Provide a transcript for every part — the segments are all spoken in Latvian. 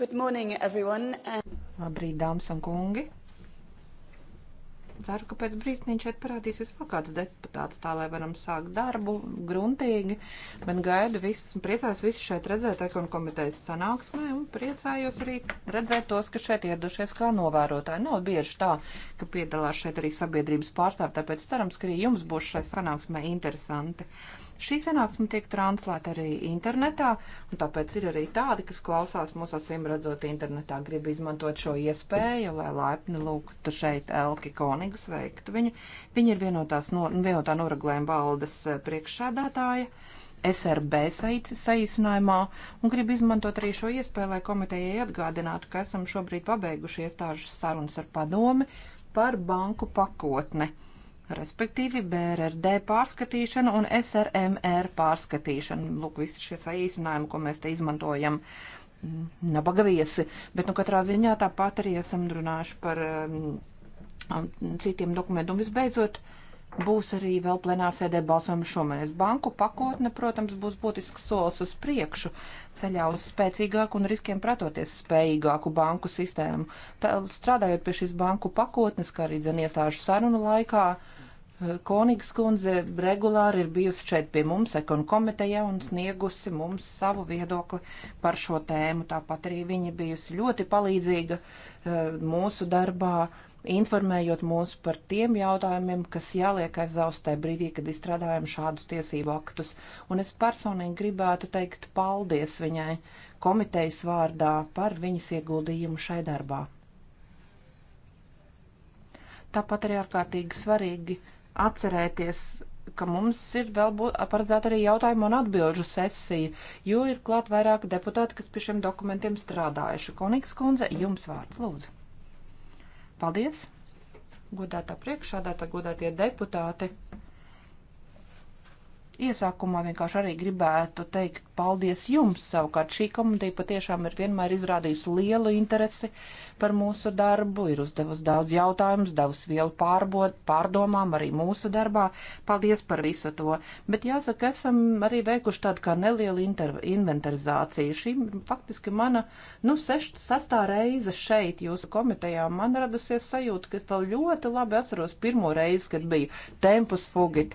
Good morning, everyone. Labrīt, dāmas un kungi. Ceru, ka pēc brīsniņa šeit parādīsies vēl kāds deputāts, tā lai varam sākt darbu gruntīgi, bet gaidu visus un priecājos visus šeit redzēt ekonu komitejas sanāksmē un priecājos arī redzēt tos, kas šeit ieradušies kā novērotāji. Nav bieži tā, ka piedalās šeit arī sabiedrības pārstāvji, tāpēc cerams, ka arī jums būs šai sanāksmē interesanti. Šī sanāksme tiek translēta arī internetā, un tāpēc ir arī tādi, kas klausās mūsu acīm redzot internetā, grib izmantot šo iespēju, lai laipni lūgtu šeit Elki Konigu sveiktu viņu. Viņa ir vienotās no, vienotā noraglējuma valdes eh, priekšsādātāja SRB saīsinājumā, un gribu izmantot arī šo iespēju, lai komitejai atgādinātu, ka esam šobrīd pabeiguši iestāžu sarunas ar padomi par banku pakotne, respektīvi BRRD pārskatīšanu un SRMR pārskatīšanu. Lūk, visi šie saīsinājumi, ko mēs te izmantojam. Mm, nabaga viesi, bet nu katrā ziņā tāpat arī esam runājuši par um, citiem dokumentiem. Un visbeidzot, uh, būs arī vēl plenārsēdē balsojums šomēnes. Banku pakotne, protams, būs būtisks solis uz priekšu ceļā uz spēcīgāku un riskiem pretoties spējīgāku banku sistēmu. Tā, strādājot pie šīs banku pakotnes, kā arī dzen iestāžu sarunu laikā, eh, Konīgas kundze regulāri ir bijusi šeit pie mums, ekonu komitejā, un sniegusi mums savu viedokli par šo tēmu. Tāpat arī viņa bijusi ļoti palīdzīga eh, mūsu darbā informējot mūs par tiem jautājumiem, kas jāliek aiz austai brīdī, kad izstrādājam šādus tiesību aktus. Un es personīgi gribētu teikt paldies viņai komitejas vārdā par viņas ieguldījumu šai darbā. Tāpat arī ārkārtīgi svarīgi atcerēties, ka mums ir vēl paredzēta arī jautājumu un atbilžu sesija, jo ir klāt vairāki deputāti, kas pie šiem dokumentiem strādājuši. Konīgs kundze, jums vārds lūdzu. Paldies, godātā priekšādātā, godātie deputāti. Iesākumā vienkārši arī gribētu teikt paldies jums. Savukārt šī komiteja patiešām ir vienmēr izrādījusi lielu interesi par mūsu darbu, ir uzdevusi daudz jautājumus, devusi vielu pārbod, pārdomām arī mūsu darbā. Paldies par visu to. Bet jāsaka, esam arī veikuši tādu kā nelielu inter, inventarizāciju. Šī faktiski mana, nu, seš, sastā reize šeit jūsu komitejā. Man radusies sajūta, ka vēl ļoti labi atceros pirmo reizi, kad biju tempus fugit.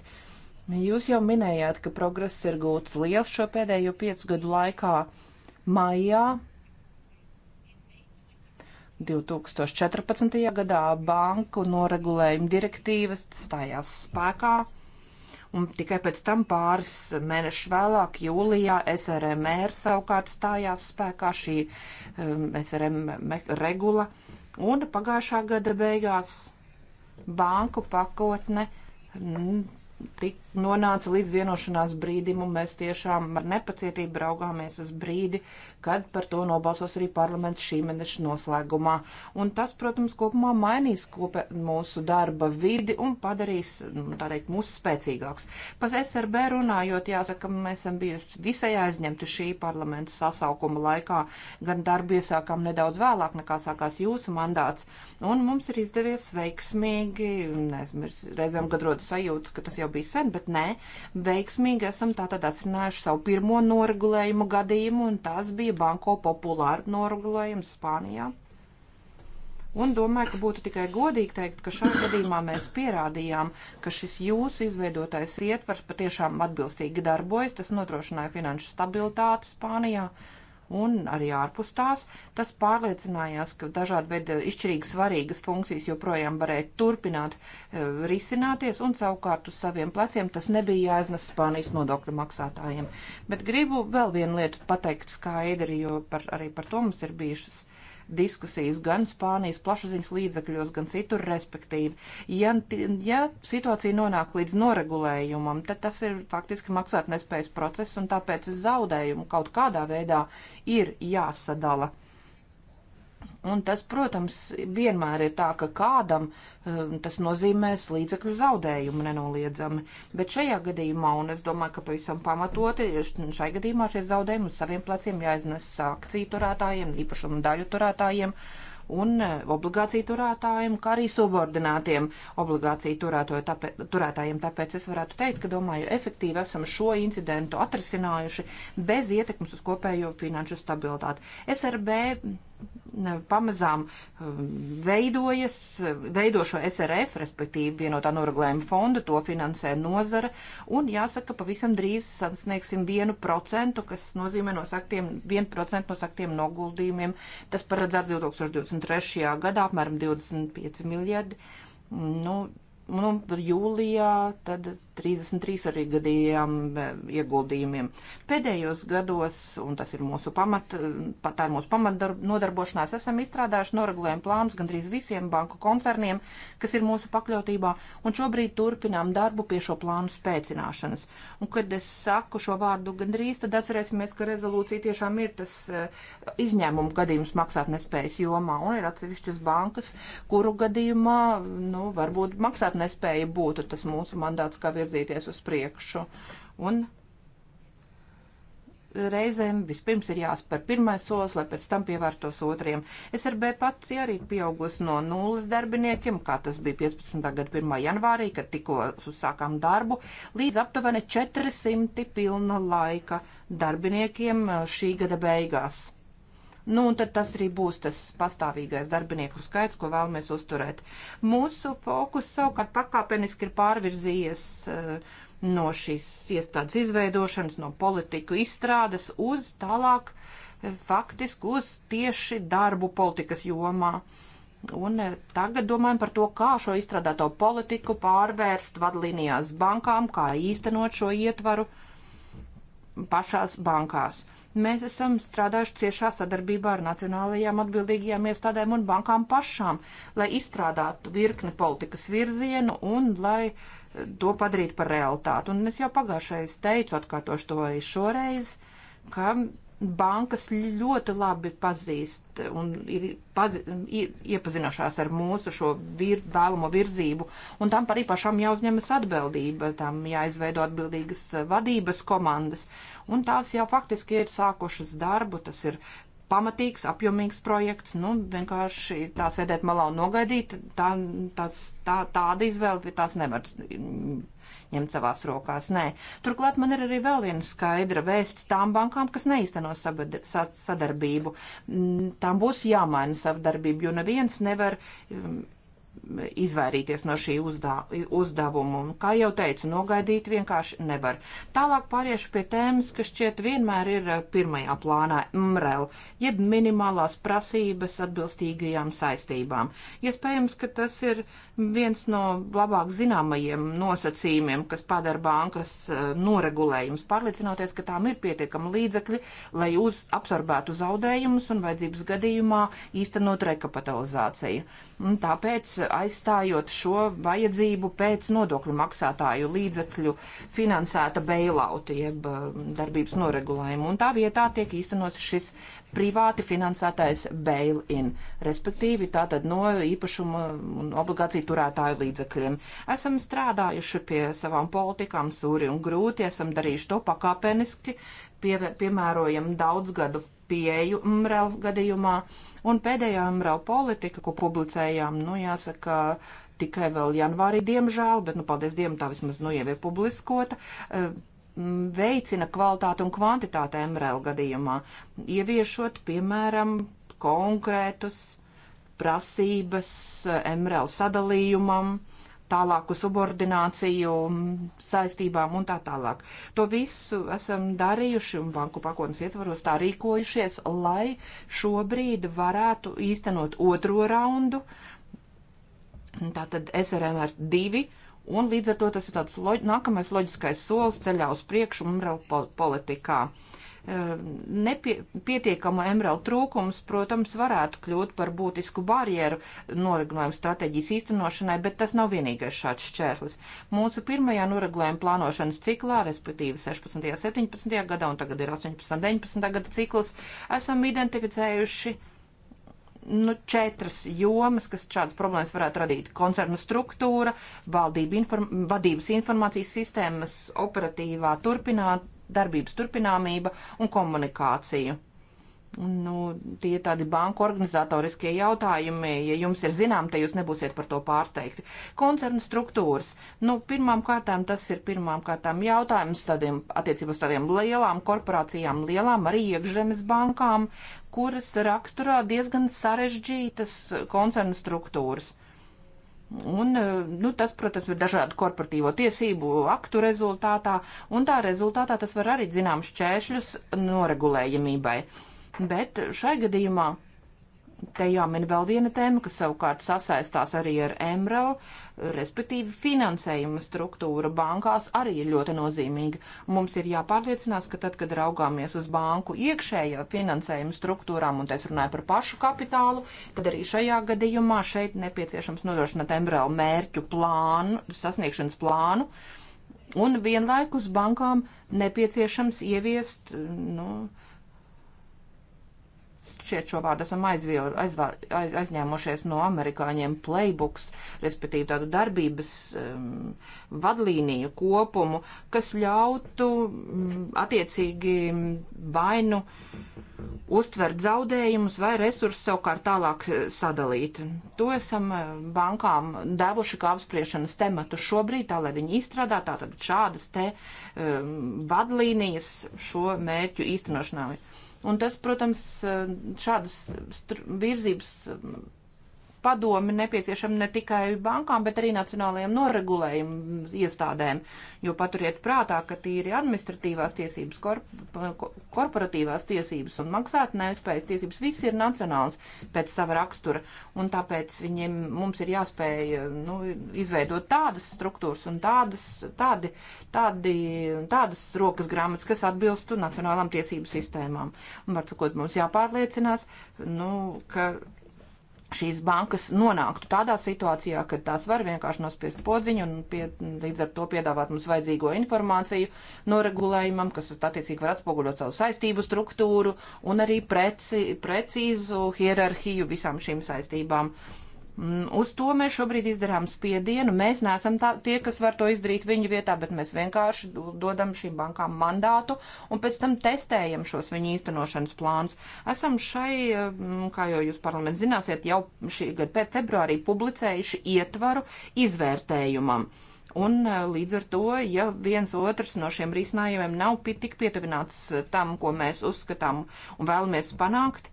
Nu, jūs jau minējāt, ka progress ir gūts liels šo pēdējo piecu gadu laikā. Maijā 2014. gadā banku noregulējuma direktīvas stājās spēkā, un tikai pēc tam pāris mēnešus vēlāk, jūlijā, SRMR savukārt stājās spēkā šī um, SRM regula, un pagājušā gada beigās banku pakotne m, mm, tik, nonāca līdz vienošanās brīdim, un mēs tiešām ar nepacietību raugāmies uz brīdi, kad par to nobalsos arī parlaments šī mēneša noslēgumā. Un tas, protams, kopumā mainīs kopē mūsu darba vidi un padarīs, nu, tādēļ, mūs spēcīgāks. Pēc SRB runājot, jāsaka, mēs esam bijusi visai aizņemti šī parlamenta sasaukuma laikā, gan darbu iesākām nedaudz vēlāk nekā sākās jūsu mandāts, un mums ir izdevies veiksmīgi, nezinu, reizēm gadrot sajūtas, ka tas jau bija sen, bet nākotnē veiksmīgi esam tātad asrinājuši savu pirmo noregulējumu gadījumu, un tas bija Banko populāru noregulējums Spānijā. Un domāju, ka būtu tikai godīgi teikt, ka šajā gadījumā mēs pierādījām, ka šis jūsu izveidotais ietvars patiešām atbilstīgi darbojas, tas nodrošināja finanšu stabilitāti Spānijā. Uh, un arī ārpus tās. Tas pārliecinājās, ka dažādi veidi izšķirīgi svarīgas funkcijas joprojām varēja turpināt e, risināties, un savukārt uz saviem pleciem tas nebija jāiznes Spānijas nodokļu maksātājiem. Bet gribu vēl vienu lietu pateikt skaidri, jo par, arī par to mums ir bijušas diskusijas gan Spānijas plašsaziņas līdzakļos, gan citur respektīvi. Ja, ja situācija nonāk līdz noregulējumam, tad tas ir faktiski maksātnespējas process, un tāpēc zaudējumu kaut kādā veidā ir jāsadala. Un tas, protams, vienmēr ir tā, ka kādam um, tas nozīmēs līdzekļu zaudējumu nenoliedzami. Bet šajā gadījumā, un es domāju, ka pavisam pamatoti, šai gadījumā šie zaudējumi uz saviem pleciem jāiznes akciju turētājiem, īpašumu daļu turētājiem un uh, obligāciju turētājiem, kā arī subordinātiem obligāciju tāpē, turētājiem. Tāpēc es varētu teikt, ka, domāju, efektīvi esam šo incidentu atrisinājuši bez ietekmes uz kopējo finanšu stabilitāti. SRB pamazām um, veidojas, veido šo SRF, respektīvi vienotā noregulējuma fondu, to finansē nozara, un jāsaka, pavisam drīz sasniegsim vienu procentu, kas nozīmē no saktiem, vienu procentu no saktiem noguldījumiem. Tas paredzēts 2023. gadā apmēram 25 miljardi. Nu, nu, jūlijā tad 33 arī gadījām e, ieguldījumiem. Pēdējos gados, un tas ir mūsu pamat, tā ir mūsu pamatnodarbošanās, esam izstrādājuši noregulējumu plānus gandrīz visiem banku koncerniem, kas ir mūsu pakļautībā, un šobrīd turpinām darbu pie šo plānu spēcināšanas. Un, kad es saku šo vārdu gandrīz, tad atcerēsimies, ka rezolūcija tiešām ir tas e, izņēmumu gadījums maksāt nespējas jomā, un ir atsevišķas bankas, kuru gadījumā, nu, varbūt maksāt nespēja būtu tas mūsu mandāts, kā virzīties uz priekšu. Un reizēm vispirms ir jāspēr pirmais solis, lai pēc tam pievērtos otriem. Es ar B pats arī pieaugus no nulles darbiniekiem, kā tas bija 15. gada 1. janvārī, kad tikko uzsākām darbu, līdz aptuveni 400 pilna laika darbiniekiem eh, šī gada beigās. Nu, un tad tas arī būs tas pastāvīgais darbinieku skaits, ko vēlamies uzturēt. Mūsu fokus savukārt pakāpeniski ir pārvirzījies uh, no šīs iestādes izveidošanas, no politiku izstrādes uz tālāk eh, faktiski uz tieši darbu politikas jomā. Un eh, tagad domājam par to, kā šo izstrādāto politiku pārvērst vadlīnijās bankām, kā īstenot šo ietvaru pašās bankās. Mēs esam strādājuši ciešā sadarbībā ar nacionālajām atbildīgajām iestādēm un bankām pašām, lai izstrādātu virkni politikas virzienu un lai eh, to padarītu par realitāti. Un es jau pagājušais teicu, atkārtošu to arī šoreiz, ka bankas ļoti labi pazīst un ir pazi, iepazinušās ar mūsu šo vir, vēlamo virzību, un tam arī pašam jāuzņemas atbildība, tam jāizveido atbildīgas eh, vadības komandas, un tās jau faktiski ir sākušas darbu, tas ir pamatīgs, apjomīgs projekts, nu, vienkārši tā sēdēt malā un nogaidīt, tā, tas, tā, tāda izvēle, tās nevar ņemt savās rokās. Nē. Turklāt man ir arī vēl viena skaidra vēsts tām bankām, kas neizteno sadarbību. Mm, tām būs jāmaina sadarbība, jo neviens nevar mm, izvairīties no šī uzdā, uzdevuma. Un, kā jau teicu, nogaidīt vienkārši nevar. Tālāk pāriešu pie tēmas, kas šķiet vienmēr ir eh, pirmajā plānā - MREL, jeb minimālās prasības atbilstīgajām saistībām. Iespējams, ka tas ir viens no labāk zināmajiem nosacījumiem, kas padara bankas e, noregulējums, pārliecinoties, ka tām ir pietiekama līdzekļi, lai uz, absorbētu zaudējumus un vajadzības gadījumā īstenot rekapitalizāciju. Un tāpēc aizstājot šo vajadzību pēc nodokļu maksātāju līdzekļu finansēta bailauta, jeb e, darbības noregulējuma. Un tā vietā tiek īstenots šis privāti finansētais bail-in, respektīvi tātad no īpašuma un obligāciju turētāju līdzekļiem. Esam strādājuši pie savām politikām sūri un grūti, esam darījuši to pakāpeniski, pie, piemērojam daudzgadu pieeju MREL gadījumā, un pēdējā MREL politika, ko publicējām, nu jāsaka, tikai vēl janvārī, diemžēl, bet, nu, paldies Dievam, tā vismaz nu jau ir publiskota. Mm, veicina kvalitāti un kvantitāti MRL gadījumā, ieviešot, piemēram, konkrētus prasības eh, MRL sadalījumam, tālāku subordināciju mm, saistībām un tā tālāk. To visu esam darījuši un banku pakotnes ietvaros tā rīkojušies, lai šobrīd varētu īstenot otro raundu, tātad SRMR 2 Un līdz ar to tas ir tāds loģ, nākamais loģiskais solis ceļā uz priekšu MRL politikā. Nepietiekama nepie, MRL trūkums, protams, varētu kļūt par būtisku barjeru noregulējuma stratēģijas īstenošanai, bet tas nav vienīgais šāds šķērslis. Mūsu pirmajā noregulējuma plānošanas ciklā, respektīvi 16. un 17. gadā, un tagad ir 18. un 19. gada cikls, esam identificējuši nu, četras jomas, kas šādas problēmas varētu radīt. Koncernu struktūra, valdība inform vadības informācijas sistēmas, operatīvā turpināt, darbības turpināmība un komunikācija. Nu, tie ir tādi banku organizatoriskie jautājumi. Ja jums ir zinām, te jūs nebūsiet par to pārsteigti. Koncernu struktūras. Nu, pirmām kārtām tas ir pirmām kārtām jautājums tādiem, attiecībā uz tādiem lielām korporācijām, lielām arī iekšzemes bankām kuras raksturā diezgan sarežģītas koncernu struktūras. Un, eh, nu, tas, protams, ir dažādu korporatīvo tiesību aktu rezultātā, un tā rezultātā tas var arī, zinām, šķēršļus noregulējamībai. Bet šai gadījumā te jāmin vēl viena tēma, kas savukārt sasaistās arī ar Emerald respektīvi finansējuma struktūra bankās arī ir ļoti nozīmīga. Mums ir jāpārliecinās, ka tad, kad raugāmies uz banku iekšējo finansējumu struktūrām, un es runāju par pašu kapitālu, tad arī šajā gadījumā šeit nepieciešams nodrošināt MRL mērķu plānu, sasniegšanas plānu, un vienlaikus bankām nepieciešams ieviest, nu, no, šķiet šo vārdu esam aizviel, aizvā, aiz, aizņēmušies no amerikāņiem playbooks, respektīvi tādu darbības um, vadlīniju kopumu, kas ļautu um, attiecīgi vainu uztvert zaudējumus vai resursus savukārt tālāk eh, sadalīt. To esam eh, bankām devuši kā apspriešanas tematu šobrīd, tā lai viņi izstrādā tātad šādas te um, vadlīnijas šo mērķu īstenošanai. Un tas, protams, šādas virzības padomi nepieciešama ne tikai bankām, bet arī nacionālajiem noregulējumu iestādēm, jo paturiet prātā, ka tīri administratīvās tiesības, korp korporatīvās tiesības un maksāt nespējas tiesības viss ir nacionāls pēc sava rakstura, un tāpēc viņiem mums ir jāspēj nu, izveidot tādas struktūras un tādas, tādi, tādi, tādas rokas grāmatas, kas atbilstu nacionālām tiesību sistēmām. Un, var sakot, mums jāpārliecinās, nu, ka šīs bankas nonāktu tādā situācijā, ka tās var vienkārši nospiest podziņu un pie, līdz ar to piedāvāt mums vajadzīgo informāciju noregulējumam, kas attiecīgi var atspoguļot savu saistību struktūru un arī preci, precīzu hierarhiju visām šīm saistībām. Uh, Mm, uz to mēs šobrīd izdarām spiedienu. Mēs neesam tā, tie, kas var to izdarīt viņu vietā, bet mēs vienkārši dodam šīm bankām mandātu un pēc tam testējam šos viņu īstenošanas plānus. Esam šai, mm, kā jau jūs parlaments zināsiet, jau šī gada februārī publicējuši ietvaru izvērtējumam. Un e, līdz ar to, ja viens otrs no šiem risinājumiem nav tik pietuvināts e, tam, ko mēs uzskatām un vēlamies panākt,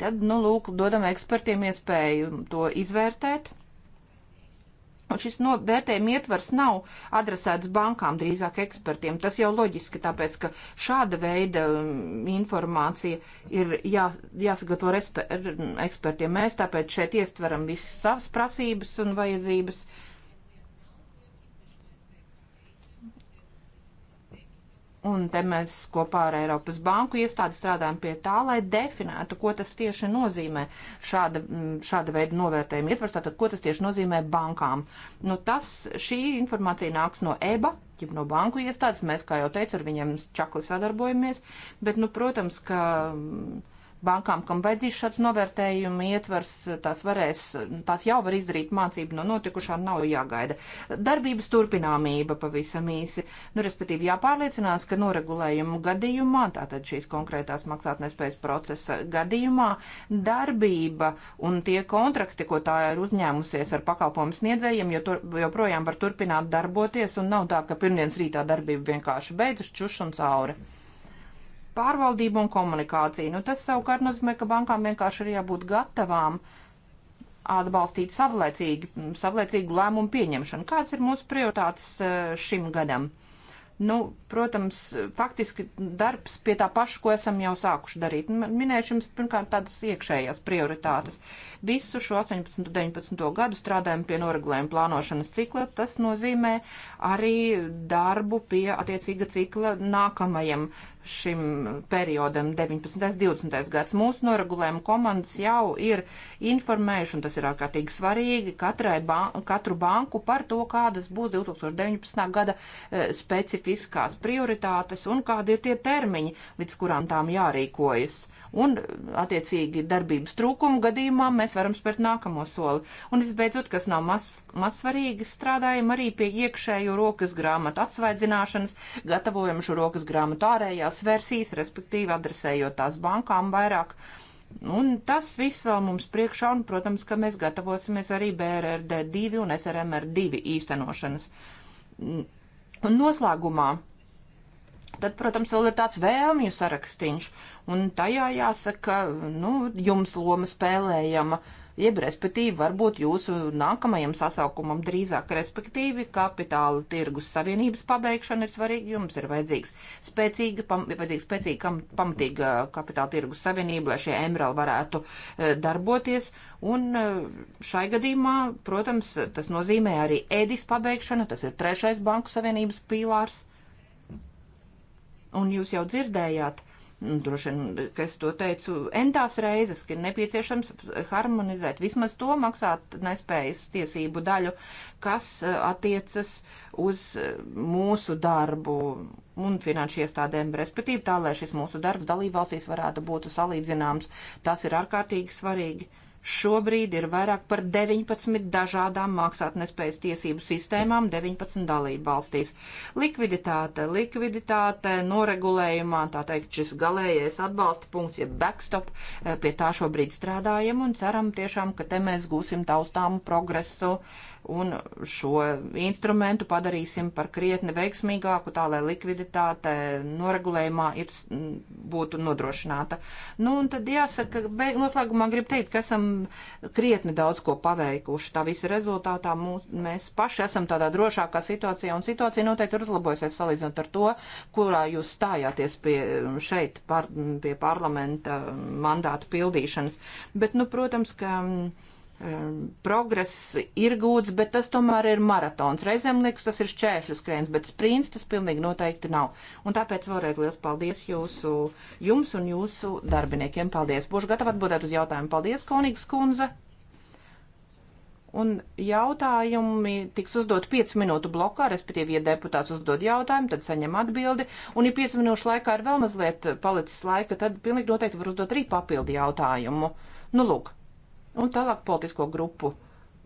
tad, nu, lūk, dodam ekspertiem iespēju to izvērtēt. Un šis no, vērtējuma ietvars nav adresēts bankām, drīzāk ekspertiem. Tas jau loģiski, tāpēc, ka šāda veida mm, informācija ir jā, jāsagatavo ekspertiem. Mēs tāpēc šeit iestveram visas savas prasības un vajadzības. Uh, Un te mēs kopā ar Eiropas Banku iestādi strādājam pie tā, lai definētu, ko tas tieši nozīmē šāda, šāda veida novērtējuma ietvars, tātad ko tas tieši nozīmē bankām. Nu, tas, šī informācija nāks no EBA, jeb no banku iestādes, mēs, kā jau teicu, ar viņiem čakli sadarbojamies, bet, nu, protams, ka. Mm, bankām, kam vajadzīs šāds novērtējuma ietvers, tās varēs, tās jau var izdarīt mācību no notikušā, nav jāgaida. Darbības turpināmība pavisam īsi, nu, respektīvi jāpārliecinās, ka noregulējumu gadījumā, tātad šīs konkrētās maksātnespējas procesa gadījumā, darbība un tie kontrakti, ko tā ir uzņēmusies ar pakalpojumu sniedzējiem, jo tur, joprojām var turpināt darboties un nav tā, ka pirmdienas rītā darbība vienkārši beidzas, čuš un cauri pārvaldību un komunikāciju. Nu, tas savukārt nozīmē, ka bankām vienkārši ir jābūt gatavām atbalstīt savlaicīgi, savlaicīgu lēmumu pieņemšanu. Kāds ir mūsu prioritāts eh, šim gadam? Nu, protams, faktiski darbs pie tā paša, ko esam jau sākuši darīt. Nu, minēšu jums pirmkārt tādas iekšējās prioritātes. Visu šo 18. un 19. gadu strādājam pie noregulējuma plānošanas cikla. Tas nozīmē arī darbu pie attiecīga cikla nākamajam šim periodam 19. 20. gads. Mūsu noregulējuma komandas jau ir informējuši, un tas ir ārkārtīgi svarīgi, katrai, ba katru banku par to, kādas būs 2019. gada eh, specifiskās prioritātes un kādi ir tie termiņi, līdz kurām tām jārīkojas un, attiecīgi, darbības trūkumu gadījumā mēs varam spērt nākamo soli. Un, visbeidzot, kas nav maz, maz svarīgi, strādājam arī pie iekšējo rokas grāmatu atsvaidzināšanas, gatavojam šo rokas grāmatu ārējās versijas, respektīvi adresējot tās bankām vairāk. Un tas viss vēl mums priekšā, un, protams, ka mēs gatavosimies arī BRRD2 un SRMR2 īstenošanas. Un noslēgumā Tad, protams, vēl ir tāds vēlmju sarakstīns, un tajā jāsaka, nu, jums loma spēlējama, jeb respektīvi varbūt jūsu nākamajam sasaukumam drīzāk, respektīvi kapitāla tirgus savienības pabeigšana ir svarīga, jums ir vajadzīgs spēcīga, pam, vajadzīgs spēcīga kam, pamatīga kapitāla tirgus savienība, lai šie emerali varētu e, darboties, un e, šai gadījumā, protams, tas nozīmē arī ēdis pabeigšana, tas ir trešais banku savienības pīlārs Un jūs jau dzirdējāt, mm, droši vien, ka es to teicu entās reizes, ka ir nepieciešams harmonizēt vismaz to maksāt nespējas tiesību daļu, kas eh, attiecas uz eh, mūsu darbu un finanšu iestādēm, respektīvi tā, lai šis mūsu darbs dalībvalstīs varētu būt salīdzināms. Tas ir ārkārtīgi svarīgi. Šobrīd ir vairāk par 19 dažādām maksātnespējas tiesību sistēmām 19 dalību valstīs. Likviditāte, likviditāte, noregulējumā, tā teikt, šis galējais atbalsta punkts, jeb ja backstop, eh, pie tā šobrīd strādājam un ceram tiešām, ka te mēs gūsim taustāmu progresu. Uh, un šo instrumentu padarīsim par krietni veiksmīgāku, tā lai likviditāte noregulējumā ir, būtu nodrošināta. Nu, un tad jāsaka, beig, noslēgumā gribu teikt, ka esam krietni daudz ko paveikuši. Tā visa rezultātā mūs, mēs paši esam tādā drošākā situācijā, un situācija noteikti ir uzlabojusies salīdzinot ar to, kurā jūs stājāties pie šeit, par, pie parlamenta mandātu pildīšanas. Bet, nu, protams, ka. Um, Ehm, progress ir gūts, bet tas tomēr ir maratons. Reizēm liekas, tas ir šķēršļu skrējiens, bet sprints tas pilnīgi noteikti nav. Un tāpēc vēlreiz liels paldies jūsu, jums un jūsu darbiniekiem. Paldies! Būšu gatava atbildēt uz jautājumu. Paldies, Konīgs kundze! Un jautājumi tiks uzdot 5 minūtu blokā, respektīvi, ja deputāts uzdod jautājumu, tad saņem atbildi. Un, ja 5 minūšu laikā ir vēl mazliet palicis laika, tad pilnīgi noteikti var uzdot arī papildi jautājumu. Nu, lūk, Un tālāk politisko grupu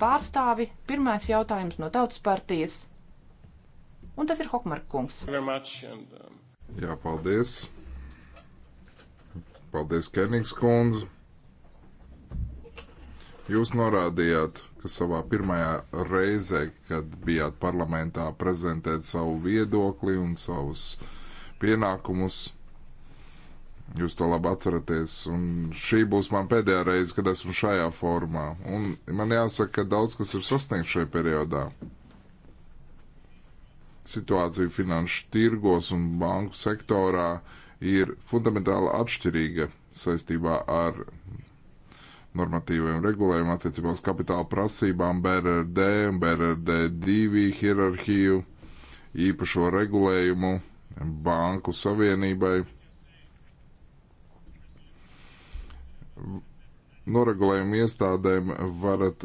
pārstāvi. Pirmais jautājums no tautas partijas. Un tas ir Hokmark kungs. Um, Jā, paldies. Paldies, Kenīgs kundze. Jūs norādījāt, ka savā pirmajā reizē, kad bijāt parlamentā prezentēt savu viedokli un savus pienākumus, Jūs to labi atceraties. Un šī būs man pēdējā reize, kad esmu šajā formā. Un man jāsaka, ka daudz kas ir sasniegts šajā periodā. Situācija finanšu tirgos un banku sektorā ir fundamentāli atšķirīga saistībā ar normatīviem regulējumiem attiecībā uz kapitāla prasībām, BRD un BRD2 hierarhiju, īpašo regulējumu banku savienībai. noregulējumu iestādēm varat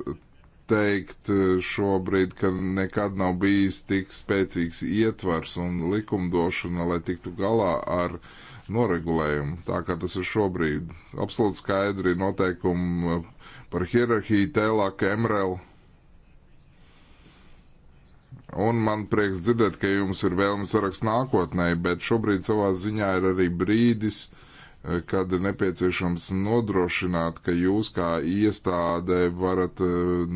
teikt eh, šobrīd, ka nekad nav bijis tik spēcīgs ietvars un likumdošana, lai tiktu galā ar noregulējumu. Tā kā tas ir šobrīd. Absolūti skaidri noteikumi eh, par hierarhiju, tēlāk, MRL. Un man prieks dzirdēt, ka jums ir vēlmes saraksts nākotnē, bet šobrīd savā ziņā ir arī brīdis, uh, kad ir nepieciešams nodrošināt, ka jūs kā iestāde varat eh,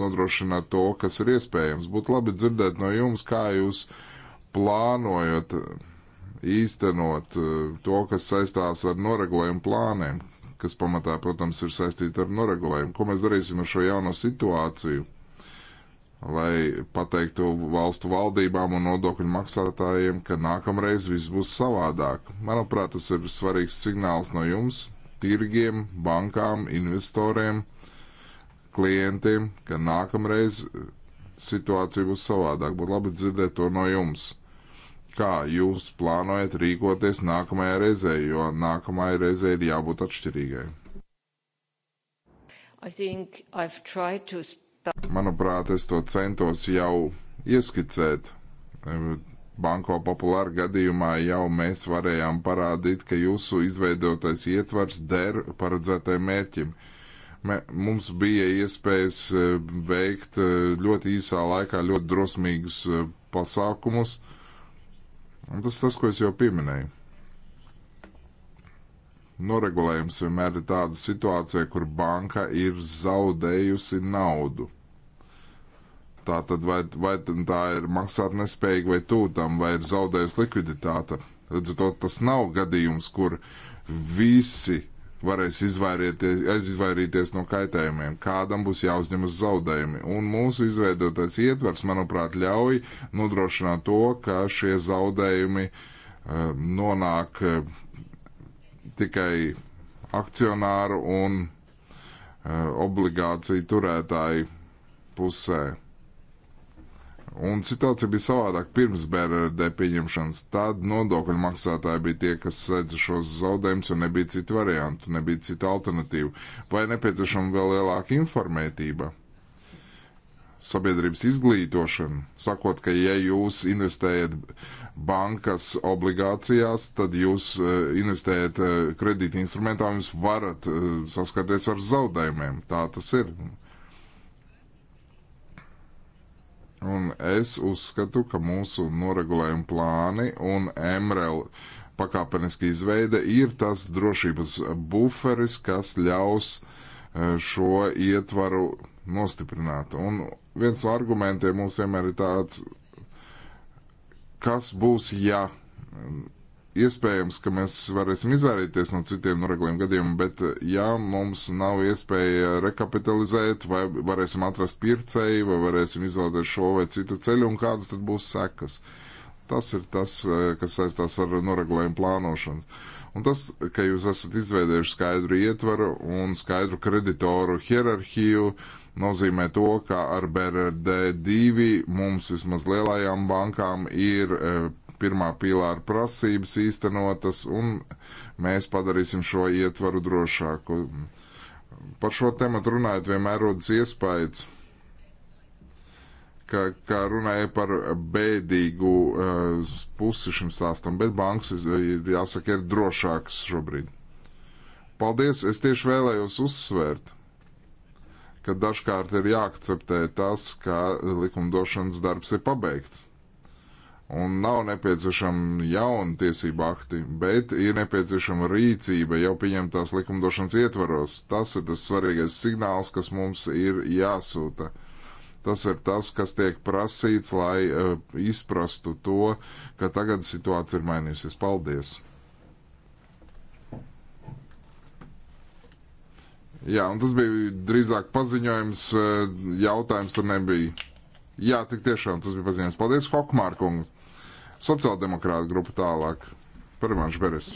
nodrošināt to, kas ir iespējams. Būtu labi dzirdēt no jums, kā jūs plānojat eh, īstenot eh, to, kas saistās ar noregulējumu plāniem, kas pamatā, protams, ir saistīta ar noregulējumu. Ko mēs darīsim ar šo jauno situāciju? lai pateiktu valstu valdībām un nodokļu maksātājiem, ka nākamreiz viss būs savādāk. Manuprāt, tas ir svarīgs signāls no jums, tirgiem, bankām, investoriem, klientiem, ka nākamreiz situācija būs savādāk. Būtu labi dzirdēt to no jums kā jūs plānojat rīkoties nākamajā reizē, jo nākamajai reizē ir jābūt atšķirīgai. To... Manuprāt, es to centos jau ieskicēt. Banko populāra gadījumā jau mēs varējām parādīt, ka jūsu izveidotais ietvars der paredzētajam mērķim. Mums bija iespējas e, veikt e, ļoti īsā laikā ļoti drosmīgus e, pasākumus. Un tas tas, ko es jau pieminēju. Noregulējums vienmēr ir tāda situācija, kur banka ir zaudējusi naudu. Tā tad vai, vai tā ir maksātnespējīga vai tūtam, vai ir zaudējusi likviditāte. Līdz ar to tas nav gadījums, kur visi varēs izvairīties no kaitējumiem. Kādam būs jāuzņemas zaudējumi. Un mūsu izveidotais ietvers, manuprāt, ļauj nodrošināt to, ka šie zaudējumi uh, nonāk uh, tikai akcionāru un uh, obligāciju turētāju pusē. Un situācija bija savādāka pirms BRD pieņemšanas. Tad nodokļu maksātāji bija tie, kas sēdza šos zaudējumus, jo nebija citu variantu, nebija citu alternatīvu. Vai nepieciešama vēl lielāka informētība? Sabiedrības izglītošana, sakot, ka ja jūs investējat bankas obligācijās, tad jūs e, investējat e, kredīti instrumentā, jūs varat e, saskarties ar zaudējumiem. Tā tas ir. Un es uzskatu, ka mūsu noregulējuma plāni un MREL pakāpeniski izveide ir tas drošības buferis, kas ļaus e, šo ietvaru nostiprināt. Un viens no argumentiem mums vienmēr ir tāds, kas būs, ja iespējams, ka mēs varēsim izvairīties no citiem noragliem gadījumiem, bet eh, ja mums nav iespēja rekapitalizēt, vai varēsim atrast pircēju, vai varēsim izvēlēties šo vai citu ceļu, un kādas tad būs sekas. Tas ir tas, eh, kas saistās ar noraglējumu plānošanu. Un tas, ka jūs esat izveidējuši skaidru ietvaru un skaidru kreditoru hierarhiju, nozīmē to, ka ar BRD2 mums vismaz lielajām bankām ir eh, pirmā pīlāra prasības īstenotas, un mēs padarīsim šo ietvaru drošāku. Par šo tematu runājot, vienmēr rodas iespējas, ka, ka runāja par bēdīgu uh, pusi šim stāstam, bet banks, jāsaka, ir drošāks šobrīd. Paldies, es tieši vēlējos uzsvērt, ka dažkārt ir jāakceptē tas, ka likumdošanas darbs ir pabeigts un nav nepieciešama jauna tiesība akti, bet ir nepieciešama rīcība jau pieņemtās likumdošanas ietvaros. Tas ir tas svarīgais signāls, kas mums ir jāsūta. Tas ir tas, kas tiek prasīts, lai uh, izprastu to, ka tagad situācija ir mainījusies. Paldies! Jā, un tas bija drīzāk paziņojums, eh, jautājums tur nebija. Jā, tik tiešām tas bija paziņojums. Paldies, Hokmārkungs! Sociāldemokrāta grupa tālāk. Parmāns Beres.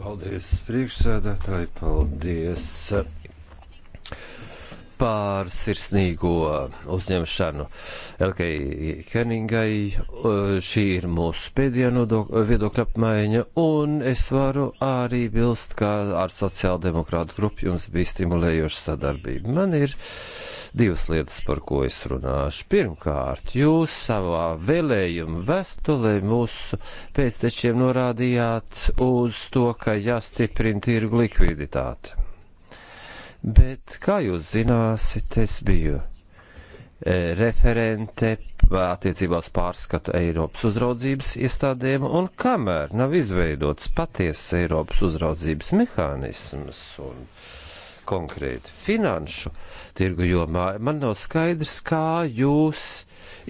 Paldies, priekšsēdētāji, paldies par sirsnīgo uzņemšanu Elkei Keningai. Šī ir mūsu pēdējā viedokļa apmaiņa, un es varu arī bilst, ka ar sociāldemokrātu grupu jums bija stimulējoša sadarbība. Man ir divas lietas, par ko es runāšu. Pirmkārt, jūs savā vēlējuma vēstulē mūsu pēctečiem norādījāt uz to, ka jāstiprina tirgu likviditāti bet, kā jūs zināsiet, es biju e, referente attiecībā uz pārskatu Eiropas uzraudzības iestādēm, un kamēr nav izveidots patiesas Eiropas uzraudzības mehānisms un uh, konkrēti finanšu tirgu jomā. Man nav skaidrs, kā jūs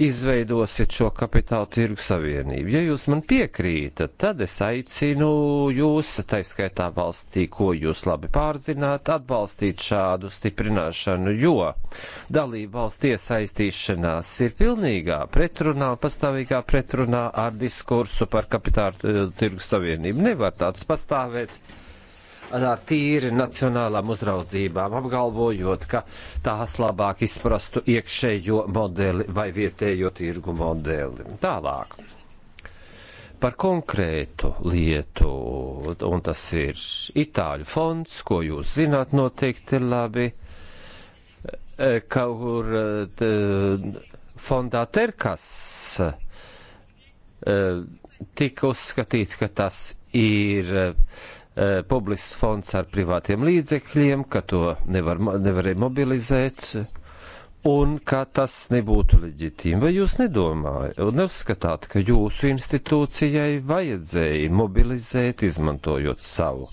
izveidosiet šo kapitāla tirgu savienību. Ja jūs man piekrītat, tad es aicinu jūs, taiskaitā valstī, ko jūs labi pārzināt, atbalstīt šādu stiprināšanu, jo dalība valsts iesaistīšanās ir pilnīgā pretrunā, pastāvīgā pretrunā ar diskursu par kapitāla eh, tirgu savienību. Nevar tāds pastāvēt ar tīri nacionālām uzraudzībām, apgalvojot, ka tās labāk izprastu iekšējo modeli vai vietējo tirgu modeli. Tālāk. Par konkrētu lietu, un tas ir Itāļu fonds, ko jūs zināt noteikti labi, kaut kur fondā Terkas eh, tika uzskatīts, ka tas ir Eh, publisks fonds ar privātiem līdzekļiem, ka to nevar, nevarēja mobilizēt un ka tas nebūtu leģitīmi. Vai jūs nedomājat un neuzskatāt, ka jūsu institūcijai vajadzēja mobilizēt, izmantojot savu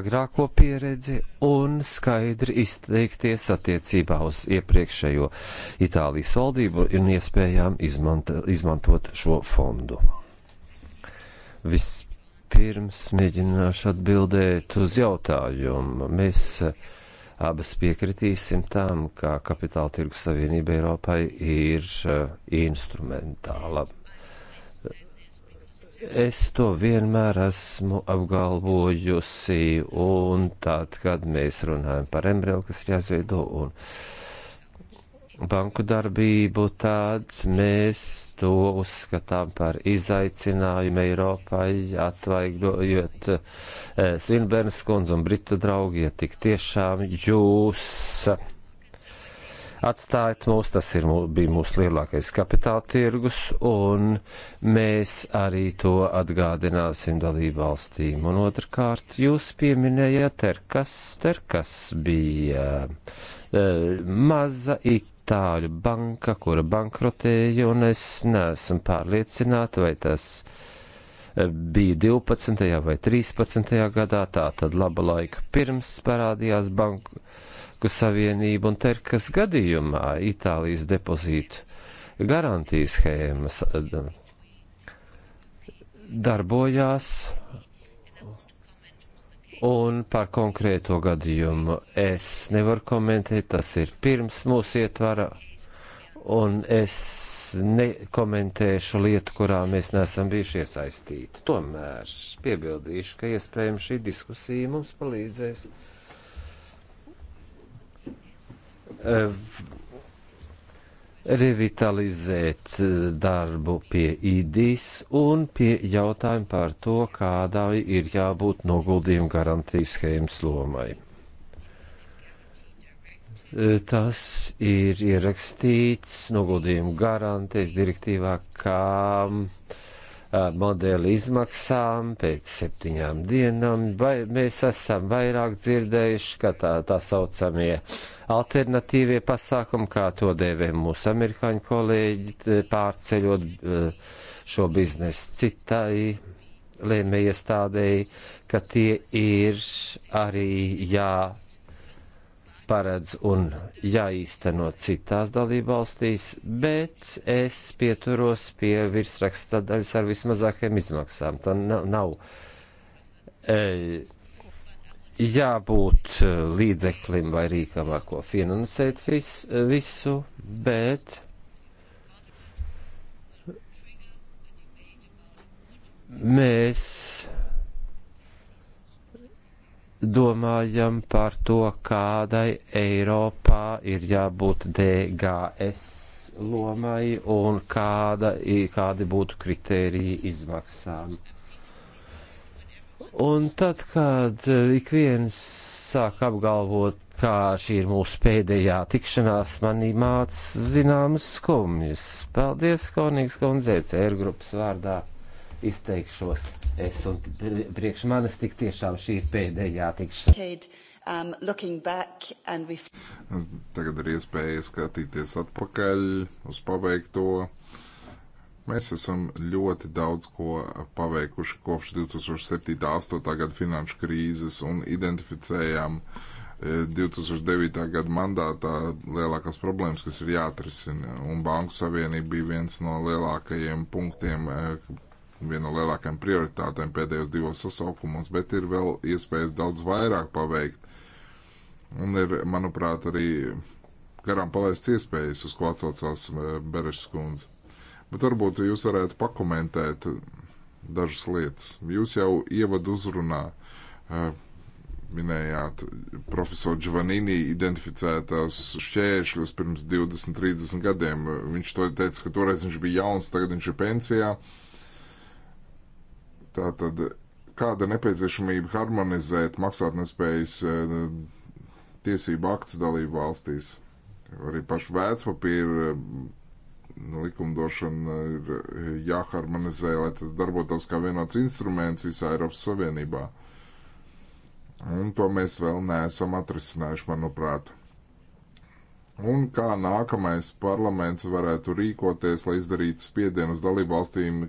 agrāko pieredzi un skaidri izteikties attiecībā uz iepriekšējo Itālijas valdību un iespējām izmanta, izmantot šo fondu? Viss Pirms mēģināšu atbildēt uz jautājumu. Mēs eh, abas piekritīsim tam, ka kapitāla tirgus savienība Eiropai ir eh, instrumentāla. Es to vienmēr esmu apgalvojusi, un tad, kad mēs runājam par embrēlu, kas ir jāizveido, un uh, banku darbību, tad mēs to uzskatām par izaicinājumu Eiropai, atvaigojot eh, Svinbērnas kundzi un Britu draugi, ja tik tiešām jūs atstājat mūs, tas ir, bija mūsu lielākais kapitāla tirgus, un mēs arī to atgādināsim dalību valstīm. Un otrkārt, jūs pieminējāt, terkas, terkas bija e, maza ik itāļu banka, kura bankrotēja, un es neesmu pārliecināta, vai tas eh, bija 12. vai 13. gadā, tā tad laba laika pirms parādījās banku savienība, un Terkas gadījumā Itālijas depozītu garantijas schēmas eh, darbojās, Un par konkrēto gadījumu es nevaru komentēt, tas ir pirms mūsu ietvara, un es nekomentēšu lietu, kurā mēs neesam bijuši iesaistīti. Tomēr piebildīšu, ka iespējams šī diskusija mums palīdzēs eh, revitalizēt eh, darbu pie īdīs un pie jautājumu par to, kādā ir jābūt noguldījuma garantijas schēmas lomai. Eh, tas ir ierakstīts noguldījuma garantijas direktīvā, kā uh, modeli izmaksām pēc septiņām dienām. Vai, mēs esam vairāk dzirdējuši, ka tā, tā saucamie alternatīvie pasākumi, kā to dēvē mūsu amerikāņu kolēģi, pārceļot šo biznesu citai lēmējiestādēji, ka tie ir arī jā paredz un jāīsteno citās dalībvalstīs, bet es pieturos pie virsraksta sadaļas ar vismazākajām izmaksām. Tā nav. nav e, jābūt e, līdzeklim vai rīkam, ar ko finansēt vis, visu, bet mēs domājam par to, kādai Eiropā ir jābūt DGS lomai un kāda, kādi būtu kritēriji izmaksām. Un tad, kad e, ik viens sāk apgalvot, kā šī ir mūsu pēdējā tikšanās, manī māc zināmas skumjas. Paldies, Konīgs kundze, e CR grupas vārdā izteikšos es un priekš manis tik tiešām šī ir pēdējā tikšanās. Um, we... Tagad ir iespēja skatīties atpakaļ uz paveikto. Mēs esam ļoti daudz ko paveikuši kopš 2007.8. gada finanšu krīzes un identificējām 2009. E, gada mandātā lielākās problēmas, kas ir jāatrisina. Un Banku Savienība bija viens no lielākajiem punktiem, e, viena no lielākajām prioritātēm pēdējos divos sasaukumos, bet ir vēl iespējas daudz vairāk paveikt. Un ir, manuprāt, arī garām palaists iespējas, uz ko atsaucās eh, Berešs kundze. Bet varbūt jūs varētu pakomentēt eh, dažas lietas. Jūs jau ievadu uzrunā eh, minējāt profesoru Giovannini identificētās šķēršļus pirms 20, 30 gadiem. Viņš to teica, ka toreiz viņš bija jauns, tagad viņš ir pensijā. Uh, Tātad kāda nepieciešamība harmonizēt maksātnespējas eh, tiesību aktus dalību valstīs? Arī pašu vērtspapīru eh, nu, likumdošana ir eh, jāharmonizē, lai tas darbotos kā vienots instruments visā Eiropas Savienībā. Un to mēs vēl neesam atrisinājuši, manuprāt un kā nākamais parlaments varētu rīkoties, lai izdarītu spiedienu uz dalību valstīm,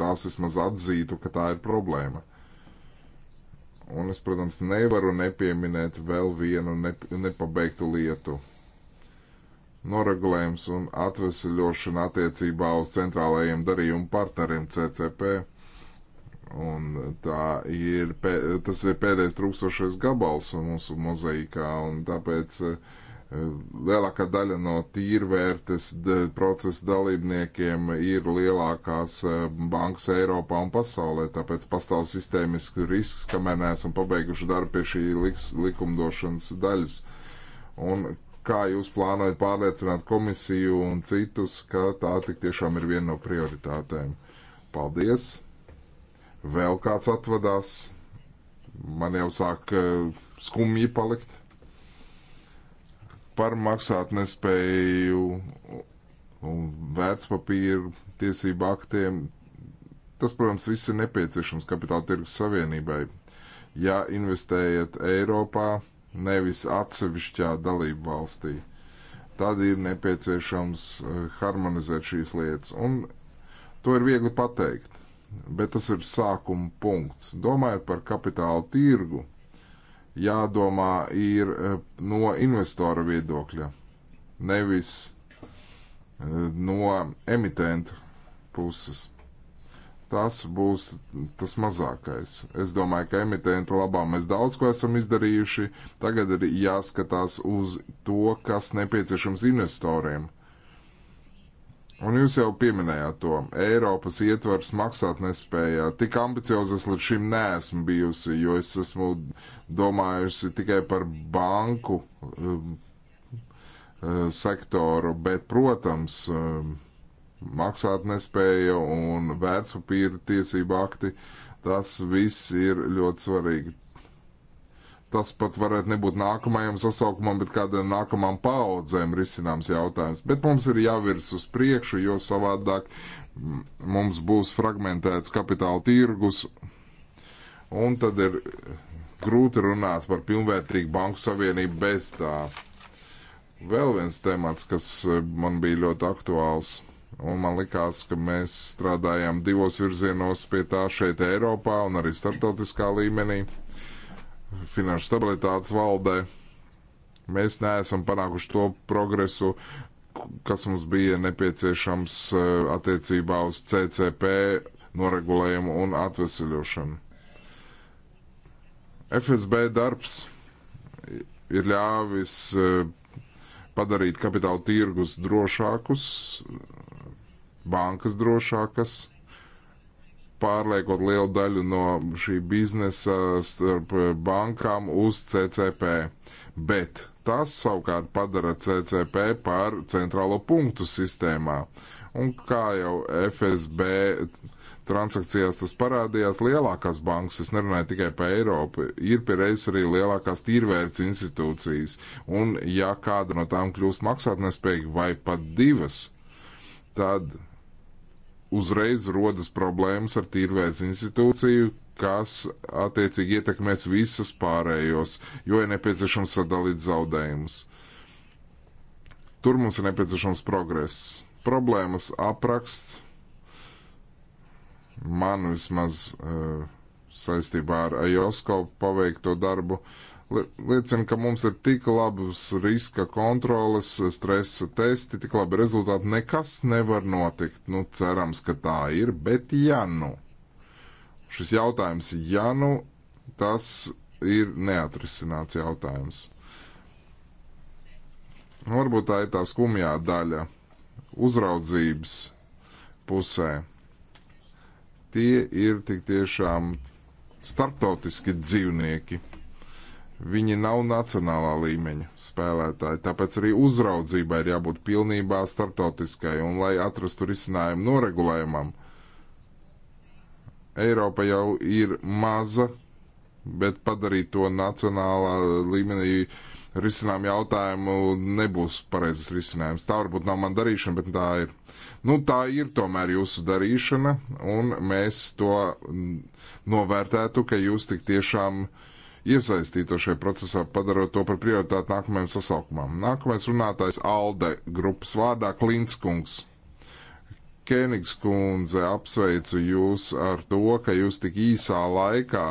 tās vismaz atzītu, ka tā ir problēma. Un es, protams, nevaru nepieminēt vēl vienu nep nepabeigtu lietu. Noregulējums un atvesļošana attiecībā uz centrālajiem darījumu partneriem CCP. Un tā ir, tas ir pēdējais trūkstošais gabals mūsu mozaīkā, un tāpēc uh, lielākā daļa no tīrvērtes procesa dalībniekiem ir lielākās e, bankas Eiropā un pasaulē, tāpēc pastāv sistēmisks risks, kamēr neesam pabeiguši darbu pie šī liks, likumdošanas daļas. Un kā jūs plānojat pārliecināt komisiju un citus, ka tā tik tiešām ir viena no prioritātēm? Paldies! Vēl kāds atvadās. Man jau sāk uh, skumji palikt par maksātnespēju un vērtspapīru tiesību aktiem. Tas, protams, viss ir nepieciešams kapitāla tirgus savienībai. Ja investējat Eiropā, nevis atsevišķā dalību valstī, tad ir nepieciešams eh, harmonizēt šīs lietas. Un to ir viegli pateikt, bet tas ir sākuma punkts. Domājot par kapitāla tirgu, jādomā ir eh, no investora viedokļa, nevis eh, no emitenta puses. Tas būs tas mazākais. Es domāju, ka emitenta labā mēs daudz ko esam izdarījuši. Tagad ir jāskatās uz to, kas nepieciešams investoriem Un jūs jau pieminējāt to. Eiropas ietvars maksāt nespējā. Tik ambiciozas līdz šim neesmu bijusi, jo es esmu domājusi tikai par banku um, uh, sektoru, bet, protams, um, maksāt nespēja un vērtspapīra tiesība akti, tas viss ir ļoti svarīgi tas pat varētu nebūt nākamajam sasaukumam, bet kādam nākamām paudzēm risināms jautājums. Bet mums ir jāvirs uz priekšu, jo savādāk mums būs fragmentēts kapitāla tirgus, un tad ir grūti runāt par pilnvērtīgu banku savienību bez tā. Vēl viens temats, kas eh, man bija ļoti aktuāls, un man likās, ka mēs strādājām divos virzienos pie tā šeit Eiropā un arī starptautiskā līmenī. Uh, finanšu stabilitātes valdē. Mēs neesam panākuši to progresu, kas mums bija nepieciešams e, attiecībā uz CCP noregulējumu un atvesaļošanu. FSB darbs ir ļāvis e, padarīt kapitāla tirgus drošākus, bankas drošākas, pārliekot lielu daļu no šī biznesa starp bankām uz CCP. Bet tas savukārt padara CCP par centrālo punktu sistēmā. Un kā jau FSB transakcijās tas parādījās, lielākās bankas, es nerunāju tikai par Eiropu, ir pieredzējis arī lielākās tīrvērts institūcijas. Un ja kāda no tām kļūst maksātnespējīga vai pat divas, tad uzreiz rodas problēmas ar tīrvērts institūciju, kas attiecīgi ietekmēs visas pārējos, jo ir nepieciešams sadalīt zaudējumus. Tur mums ir nepieciešams progress. Problēmas apraksts man vismaz uh, saistībā ar Ajosko paveikto darbu uh, liecina, ka mums ir tik labas riska kontroles, stresa testi, tik labi rezultāti, nekas nevar notikt. Nu, cerams, ka tā ir, bet ja nu, šis jautājums, ja nu, tas ir neatrisināts jautājums. Varbūt tā ir tā skumjā daļa uzraudzības pusē. Tie ir tik tiešām starptautiski dzīvnieki Viņi nav nacionālā līmeņa spēlētāji, tāpēc arī uzraudzībai ir jābūt pilnībā startautiskai un lai atrastu risinājumu noregulējumam. Eiropa jau ir maza, bet padarīt to nacionālā līmenī risinām jautājumu nebūs pareizes risinājums. Tā varbūt nav man darīšana, bet tā ir. Nu, tā ir tomēr jūsu darīšana, un mēs to novērtētu, ka jūs tik tiešām uh, iesaistīto šajā procesā, padarot to par prioritāti nākamajam sasaukumam. Nākamais runātājs Alde grupas vārdā Klinskungs. Kēnigs kundze, apsveicu jūs ar to, ka jūs tik īsā laikā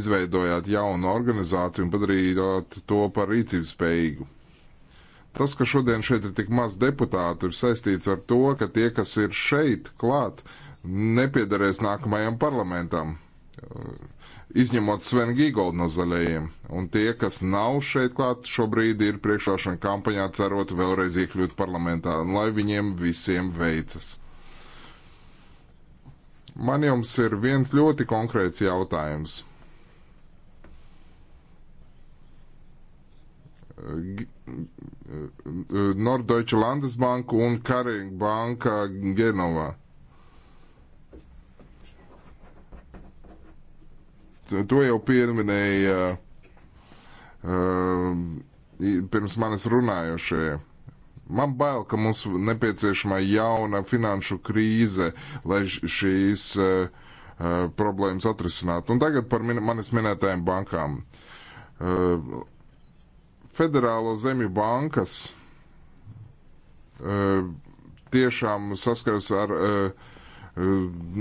izveidojāt jaunu organizāciju un padarījāt to par rīcības spējīgu. Tas, ka šodien šeit ir tik maz deputātu, ir saistīts ar to, ka tie, kas ir šeit klāt, nepiedarēs nākamajam parlamentam izņemot Svenu Gigoldu no zaļajiem. Un tie, kas nav šeit klāt, šobrīd ir priekšvēlēšana kampaņā, cerot vēlreiz iekļūt parlamentā, un lai viņiem visiem veicas. Man jums ir viens ļoti konkrēts jautājums. Norddeutsche Landesbank un Karinga banka Genovā. To jau pieminēja uh, pirms manis runājošie. Man bail, ka mums nepieciešama jauna finanšu krīze, lai šīs uh, uh, problēmas atrisinātu. Un tagad par min manis minētajām bankām. Uh, Federālo zemju bankas uh, tiešām saskaras ar uh, uh,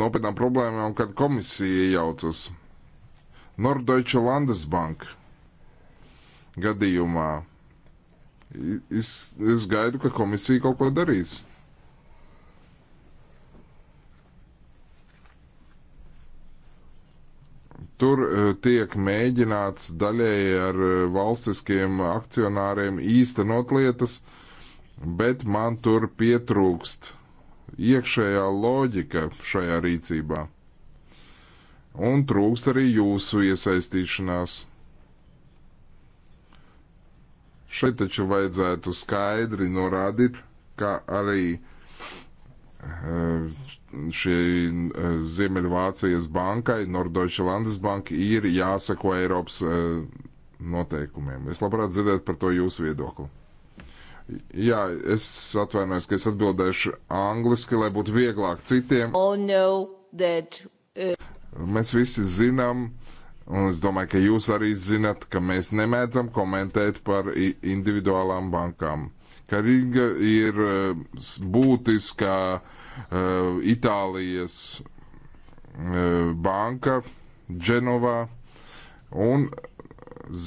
nopietnām problēmām, kad komisija iejaucas. Norddeutsche Landesbank gadījumā. Es, es gaidu, ka komisija kaut ko darīs. Tur e, tiek mēģināts daļēji ar e, valstiskiem akcionāriem īstenot lietas, bet man tur pietrūkst iekšējā loģika šajā rīcībā un trūkst arī jūsu iesaistīšanās. Šeit taču vajadzētu skaidri norādīt, ka arī eh, šie eh, Ziemeļvācijas bankai, Norddeutsche Landesbank, ir jāsako Eiropas eh, noteikumiem. Es labprāt dzirdētu par to jūsu viedokli. Jā, es atvainojos, ka es atbildēšu angliski, lai būtu vieglāk citiem. Oh, no, that, uh... Mēs visi zinām, un es domāju, ka jūs arī zinat, ka mēs nemēdzam komentēt par individuālām bankām. Ka Riga ir eh, būtiska uh, Itālijas uh, banka Dženovā un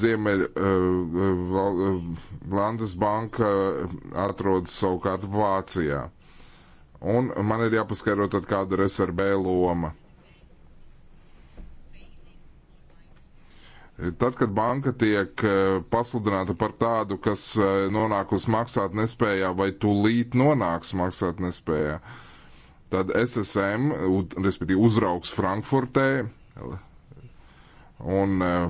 Ziemeļlandes uh, banka atrodas savukārt Vācijā. Un man ir jāpaskaidro tad, kāda ir SRB loma. Tad, kad banka tiek eh, pasludināta par tādu, kas eh, nonāk uz maksāt nespējā vai tūlīt nonāks maksāt nespējā, tad SSM, respektīvi uzraugs Frankfurtē, un eh,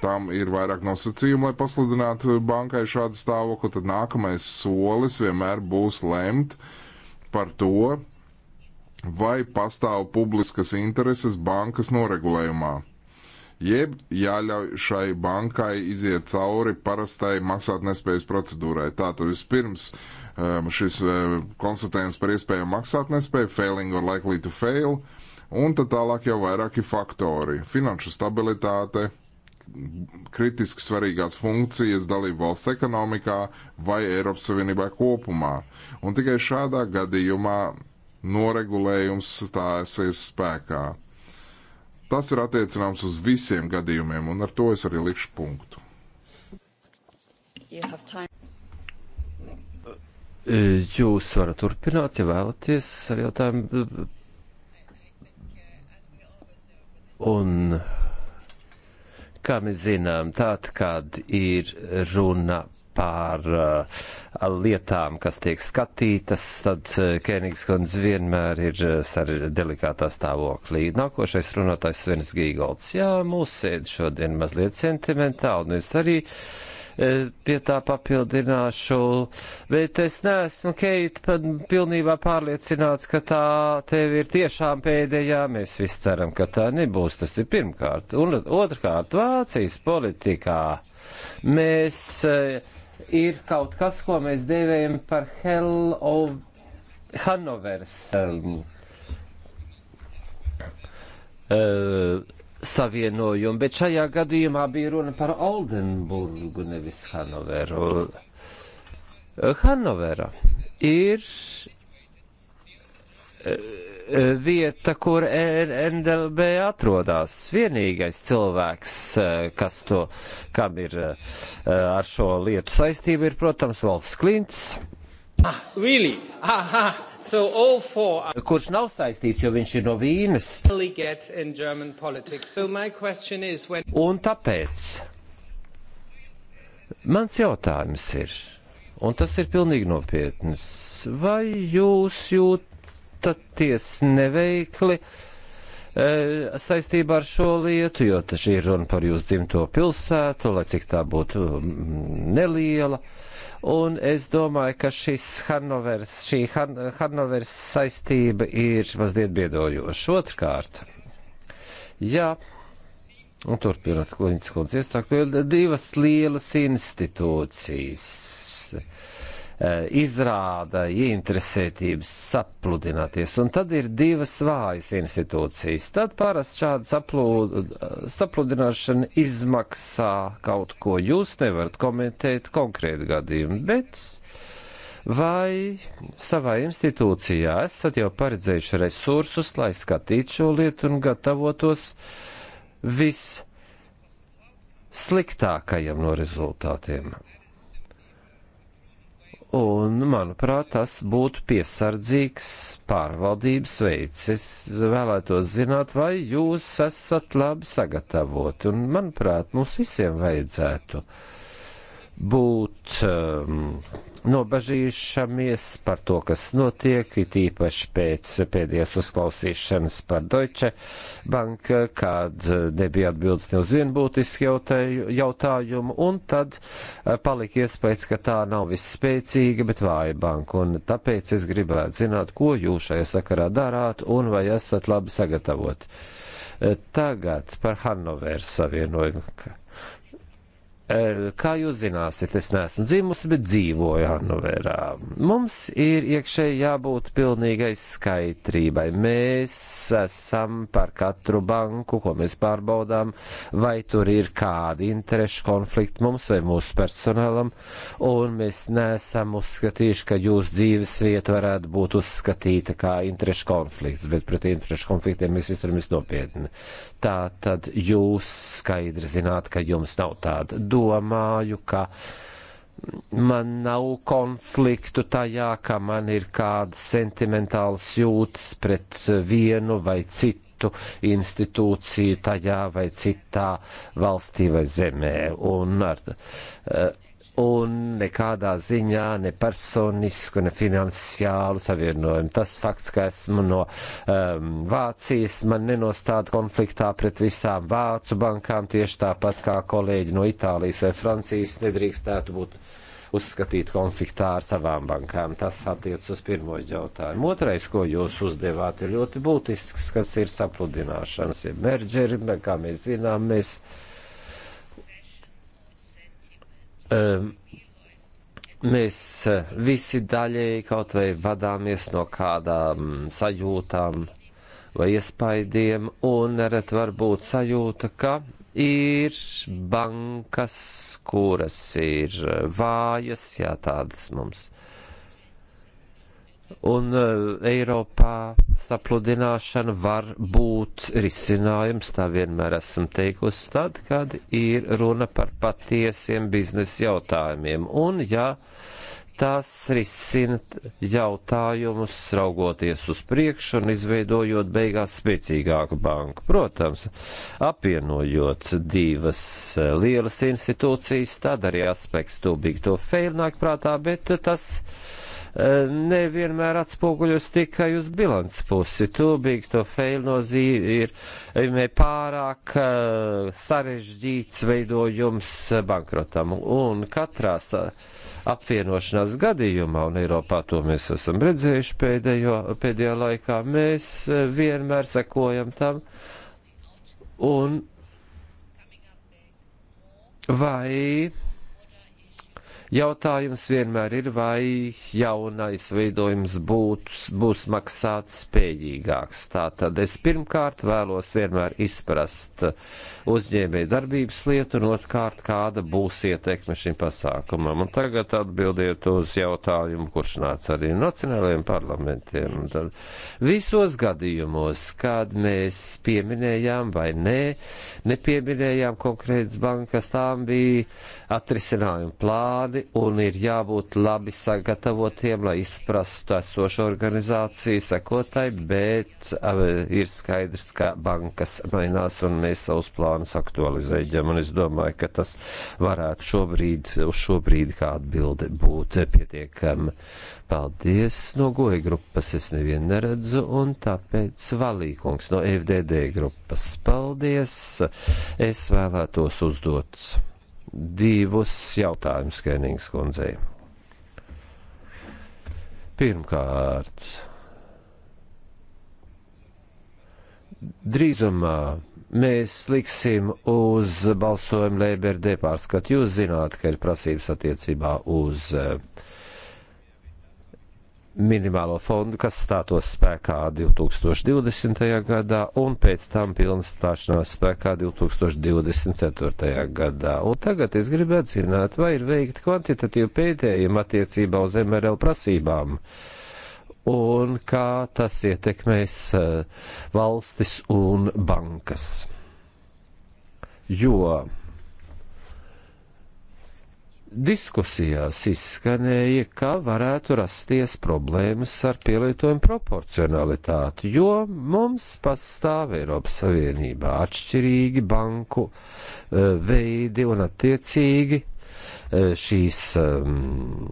tam ir vairāk nosacījumu, lai pasludinātu bankai šādu stāvokli, tad nākamais solis vienmēr būs lemt par to, vai pastāv publiskas intereses bankas noregulējumā jeb jāļauj šai bankai iziet cauri parastai maksātnespējas procedūrai. Tātad vispirms um, šis um, konstatējums par iespējamu maksātnespēju, failing or likely to fail, un tad tālāk jau vairāki faktori - finanšu stabilitāte, kritiski svarīgās funkcijas dalību valsts ekonomikā vai Eiropas Savienībā kopumā. Un tikai šādā gadījumā noregulējums stāsies spēkā. Tas ir attiecināms uz visiem gadījumiem, un ar to es arī likšu punktu. E, jūs varat turpināt, ja vēlaties ar jautājumu. Un, kā mēs zinām, tād, kad ir runa par uh, lietām, kas tiek skatītas, tad uh, eh, Kēnigskunds vienmēr ir uh, delikātā stāvoklī. Nākošais runātājs Svens Gīgolds. Jā, mūs sēd šodien mazliet sentimentāli, un nu es arī pie tā papildināšu, bet es neesmu, Keita, pilnībā pārliecināts, ka tā tev ir tiešām pēdējā. Mēs visi ceram, ka tā nebūs. Tas ir pirmkārt. Un otrkārt, Vācijas politikā mēs. Uh, ir kaut kas, ko mēs dēvējam par Hell of Hanovers um, uh, savienojumu, bet šajā gadījumā bija runa par Oldenburgu, nevis Hanoveru. Hanovera ir uh, Eh, vieta, kur NDLB atrodas. Vienīgais cilvēks, eh, kas to, kam ir eh, ar šo lietu saistība, ir, protams, Valfs Klints. Ah, really? Aha, so all four are... Kurš nav saistīts, jo viņš ir no Vīnes. So when... Un tāpēc mans jautājums ir, un tas ir pilnīgi nopietns, vai jūs jūt jūtaties neveikli e, saistībā ar šo lietu, jo taču ir runa par jūsu dzimto pilsētu, lai cik tā būtu mm, neliela. Un es domāju, ka šis Hanovers, šī Han Hanovers saistība ir mazliet biedojoša. Otrkārt, jā, un turpinot Kliņķis kundze iesākt, ir divas lielas institūcijas Eh, izrāda ieinteresētības sapludināties. Un tad ir divas vājas institūcijas. Tad parasti šāda saplūd, eh, sapludināšana izmaksā kaut ko. Jūs nevarat komentēt konkrētu gadījumu, bet vai savā institūcijā esat jau paredzējuši resursus, lai skatītu šo lietu un gatavotos viss sliktākajam no rezultātiem. Un, manuprāt, tas būtu piesardzīgs pārvaldības veids. Es vēlētos zināt, vai jūs esat labi sagatavoti. Un, manuprāt, mums visiem vajadzētu būt um, nobažījušamies par to, kas notiek, it īpaši pēc pēdējās uzklausīšanas par Deutsche Bank, kad eh, nebija atbildes ne uz vienu būtisku jautājumu, un tad eh, palika iespējas, ka tā nav visspēcīga, bet vāja banka, un tāpēc es gribētu zināt, ko jūs šajā sakarā darāt, un vai esat labi sagatavot. Eh, tagad par Hannoveras savienojumu Eh, kā jūs zināsiet, es neesmu dzimusi, bet dzīvoju Hannoverā. Mums ir iekšēji jābūt pilnīgai skaidrībai. Mēs esam par katru banku, ko mēs pārbaudām, vai tur ir kādi interešu konflikti mums vai mūsu personālam, un mēs neesam uzskatījuši, ka jūsu dzīves vieta varētu būt uzskatīta kā interešu konflikts, bet pret interešu konfliktiem mēs izturamies nopietni. Tā tad jūs skaidri zināt, ka jums nav tāda doma domāju, ka man nav konfliktu tajā, ka man ir kādas sentimentālas jūtas pret vienu vai citu citu institūciju tajā vai citā valstī vai zemē. Un ar, uh, un nekādā ziņā ne personisku, ne finansiālu savienojumu. Tas fakts, ka esmu no um, Vācijas, man nenostāda konfliktā pret visām Vācu bankām, tieši tāpat kā kolēģi no Itālijas vai Francijas nedrīkstētu būt uzskatīt konfliktā ar savām bankām. Tas attiec uz pirmo jautājumu. Otrais, ko jūs uzdevāt, ir ļoti būtisks, kas ir sapludināšanas, ja merģeri, kā mēs zinām, mēs. Uh, um, mēs eh, visi daļēji kaut vai vadāmies no kādām sajūtām vai iespaidiem, un neret var būt sajūta, ka ir bankas, kuras ir eh, vājas, jā, tādas mums ir un eh, Eiropā sapludināšana var būt risinājums, tā vienmēr esam teikusi tad, kad ir runa par patiesiem biznesa jautājumiem. Un, ja tas risina jautājumus, raugoties uz priekšu un izveidojot beigās spēcīgāku banku. Protams, apvienojot divas eh, lielas institūcijas, tad arī aspekts to big to fail nāk prātā, bet tas Eh, nevienmēr atspoguļos tikai uz bilants pusi. To big to fail nozīmē pārāk eh, sarežģīts veidojums bankrotam. Un katrā eh, apvienošanās gadījumā, un Eiropā to mēs esam redzējuši pēdējo, pēdējā laikā, mēs vienmēr sekojam tam. Un vai Jautājums vienmēr ir, vai jaunais veidojums būs, būs maksāt spējīgāks. Tātad es pirmkārt vēlos vienmēr izprast uzņēmēju darbības lietu un otrkārt, kāda būs ietekme šim pasākumam. Un tagad atbildiet uz jautājumu, kurš nāca arī nacionālajiem parlamentiem. Un tad visos gadījumos, kad mēs pieminējām vai nē, nepieminējām konkrētas bankas, tām bija atrisinājuma plāni gadi un ir jābūt labi sagatavotiem, lai izprastu esošu organizāciju sekotai, bet ir skaidrs, ka bankas mainās un mēs savus plānus aktualizējam. Un es domāju, ka tas varētu šobrīd, uz šobrīd kā atbildi būt pietiekami. Paldies no goja grupas, es nevienu neredzu, un tāpēc Valīkungs no FDD grupas. Paldies! Es vēlētos uzdot divus jautājumus Kenīgas kundzei. Pirmkārt, drīzumā mēs liksim uz balsojumu Lēberdē pārskatu. Jūs zināt, ka ir prasības attiecībā uz uh, minimālo fondu, kas stātos spēkā 2020. gadā un pēc tam pilna stāšanās spēkā 2024. gadā. Un tagad es gribētu zināt, vai ir veikti kvantitatīvi pētījumi attiecībā uz MRL prasībām un kā tas ietekmēs eh, valstis un bankas. Jo diskusijās izskanēja, ka varētu rasties problēmas ar pielietojumu proporcionalitāti, jo mums pastāv Eiropas Savienībā atšķirīgi banku eh, veidi un attiecīgi eh, šīs um,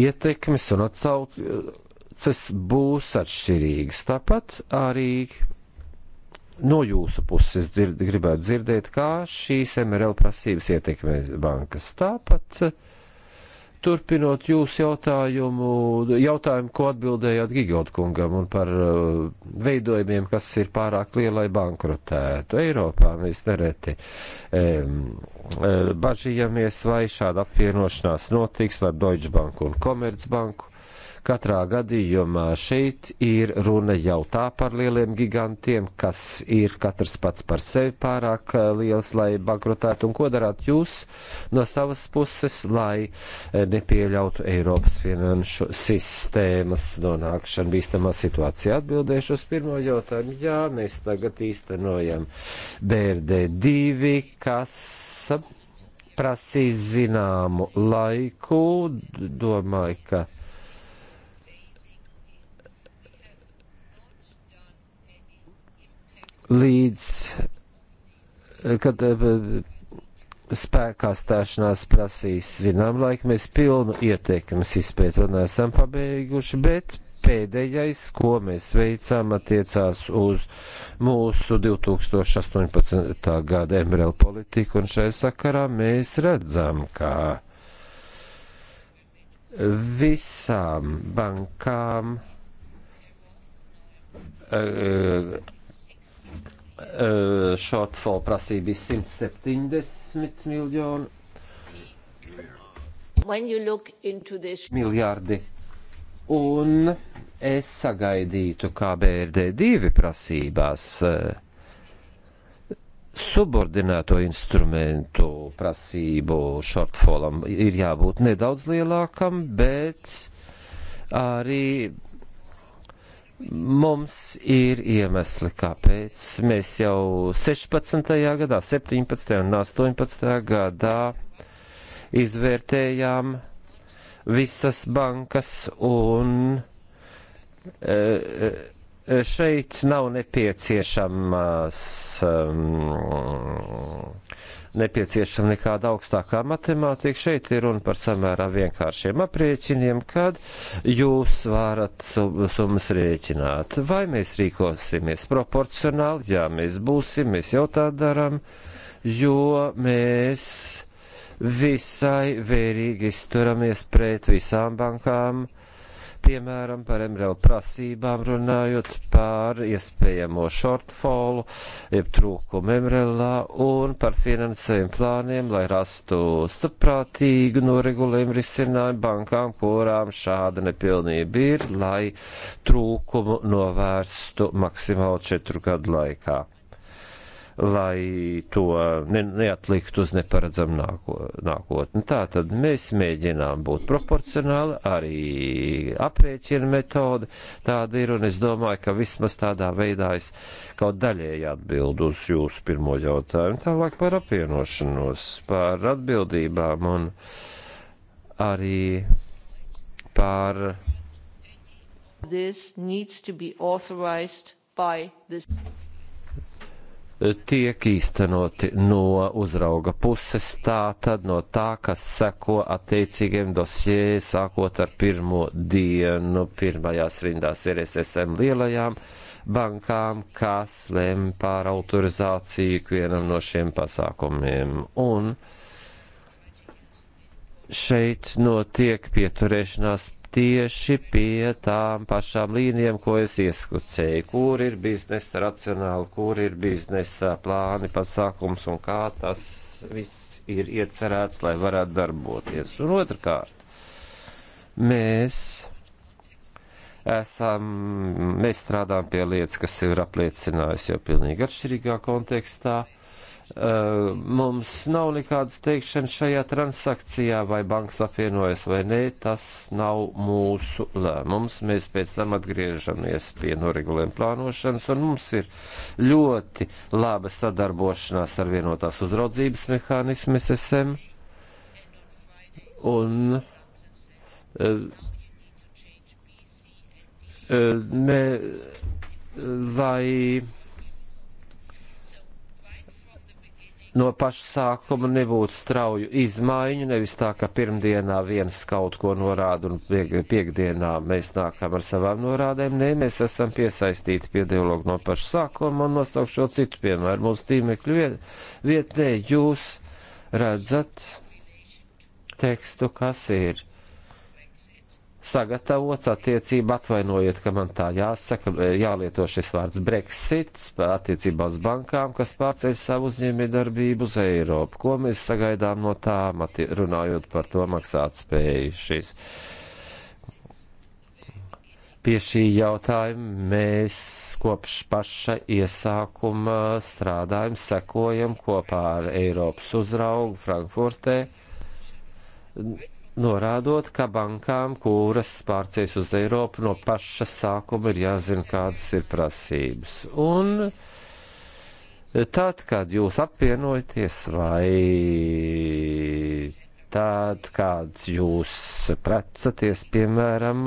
ietekmes un atsauces būs atšķirīgas. Tāpat arī no jūsu puses dzird, gribētu dzirdēt, kā šīs MRL prasības ietekmē bankas. Tāpat eh, turpinot jūsu jautājumu, jautājumu, ko atbildējāt Gigoldkungam un par eh, veidojumiem, kas ir pārāk lielai bankrotētu. Eiropā mēs nereti e, e, bažījamies, vai šāda apvienošanās notiks ar Deutsche Banku un Commerzbanku. Katrā gadījumā šeit ir runa jau tā par lieliem gigantiem, kas ir katrs pats par sevi pārāk eh, liels, lai bankrotētu. Un ko darāt jūs no savas puses, lai eh, nepieļautu Eiropas finanšu sistēmas nonākšanu bīstamā situācijā? Atbildēšu uz pirmo jautājumu. Jā, mēs tagad īstenojam BRD2, kas prasīs zināmu laiku. Domāju, ka līdz, kad eh, spēkā stāšanās prasīs zinām laiku, mēs pilnu ietekmes izpēt vēl neesam pabeiguši, bet pēdējais, ko mēs veicām, attiecās uz mūsu 2018. gada MRL politiku, un šai sakarā mēs redzam, ka visām bankām uh, Eh, shortfall prasība bija 170 miljoni. This... Miljardi. Un es sagaidītu, kā BRD2 prasībās eh, subordinēto instrumentu prasību shortfallam ir jābūt nedaudz lielākam, bet arī Mums ir iemesli, kāpēc mēs jau 16. gadā, 17. un 18. gadā izvērtējām visas bankas un e, e, šeit nav nepieciešamas um, nepieciešama nekāda augstākā matemātika. Šeit ir runa par samērā vienkāršiem aprēķiniem, kad jūs varat summas rēķināt. Vai mēs rīkosimies proporcionāli? Jā, mēs būsim, mēs jau tā darām, jo mēs visai vērīgi izturamies pret visām bankām piemēram, par MRL prasībām runājot par iespējamo shortfallu, jeb trūkumu MRLā un par finansējumu plāniem, lai rastu saprātīgu noregulējumu risinājumu bankām, kurām šāda nepilnība ir, lai trūkumu novērstu maksimāli četru gadu laikā lai to ne, neatlikt uz neparedzamu nāko, nākotni. Tātad mēs mēģinām būt proporcionāli, arī aprēķina metode tāda ir, un es domāju, ka vismaz tādā veidā es kaut daļēji atbildu uz jūsu pirmo jautājumu. Tālāk par apvienošanos, par atbildībām un arī par this needs to be authorized by this tiek īstenoti no uzrauga puses, tā tad no tā, kas seko attiecīgiem dosjē, sākot ar pirmo dienu. Pirmajās rindās ir SSM lielajām bankām, kas lem pār autorizāciju ikvienam no šiem pasākumiem. Un šeit notiek pieturēšanās tieši pie tām pašām līnijām, ko es ieskucēju, kur ir biznesa racionāli, kur ir biznesa plāni, pasākums un kā tas viss ir iecerēts, lai varētu darboties. Un otrkārt, mēs esam, mēs strādājam pie lietas, kas ir apliecinājusi jau pilnīgi atšķirīgā kontekstā. Uh, Uh, mums nav nekādas teikšanas šajā transakcijā, vai bankas apvienojas vai nē, tas nav mūsu lēmums. Mēs pēc tam atgriežamies pie noregulējuma plānošanas, un mums ir ļoti laba sadarbošanās ar vienotās uzraudzības mehānismu SSM. Un, uh, eh, uh, eh, mē, lai no paša sākuma nebūtu strauju izmaiņu, nevis tā, ka pirmdienā viens kaut ko norāda un piek, piekdienā mēs nākam ar savām norādēm. Nē, mēs esam piesaistīti pie dialogu no paša sākuma un nosaukšu citu piemēru. Mūsu tīmekļu vietnē jūs redzat tekstu, kas ir sagatavots attiecība, atvainojiet, ka man tā jāsaka, jālieto šis vārds Brexits attiecībā uz bankām, kas pārceļ savu uzņēmēju darbību uz Eiropu. Ko mēs sagaidām no tām, runājot par to maksāt spēju šīs? Pie šī jautājuma mēs kopš paša iesākuma strādājam, sekojam kopā ar Eiropas uzraugu Frankfurtē norādot, ka bankām, kuras pārceļas uz Eiropu, no paša sākuma ir jāzina, kādas ir prasības. Un tad, kad jūs apvienojaties vai tad, kad jūs precaties, piemēram,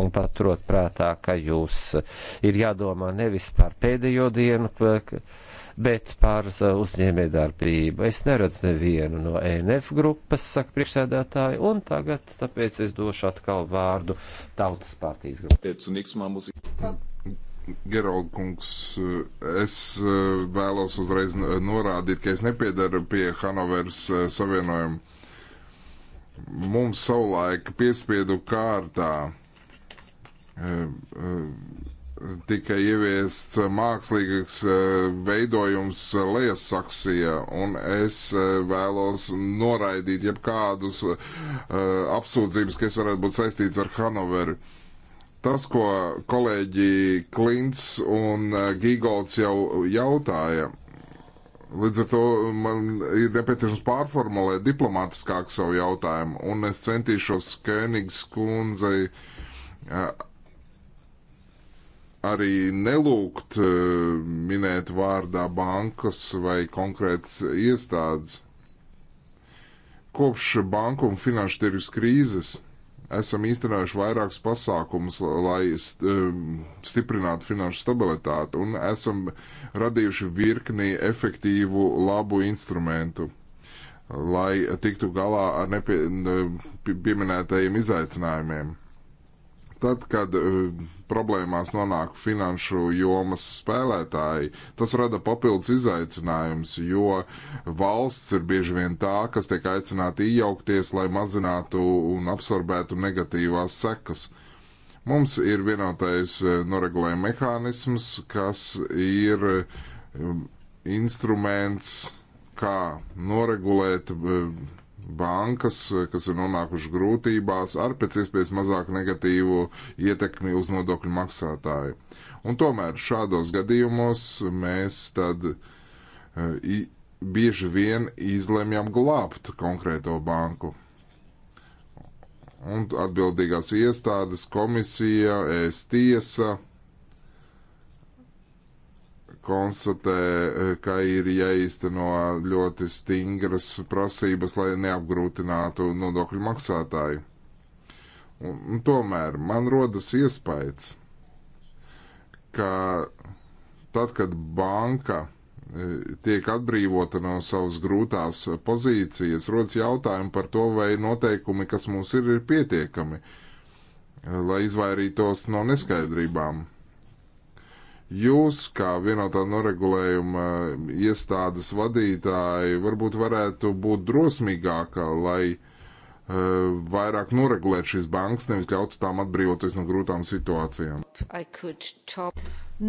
un paturot prātā, ka jūs ir jādomā nevis par pēdējo dienu, bet par uh, uzņēmē darbību. Es neredzu nevienu no ENF grupas, saka priekšsēdētāji, un tagad tāpēc es došu atkal vārdu tautas partijas grupai. Gerald kungs, es uh, vēlos uzreiz norādīt, ka es nepiedaru pie Hanovers uh, savienojuma. Mums savulaik piespiedu kārtā tika ieviests mākslīgs eh, veidojums lejas saksija, un es eh, vēlos noraidīt jebkādus uh, apsūdzības, kas varētu būt saistīts ar Hanoveri. Tas, ko kolēģi Klints un Gīgolds jau jautāja, līdz ar to man ir nepieciešams pārformulēt diplomātiskāk savu jautājumu, un es centīšos Kēnigs kundzei uh, arī nelūgt eh, minēt vārdā bankas vai konkrētas iestādes. Kopš banku un finanšu tirgus krīzes esam īstenojuši vairākus pasākumus, lai eh, stiprinātu finanšu stabilitāti, un esam radījuši virkni efektīvu, labu instrumentu, lai tiktu galā ar nepie, pieminētajiem izaicinājumiem. Tad, kad eh, problēmās nonāk finanšu jomas spēlētāji. Tas rada papildus izaicinājums, jo valsts ir bieži vien tā, kas tiek aicināta iejaukties, lai mazinātu un absorbētu negatīvās sekas. Mums ir vienotais eh, noregulējuma mehānisms, kas ir um, instruments, kā noregulēt um, bankas, kas ir nonākuši grūtībās, ar pēc iespējas mazāk negatīvu ietekmi uz nodokļu maksātāju. Un tomēr šādos gadījumos mēs tad eh, i, bieži vien izlemjam glābt konkrēto banku. Un atbildīgās iestādes, komisija, ēst tiesa, konstatē, eh, ka ir jāīsteno ļoti stingras prasības, lai neapgrūtinātu nodokļu maksātāju. Un, un tomēr man rodas iespējas, ka tad, kad banka eh, tiek atbrīvota no savas grūtās pozīcijas, rodas jautājumi par to, vai noteikumi, kas mums ir, ir pietiekami, eh, lai izvairītos no neskaidrībām. Jūs, kā vienotā noregulējuma eh, iestādes vadītāji, varbūt varētu būt drosmīgākā, lai uh, vairāk noregulētu šīs bankas, nevis ļautu tām atbrīvoties no grūtām situācijām.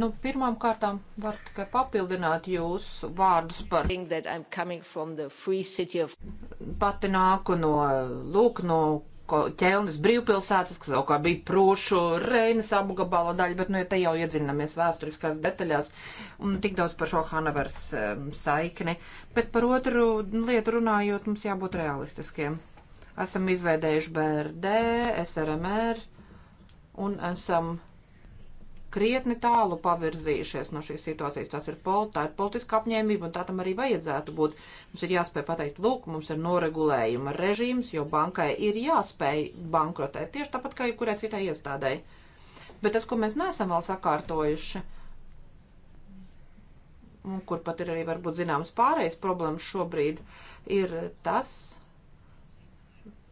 Nu, pirmām kārtām var tikai papildināt jūsu vārdus par of... pati nāku no, lūk, no ko ķelnes brīvpilsētas, kas kaut kā bija prūšu Reinas apgabala daļa, bet, nu, ja te jau iedzinamies vēsturiskās detaļās, un tik daudz par šo Hanavers um, saikni, bet par otru lietu runājot, mums jābūt realistiskiem. Esam izveidējuši BRD, SRMR, un esam krietni tālu pavirzījušies no šīs situācijas. Tas ir, pol, tā ir politiska apņēmība, un tā tam arī vajadzētu būt. Mums ir jāspēj pateikt, lūk, mums ir noregulējuma režīms, jo bankai ir jāspēj bankrotēt tieši tāpat kā jebkurai citai iestādēji. Bet tas, ko mēs neesam vēl sakārtojuši, un kur pat ir arī varbūt zināmas pārējais problēmas šobrīd, ir tas,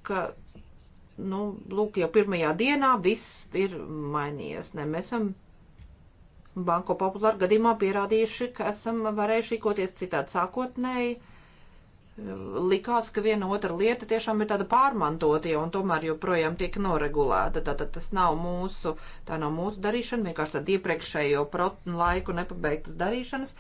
ka nu, lūk, jau pirmajā dienā viss ir mainījies. Ne? Mēs esam Banko populāru gadījumā pierādījuši, ka esam varējuši rīkoties citādi sākotnēji. Eh, likās, ka viena otra lieta tiešām ir tāda pārmantotie un tomēr joprojām tiek noregulēta. Tātad tas nav mūsu, tā nav mūsu darīšana, vienkārši tāda iepriekšējo protnu laiku nepabeigtas darīšanas.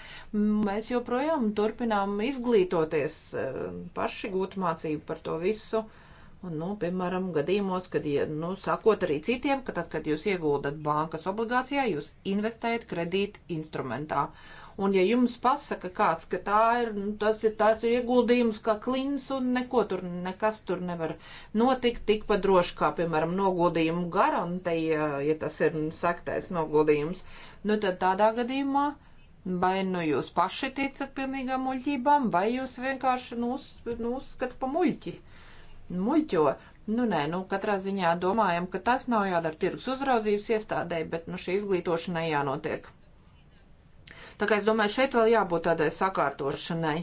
Mēs joprojām turpinām izglītoties, eh, paši gūt mācību par to visu. Uh, Un, nu, piemēram, gadījumos, kad, ja, nu, sakot arī citiem, ka tad, kad jūs ieguldat bankas obligācijā, jūs investējat kredīt instrumentā. Un, ja jums pasaka kāds, ka tā ir, nu, tas ir tās ir ieguldījums kā klins un neko tur, nekas tur nevar notikt tikpat droši kā, piemēram, noguldījumu garantija, ja tas ir nu, sektais noguldījums, nu, tad tādā gadījumā Vai nu jūs paši ticat pilnīgām muļķībām, vai jūs vienkārši nu, uz, nu, uzskatāt pa muļķi. Uh, muļķo. Nu, nē, nu, katrā ziņā domājam, ka tas nav jādara tirgus uzraudzības iestādē, bet, nu, šī izglītošanai jānotiek. Tā kā es domāju, šeit vēl jābūt tādai sakārtošanai.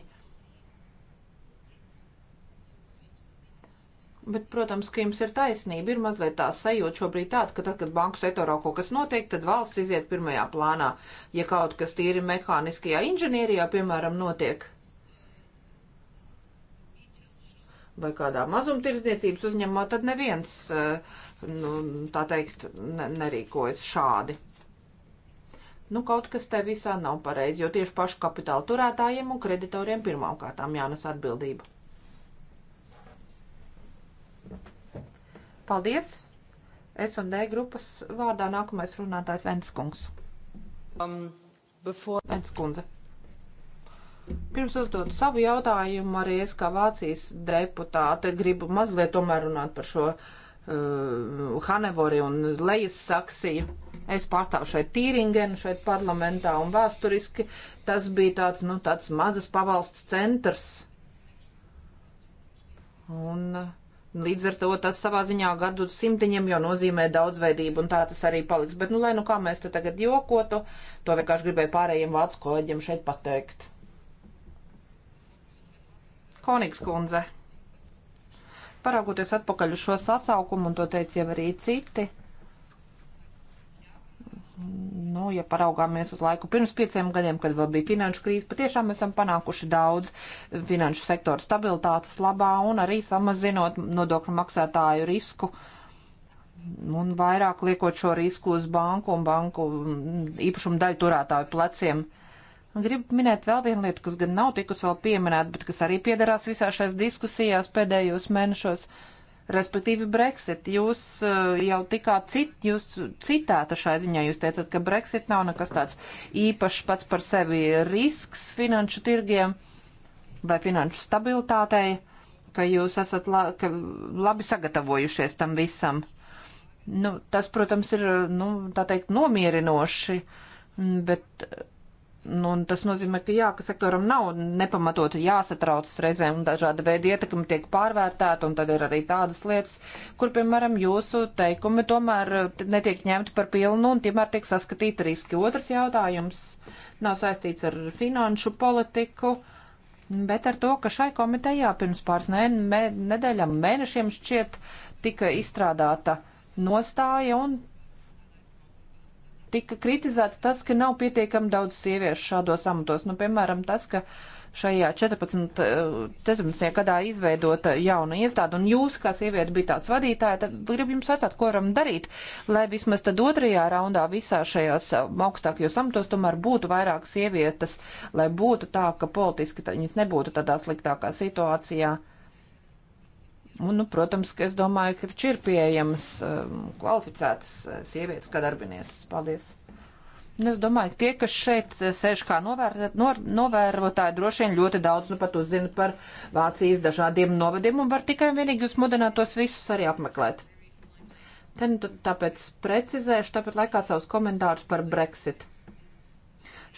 Bet, protams, ka jums ir taisnība. Ir mazliet tā sajūta šobrīd tāda, ka tad, kad banku sektorā kaut kas notiek, tad valsts iziet pirmajā plānā. Ja kaut kas tīri mehāniskajā inženierijā, piemēram, notiek, vai kādā mazumtirdzniecības uzņēmumā, tad neviens, eh, nu, tā teikt, ne, nerīkojas šādi. Nu, kaut kas te visā nav pareizi, jo tieši pašu kapitāla turētājiem un kreditoriem pirmām kārtām jānes atbildība. Paldies! S&D grupas vārdā nākamais runātājs Venskungs. Um, before... Venskundze. Pirms uzdot savu jautājumu, arī es kā Vācijas deputāte gribu mazliet tomēr runāt par šo uh, Hanevori un Lejas saksiju. Es pārstāvu šeit Tīringenu, šeit parlamentā, un vēsturiski tas bija tāds, nu, tāds mazas pavalsts centrs. Un uh, Līdz ar to tas savā ziņā gadu simtiņiem jau nozīmē daudzveidību, un tā tas arī paliks. Bet, nu, lai nu kā mēs te tagad jokotu, to vienkārši gribēju pārējiem vācu kolēģiem šeit pateikt. Konigs kundze. Paraugoties atpakaļ uz šo sasaukumu, un to teica jau arī citi, nu, ja paraugāmies uz laiku pirms pieciem gadiem, kad vēl bija finanšu krīze, patiešām esam panākuši daudz finanšu sektora stabilitātes labā un arī samazinot nodokļu maksātāju risku. Un vairāk liekot šo risku uz banku un banku mm, īpašumu daļu turētāju pleciem. Uh, Gribu minēt vēl vienu lietu, kas gan nav tikus vēl pieminēta, bet kas arī piedarās visā šajās diskusijās pēdējos mēnešos, respektīvi Brexit. Jūs eh, jau tikā cit, jūs citēta šai ziņā, jūs teicat, ka Brexit nav nekas tāds īpašs pats par sevi risks finanšu tirgiem vai finanšu stabilitātei, ka jūs esat la, ka labi sagatavojušies tam visam. Nu, tas, protams, ir, nu, tā teikt, nomierinoši, bet Nu, tas nozīmē, ka jā, ka sektoram nav nepamatot jāsatraucas reizēm un dažāda veida ietekmi tiek pārvērtēta, un tad ir arī tādas lietas, kur, piemēram, jūsu teikumi tomēr netiek ņemti par pilnu un tomēr tiek saskatīti riski. Otrs jautājums nav saistīts ar finanšu politiku, bet ar to, ka šai komitejā pirms pāris ne, me, nedēļām mēnešiem šķiet tika izstrādāta nostāja un tika kritizēts tas, ka nav pietiekami daudz sieviešu šādos amatos. Nu, piemēram, tas, ka šajā 14. 14. Eh, gadā izveidota jauna iestāde, un jūs, kā sieviete, bija tās vadītāja, tad gribu jums atsāt, ko varam darīt, lai vismaz tad otrajā raundā visā šajās eh, augstākajos amatos tomēr būtu vairāk sievietes, lai būtu tā, ka politiski viņas nebūtu tādā sliktākā situācijā. Un, nu, protams, ka es domāju, ka taču ir pieejamas um, kvalificētas uh, sievietes kā darbinieces. Paldies! Nu, es domāju, ka tie, kas šeit uh, sēž kā novēr, nor, novērotāji, droši vien ļoti daudz nu, pat uzzina par Vācijas dažādiem novadiem un var tikai un vienīgi jūs mudināt tos visus arī apmeklēt. Ten nu, tāpēc precizēšu tāpat laikā savus komentārus par Brexit.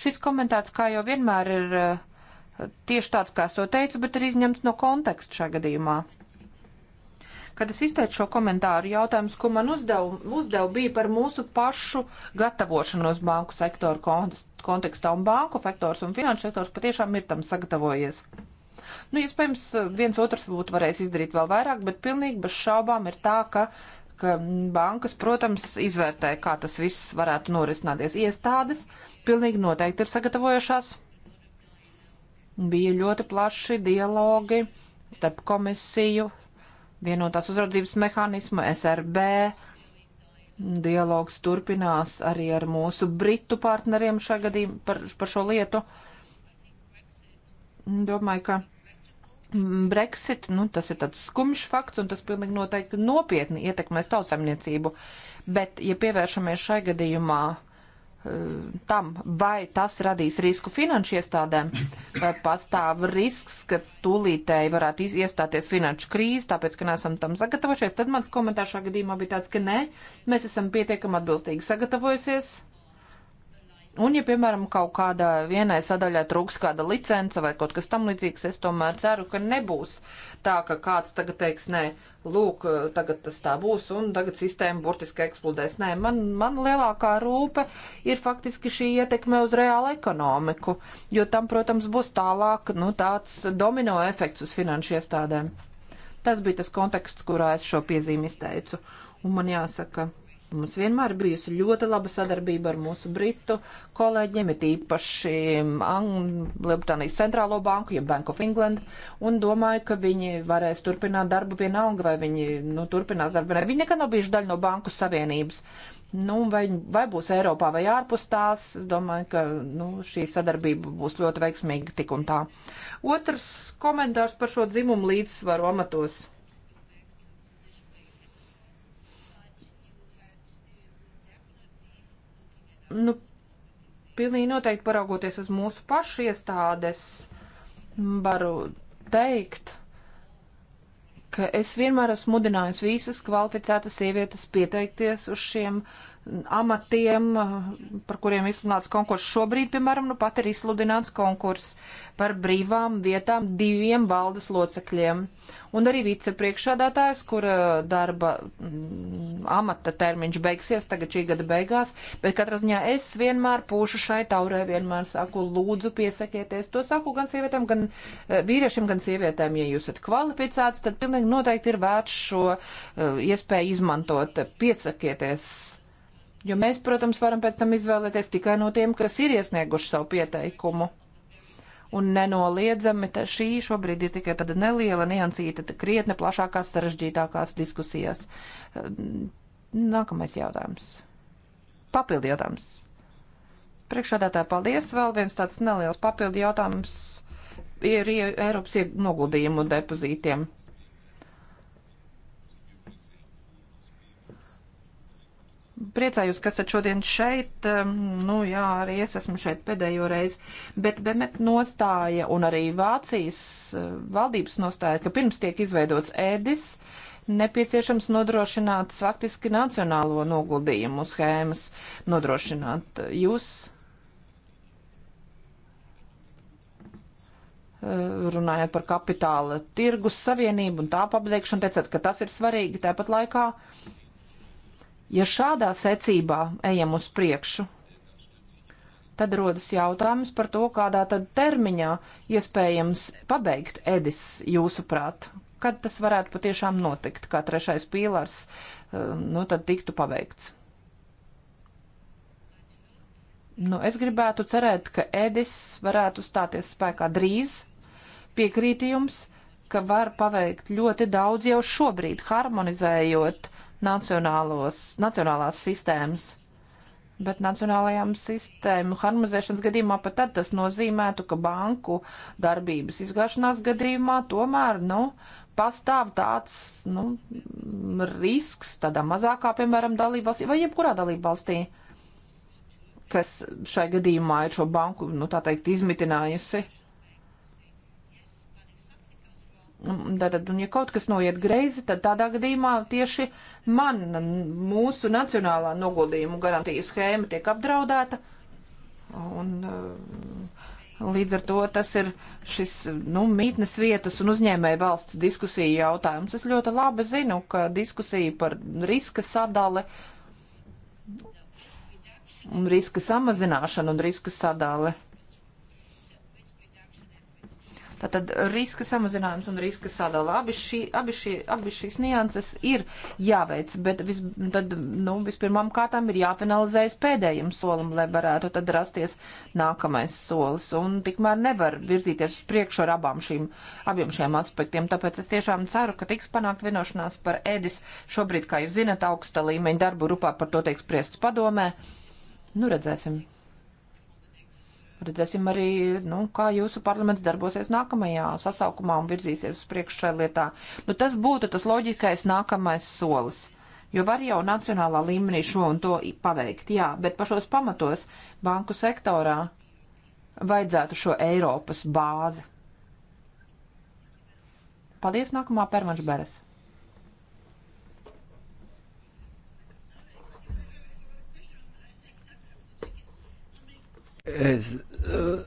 Šis komentārs, kā jau vienmēr, ir uh, tieši tāds, kā es to teicu, bet ir izņemts no konteksta šajā gadījumā. Kad es izteicu šo komentāru, jautājums, ko man uzdev, uzdev bija par mūsu pašu gatavošanos banku sektoru kontekstā, un banku sektors un finanšu sektors patiešām ir tam sagatavojies. Nu, iespējams, viens otrs būtu varējis izdarīt vēl vairāk, bet pilnīgi bez šaubām ir tā, ka ka bankas, protams, izvērtē, kā tas viss varētu norisināties. Iestādes pilnīgi noteikti ir sagatavojušās. Bija ļoti plaši dialogi starp komisiju, vienotās uzraudzības mehānismu, SRB. Dialogs turpinās arī ar mūsu britu partneriem šajā gadījumā par, par šo lietu. Domāju, ka Brexit, nu, tas ir tāds skumjš fakts, un tas pilnīgi noteikti nopietni ietekmēs tautsaimniecību. Bet, ja pievēršamies šai gadījumā Eh, tam, vai tas radīs risku finanšu iestādēm, vai pastāv risks, ka tūlītēji varētu iestāties finanšu krīze, tāpēc, ka neesam tam sagatavojušies, tad mans komentārs šā gadījumā bija tāds, ka nē, mēs esam pietiekami atbilstīgi sagatavojusies. Un, ja, piemēram, kaut kādā vienai sadaļā trūks kāda licence vai kaut kas tam līdzīgs, es tomēr ceru, ka nebūs tā, ka kāds tagad teiks, nē, lūk, tagad tas tā būs un tagad sistēma burtiski eksplodēs. Nē, man, man lielākā rūpe ir faktiski šī ietekme uz reālu ekonomiku, jo tam, protams, būs tālāk, nu, tāds domino efekts uz finanšu iestādēm. Tas bija tas konteksts, kurā es šo piezīmi izteicu. Un man jāsaka, Mums vienmēr bijusi ļoti laba sadarbība ar mūsu britu kolēģiem, ir īpaši mm, Lielbritānijas centrālo banku, ja Bank of England, un domāju, ka viņi varēs turpināt darbu vienalga, vai viņi nu, turpinās darbu. Viņi nekad nav bijuši daļa no banku savienības. Nu, vai, vai būs Eiropā vai ārpus tās, es domāju, ka nu, šī sadarbība būs ļoti veiksmīga tik un tā. Otrs komentārs par šo dzimumu līdzsvaru amatos. nu, pilnīgi noteikti paraugoties uz mūsu pašu iestādes, varu teikt, ka es vienmēr esmu mudinājis visas kvalificētas sievietes pieteikties uz šiem amatiem, par kuriem izsludināts konkurss šobrīd, piemēram, nu pat ir izsludināts konkurss par brīvām vietām diviem valdes locekļiem. Uh, un arī vicepriekšādātājs, kura darba m, mm, amata termiņš beigsies tagad šī gada beigās, bet katrā ziņā es vienmēr pūšu šai taurē, vienmēr saku, lūdzu piesakieties. To saku gan sievietēm, gan eh, vīriešiem, gan sievietēm. Ja jūs esat kvalificēts, tad pilnīgi noteikti ir vērts šo uh, iespēju izmantot. Piesakieties. Jo mēs, protams, varam pēc tam izvēlēties tikai no tiem, kas ir iesnieguši savu pieteikumu un nenoliedzami šī šobrīd ir tikai tāda neliela niansīta, krietni plašākās, sarežģītākās diskusijās. Nākamais jautājums. Papildi jautājums. Priekšādātāji, paldies. Vēl viens tāds neliels papildi jautājums ir Eiropas noguldījumu depozītiem. priecājos, ka esat šodien šeit. Nu, jā, arī es esmu šeit pēdējo reizi. Bet Bemet nostāja un arī Vācijas eh, valdības nostāja, ka pirms tiek izveidots ēdis, nepieciešams nodrošināt faktiski nacionālo noguldījumu schēmas, nodrošināt eh, jūs. Eh, Runājot par kapitāla tirgus savienību un tā pabeigšanu, teicāt, ka tas ir svarīgi. Tāpat laikā uh, Ja šādā secībā ejam uz priekšu, tad rodas jautājums par to, kādā tad termiņā iespējams pabeigt Edis jūsuprāt, kad tas varētu patiešām notikt, kā trešais pīlārs, um, nu tad tiktu pabeigts. Nu, es gribētu cerēt, ka Edis varētu stāties spēkā drīz, piekrītījums, ka var paveikt ļoti daudz jau šobrīd, harmonizējot uh, nacionālās sistēmas. Bet nacionālajām sistēmu harmonizēšanas gadījumā pat tad tas nozīmētu, ka banku darbības izgāšanās gadījumā tomēr, nu, pastāv tāds, nu, risks tādā mazākā, piemēram, dalībvalstī vai jebkurā dalībvalstī, kas šai gadījumā ir šo banku, nu, tā teikt, izmitinājusi. Tātad, un ja kaut kas noiet greizi, tad tādā gadījumā tieši man mūsu nacionālā noguldījumu garantijas schēma tiek apdraudēta. Un, uh, Līdz ar to tas ir šis nu, mītnes vietas un uzņēmēja valsts diskusija jautājums. Es ļoti labi zinu, ka diskusija par riska sadali un riska samazināšanu un riska sadali Tātad riska samazinājums un riska sadala. Abi, šī, abi, šī, abi šīs nianses ir jāveic, bet vis, tad, nu, vispirmām kārtām ir jāfinalizējas pēdējiem solim, lai varētu tad rasties nākamais solis. Un tikmēr nevar virzīties uz priekšu ar abām šīm, abiem šiem aspektiem. Tāpēc es tiešām ceru, ka tiks panākt vienošanās par ēdis. Šobrīd, kā jūs zinat, augsta līmeņa darbu grupā par to tiek spriests padomē. Nu, redzēsim. Redzēsim arī, nu, kā jūsu parlaments darbosies nākamajā sasaukumā un virzīsies uz priekšu šajā lietā. Nu, tas būtu tas loģiskais nākamais solis. Jo var jau nacionālā līmenī šo un to paveikt, jā, bet pašos pamatos banku sektorā vajadzētu šo Eiropas bāzi. Paldies, nākamā permanš beres. Es Eh,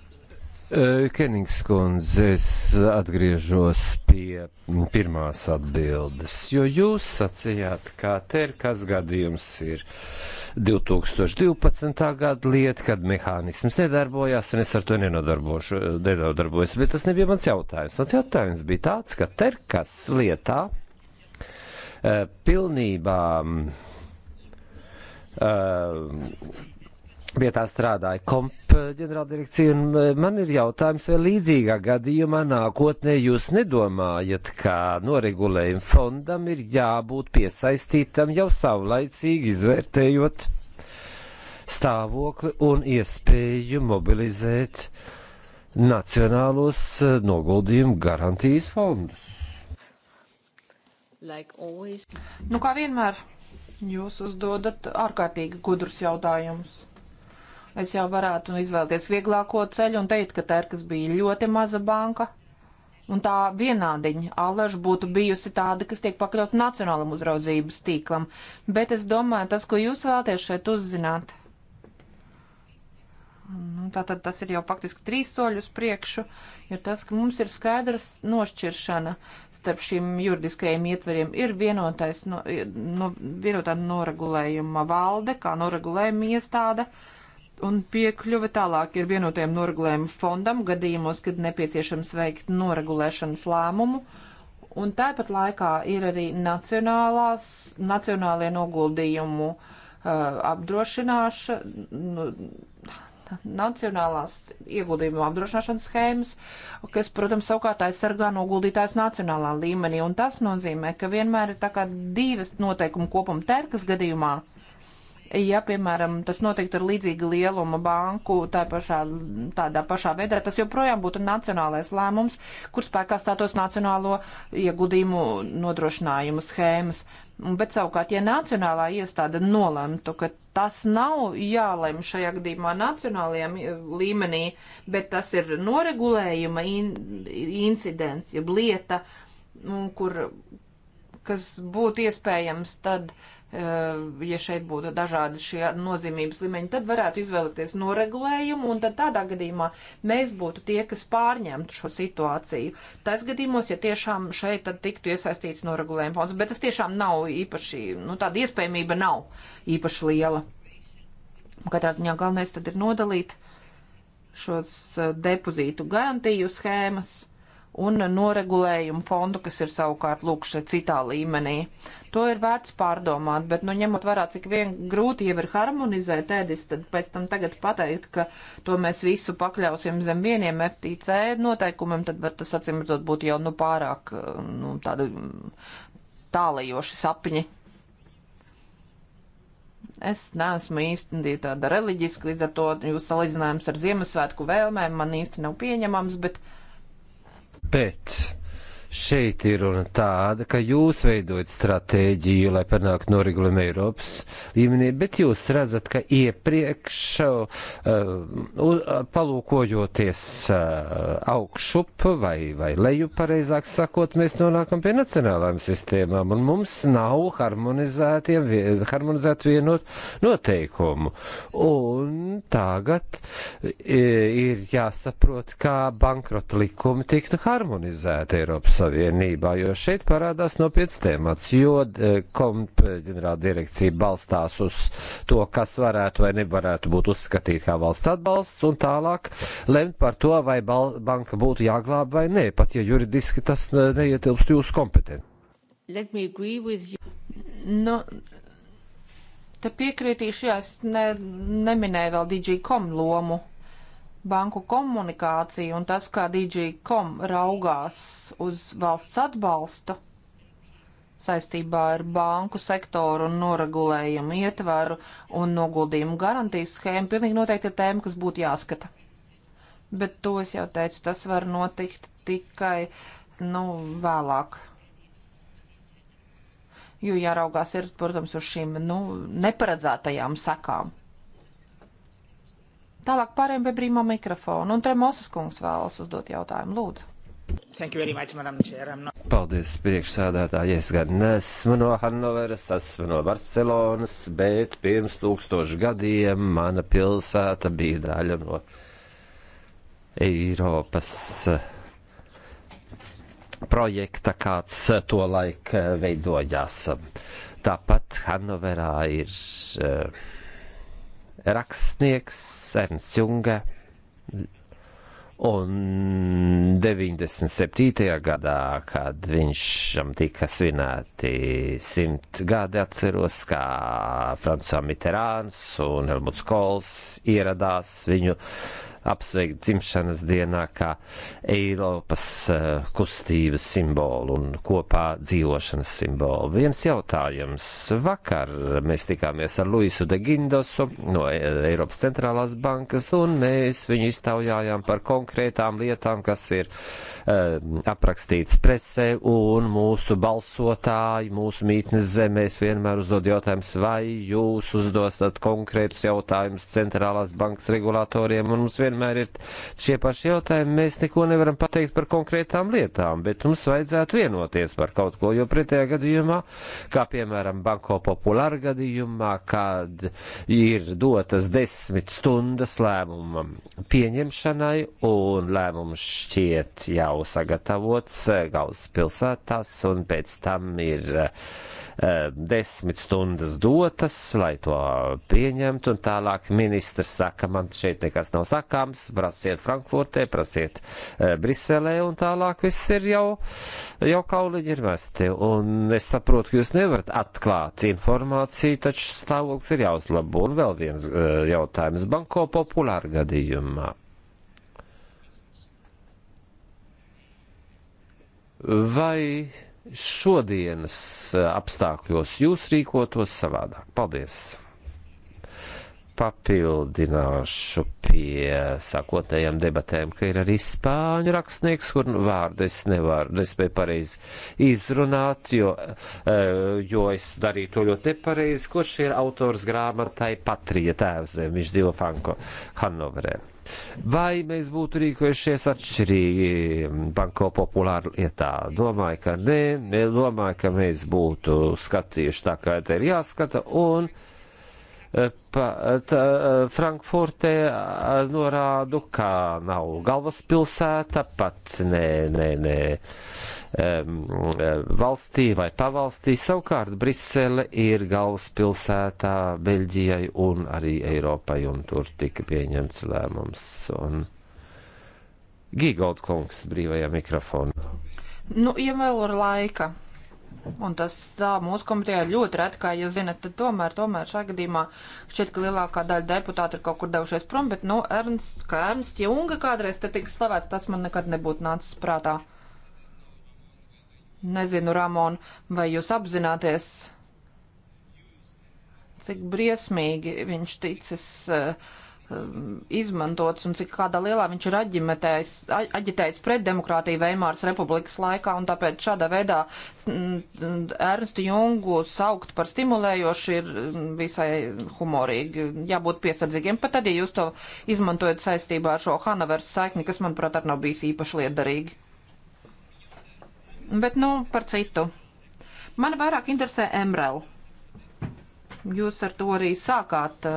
Kenigskundze, es atgriežos pie pirmās atbildes, jo jūs sacījāt, kā terkas gadījums ir 2012. gada lieta, kad mehānisms nedarbojās, un es ar to nenodarbojos, bet tas nebija mans jautājums. Mans jautājums bija tāds, ka terkas lietā eh, pilnībā. Uh, vietā strādāja komp ģenerāldirekcija, un e, man ir jautājums, vai līdzīgā gadījumā nākotnē jūs nedomājat, ka noregulējuma fondam ir jābūt piesaistītam jau savlaicīgi izvērtējot stāvokli un iespēju mobilizēt nacionālos e, noguldījumu garantijas fondus. Like always. nu, kā vienmēr, jūs uzdodat ārkārtīgi gudrus jautājumus. Es jau varētu nu izvēlēties vieglāko ceļu un teikt, ka Terkas bija ļoti maza banka. Un tā vienādiņa alaža būtu bijusi tāda, kas tiek pakļauta nacionālam uzraudzības tīklam. Bet es domāju, tas, ko jūs vēlaties šeit uzzināt, nu, tātad tas ir jau faktiski trīs soļus priekšu, ir tas, ka mums ir skaidrs nošķiršana starp šiem juridiskajiem ietveriem. Ir vienotais, no, no, vienotā noregulējuma valde, kā noregulējuma iestāde. Uh, un piekļuve tālāk ir vienotajam noregulējumu fondam gadījumos, kad nepieciešams veikt noregulēšanas lēmumu. Un tāpat laikā ir arī nacionālie noguldījumu uh, apdrošināšana, nu, nacionālās ieguldījumu apdrošināšanas schēmas, kas, protams, savukārt aizsargā noguldītājs nacionālā līmenī. Un tas nozīmē, ka vienmēr ir tā kā divas noteikumu kopuma terkas gadījumā. Uh, ja, piemēram, tas notiktu ar līdzīgu lielumu banku tā pašā, tādā pašā veidā, tas joprojām būtu nacionālais lēmums, kur spēkā stātos nacionālo ieguldījumu nodrošinājumu schēmas. Bet savukārt, ja nacionālā iestāde nolemtu, ka tas nav jālem šajā gadījumā nacionālajiem līmenī, bet tas ir noregulējuma in, incidents, jeb lieta, kur, kas būtu iespējams tad uh, Eh, ja šeit būtu dažādi šie nozīmības līmeņi, tad varētu izvēlēties noregulējumu, un tad tādā gadījumā mēs būtu tie, kas pārņemtu šo situāciju. Tas gadījumos, ja tiešām šeit tad tiktu iesaistīts noregulējuma fonds, bet tas tiešām nav īpaši, nu tāda iespējamība nav īpaši liela. Katrā ziņā galvenais tad ir nodalīt šos eh, depozītu garantiju schēmas un noregulējumu fondu, kas ir savukārt lūkšai citā līmenī. To ir vērts pārdomāt, bet, nu, ņemot vērā, cik vien grūti jau ir harmonizēt ēdis, tad pēc tam tagad pateikt, ka to mēs visu pakļausim zem vieniem FTC noteikumiem, tad var tas acīm redzot būt jau, nu, pārāk, nu, tāda tālajoši sapņi. Es neesmu īstenībā tāda reliģiska, līdz ar to jūsu salīdzinājums ar Ziemassvētku vēlmēm man īsti nav pieņemams, bet uh, Bet Šeit ir runa tāda, ka jūs veidojat stratēģiju, lai panāktu noregulējumu Eiropas līmenī, bet jūs redzat, ka iepriekš, uh, palūkojoties uh, augšup vai, vai lejup, pareizāk sakot, mēs nonākam pie nacionālām sistēmām, un mums nav harmonizētu vienot noteikumu. Un tagad ir jāsaprot, kā bankrota likumi tiktu harmonizēti Eiropas Savienībā, jo šeit parādās nopietns temats, jo e, komp ģenerāla direkcija balstās uz to, kas varētu vai nevarētu būt uzskatīt kā valsts atbalsts, un tālāk lemt par to, vai banka būtu jāglāb vai nē, pat ja juridiski tas neietilpst jūsu kompetenci. Let me agree with you. No, nu, te piekritīšu, jā, es ne, neminēju vēl DigiCom lomu banku komunikācija un tas, kā DG.com raugās uz valsts atbalstu saistībā ar banku sektoru un noregulējumu ietvaru un noguldījumu garantijas schēmu, pilnīgi noteikti ir tēma, kas būtu jāskata. Bet to es jau teicu, tas var notikt tikai, nu, vēlāk. Jo jāraugās ir, protams, uz šīm, nu, neparedzētajām sekām. Tālāk pārējiem pie brīvā mikrofona. Un Tremosas kungs vēlas uzdot jautājumu. Lūdzu. Much, not... Paldies, priekšsādātāji. Es gan nesmu no Hannoveras, esmu no Barcelonas, bet pirms tūkstošu gadiem mana pilsēta bija daļa no Eiropas eh, projekta, kāds eh, to laik eh, veidojās. Tāpat Hannoverā ir. Uh, rakstnieks Ernsts Junga. Un 97. gadā, kad viņam tika svinēti simt gadi, atceros, kā Francijā Mitterāns un Helmuts Kols ieradās viņu uh, apsveikt dzimšanas dienā kā Eiropas uh, kustības simbolu un kopā dzīvošanas simbolu. Viens jautājums. Vakar mēs tikāmies ar Luisu de Gindosu no eh, Eiropas centrālās bankas un mēs viņu iztaujājām par konkrētām lietām, kas ir uh, aprakstīts presē un mūsu balsotāji, mūsu mītnes zemēs vienmēr uzdod jautājums, vai jūs uzdostat konkrētus jautājumus centrālās bankas regulātoriem un mums vienmēr vienmēr ir šie paši jautājumi. Mēs neko nevaram pateikt par konkrētām lietām, bet mums vajadzētu vienoties par kaut ko, jo pretējā gadījumā, kā piemēram Banko populāra gadījumā, kad ir dotas desmit stundas lēmumam pieņemšanai un lēmums šķiet jau sagatavots galvaspilsētās un pēc tam ir eh, desmit stundas dotas, lai to pieņemtu, un tālāk ministrs saka, man šeit nekas nav sakā, programmas, prasiet Frankfurtē, prasiet uh, Briselē un tālāk viss ir jau, jau kauliņi ir mesti. Un es saprotu, ka jūs nevarat atklāt informāciju, taču stāvoklis ir jāuzlabo. Un vēl viens uh, jautājums banko populāra gadījumā. Vai šodienas eh, apstākļos jūs rīkotos savādāk? Paldies! papildināšu pie sākotnējām debatēm, ka ir arī spāņu rakstnieks, kur vārdu es nevaru, nespēju pareizi izrunāt, jo, eh, jo es darīju to ļoti nepareizi, kurš ir autors grāmatai Patrija tēvzēm, viņš dzīvo Franko Hannoverē. Vai mēs būtu rīkojušies atšķirīgi banko populāru lietā? Domāju, ka nē, domāju, ka mēs būtu skatījuši tā, kā te ir jāskata, un uh, Eh, pa, tā, eh, Frankfurtē eh, norādu, kā nav galvaspilsēta, pats nē, nē, nē, um, valstī vai pavalstī. Savukārt Brisele ir galvaspilsētā Beļģijai un arī Eiropai, un tur tika pieņemts lēmums. Un... Gīgold kungs brīvajā mikrofonā. Nu, ja vēl ir laika. Un tas tā, mūsu komitejā ļoti reti, kā jūs zinat, tad tomēr, tomēr šajā gadījumā šķiet, ka lielākā daļa deputāti ir kaut kur devušies prom, bet, nu, Ernsts, kā Ernsts Junga kādreiz te tiks slavēts, tas man nekad nebūtu nācis prātā. Nezinu, Ramon, vai jūs apzināties, cik briesmīgi viņš ticis. Uh, Um, izmantots un cik kādā lielā viņš ir aģimitējis, aģitējis pret demokrātiju Veimāras republikas laikā, un tāpēc šādā veidā Ernstu Jungu saukt par stimulējošu ir um, visai humorīgi. Jābūt piesardzīgiem, pat tad, ja jūs to izmantojat saistībā ar šo Hanovers saikni, kas, manuprāt, arī nav bijis īpaši liederīgi. Bet, nu, par citu. Man vairāk interesē Emrela Jūs ar to arī sākāt uh,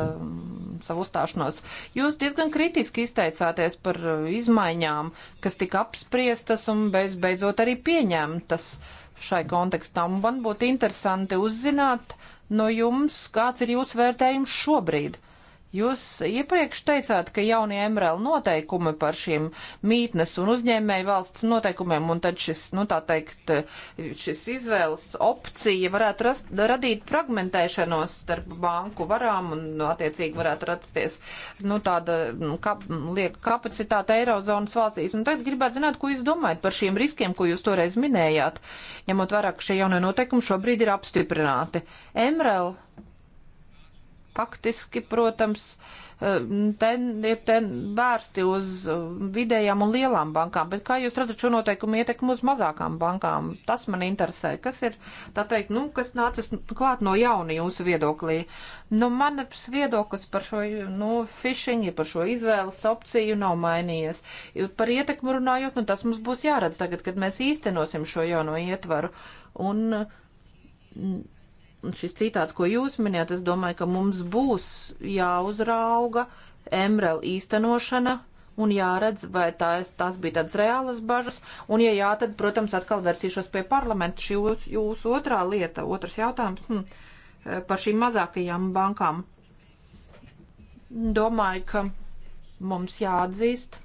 savu uzstāšanos. Jūs diezgan kritiski izteicāties par eh, izmaiņām, kas tika apspriestas un bez, beidzot arī pieņemtas šai kontekstā. Un man būtu interesanti uzzināt no jums, kāds ir jūsu vērtējums šobrīd. Uh, Jūs iepriekš teicāt, ka jaunie MRL noteikumi par šiem mītnes un uzņēmēju valsts noteikumiem un tad šis, nu tā teikt, šis izvēles opcija varētu rast, radīt fragmentēšanos starp banku varām un nu, attiecīgi varētu rasties, nu tāda nu, kap, lieka kapacitāte Eirozonas valstīs. Un tad gribētu zināt, ko jūs domājat par šiem riskiem, ko jūs toreiz minējāt, ņemot vērā, ka šie jaunie noteikumi šobrīd ir apstiprināti. MRL faktiski, protams, eh, ten ir ten vērsti uz vidējām un lielām bankām, bet kā jūs redzat šo noteikumu ietekmu uz mazākām bankām? Tas man interesē. Kas ir, tā teikt, nu, kas nācis klāt no jauna jūsu viedoklī? Nu, manas viedoklis par šo, nu, fišiņu, par šo izvēles opciju nav mainījies. Par ietekmu runājot, nu, tas mums būs jāredz tagad, kad mēs īstenosim šo jauno ietvaru. Un, šis citāts, ko jūs minējāt, es domāju, ka mums būs jāuzrauga MRL īstenošana un jāredz, vai tās, tās bija tādas reālas bažas, un ja jā, tad, protams, atkal versīšos pie parlamenta. Šī jūs, jūsu otrā lieta, otrs jautājums hm, par šīm mazākajām bankām. Domāju, ka mums jāatzīst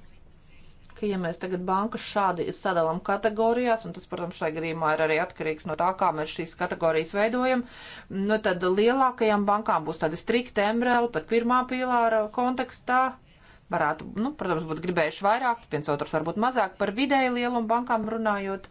ka, ja mēs tagad bankas šādi sadalām kategorijās, un tas, protams, šai gadījumā ir arī atkarīgs no tā, kā mēs šīs kategorijas veidojam, nu tad lielākajām bankām būs tādi strikti embrēli pat pirmā pīlāra kontekstā. Varētu, nu, protams, būt gribējuši vairāk, viens otrs varbūt mazāk par vidēju lielumu bankām runājot.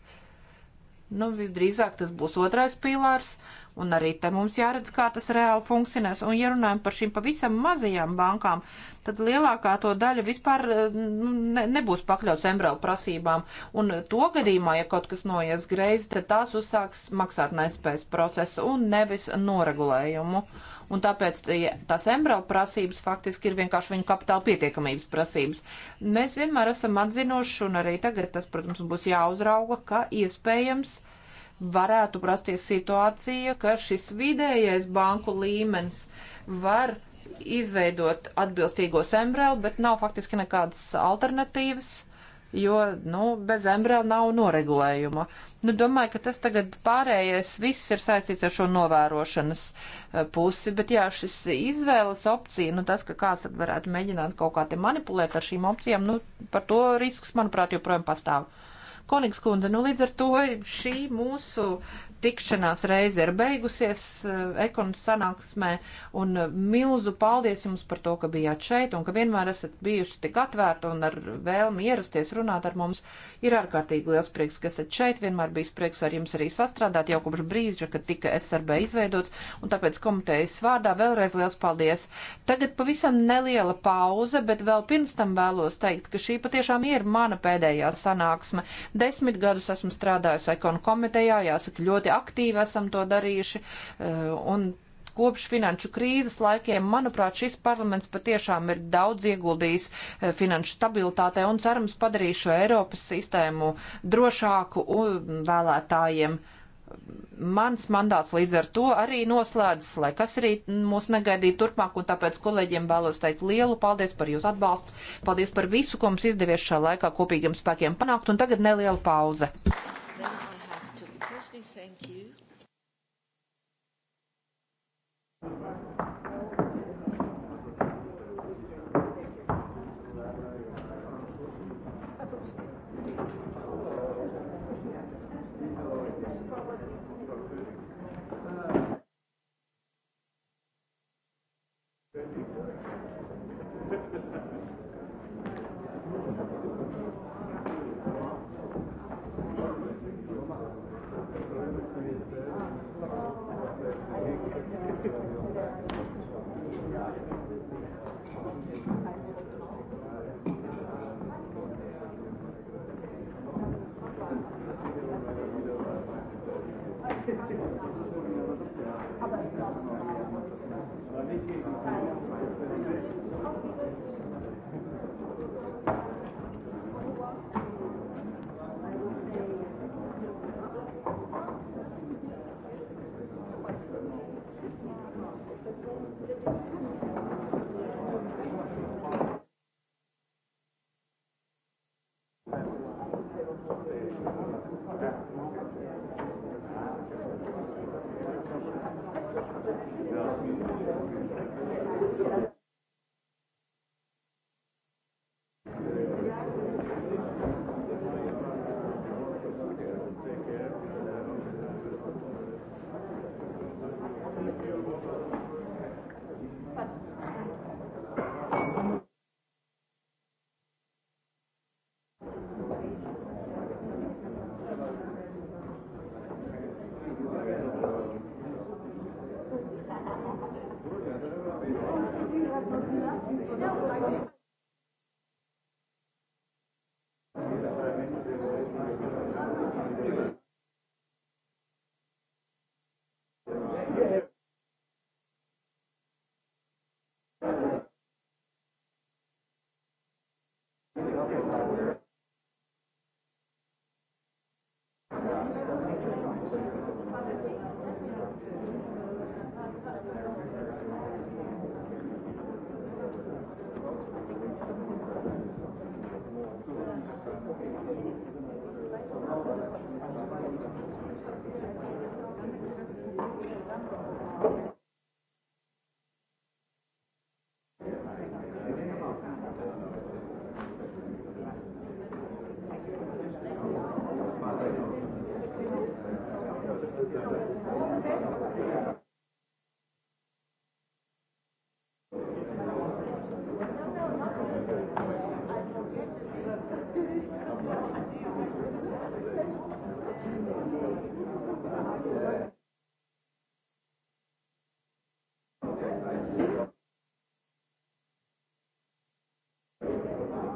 Nu, visdrīzāk tas būs otrais pīlārs. Uh, Un arī te mums jāredz, kā tas reāli funkcionēs. Un, ja runājam par šīm pavisam mazajām bankām, tad lielākā to daļa vispār eh, nu, ne, nebūs pakļauts embrēlu prasībām. Un to gadījumā, ja kaut kas noies greizi, tad tās uzsāks maksāt nespējas procesu un nevis noregulējumu. Un tāpēc ja, tās embrēlu prasības faktiski ir vienkārši viņu kapitāla pietiekamības prasības. Mēs vienmēr esam atzinuši, un arī tagad tas, protams, būs jāuzrauga, ka iespējams. Ja varētu prasties situācija, ka šis vidējais banku līmenis var izveidot atbilstīgos embrēlu, bet nav faktiski nekādas alternatīvas, jo, nu, bez embrēlu nav noregulējuma. Nu, domāju, ka tas tagad pārējais viss ir saistīts ar šo novērošanas eh, pusi, bet jā, šis izvēles opcija, nu, tas, ka kāds varētu mēģināt kaut kā te manipulēt ar šīm opcijām, nu, par to risks, manuprāt, joprojām pastāv. Uh, Konigs kundze, nu līdz ar to šī mūsu tikšanās reize ir beigusies eh, ekonomikas sanāksmē, un eh, milzu paldies jums par to, ka bijāt šeit, un ka vienmēr esat bijuši tik atvērti un ar vēlmi ierasties runāt ar mums. Ir ārkārtīgi liels prieks, ka esat šeit, vienmēr bijis prieks ar jums arī sastrādāt jau kopš brīža, kad tika SRB izveidots, un tāpēc komitejas vārdā vēlreiz liels paldies. Tagad pavisam neliela pauze, bet vēl pirms tam vēlos teikt, ka šī patiešām ir mana pēdējā sanāksme. Desmit gadus esmu strādājusi ekonu komitejā, jāsaka ļoti ļoti aktīvi esam to darījuši. Eh, un kopš finanšu krīzes laikiem, manuprāt, šis parlaments patiešām ir daudz ieguldījis eh, finanšu stabilitātē un cerams padarīs šo Eiropas sistēmu drošāku vēlētājiem mans mandāts līdz ar to arī noslēdzas, lai kas arī mūs negaidīja turpmāk, un tāpēc kolēģiem vēlos teikt lielu paldies par jūsu atbalstu, paldies par visu, ko mums izdevies šā laikā kopīgiem spēkiem panākt, un tagad neliela pauze. Thank you.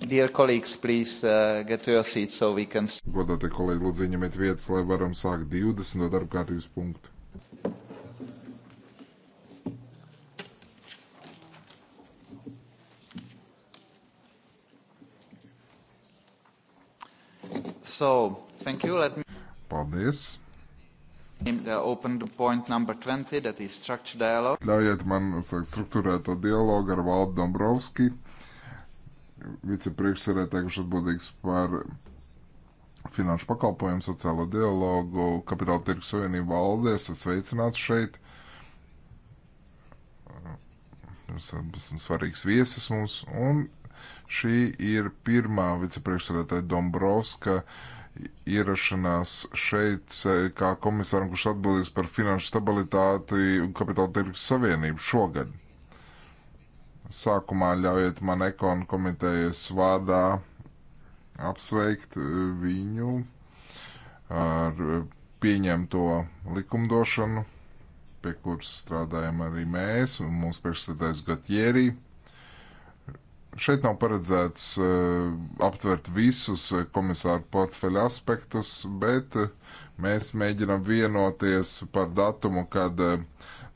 Dear colleagues, please uh, get to your seats so we can. Godātie kolēģi, lūdzu, ņemiet vietas, lai varam sākt 20. darba kārtības punktu. So, thank you. Let me... Paldies. Ļaujiet man sākt struktūrēto dialogu ar Valdu Dombrovski, vicepriekšsēdētāju, kurš atbildīgs par finanšu pakalpojumu, sociālo dialogu, kapitāla tirgus savienību valdē. Esat sveicināts šeit. Jūs esat svarīgs viesis mums. Un Šī ir pirmā vicepriekšsēdētāja Dombrovska ierašanās šeit eh, kā komisāram, kurš atbildīgs par finanšu stabilitāti un kapitāla tirgus savienību šogad. Sākumā ļaujiet man ekonu komitejas vārdā apsveikt eh, viņu ar eh, pieņemto likumdošanu, pie kuras strādājam arī mēs un mūsu priekšsēdētājs Gatjērija. Šeit nav paredzēts uh, aptvert visus eh, komisāru portfeļa aspektus, bet uh, mēs mēģinām vienoties par datumu, kad uh,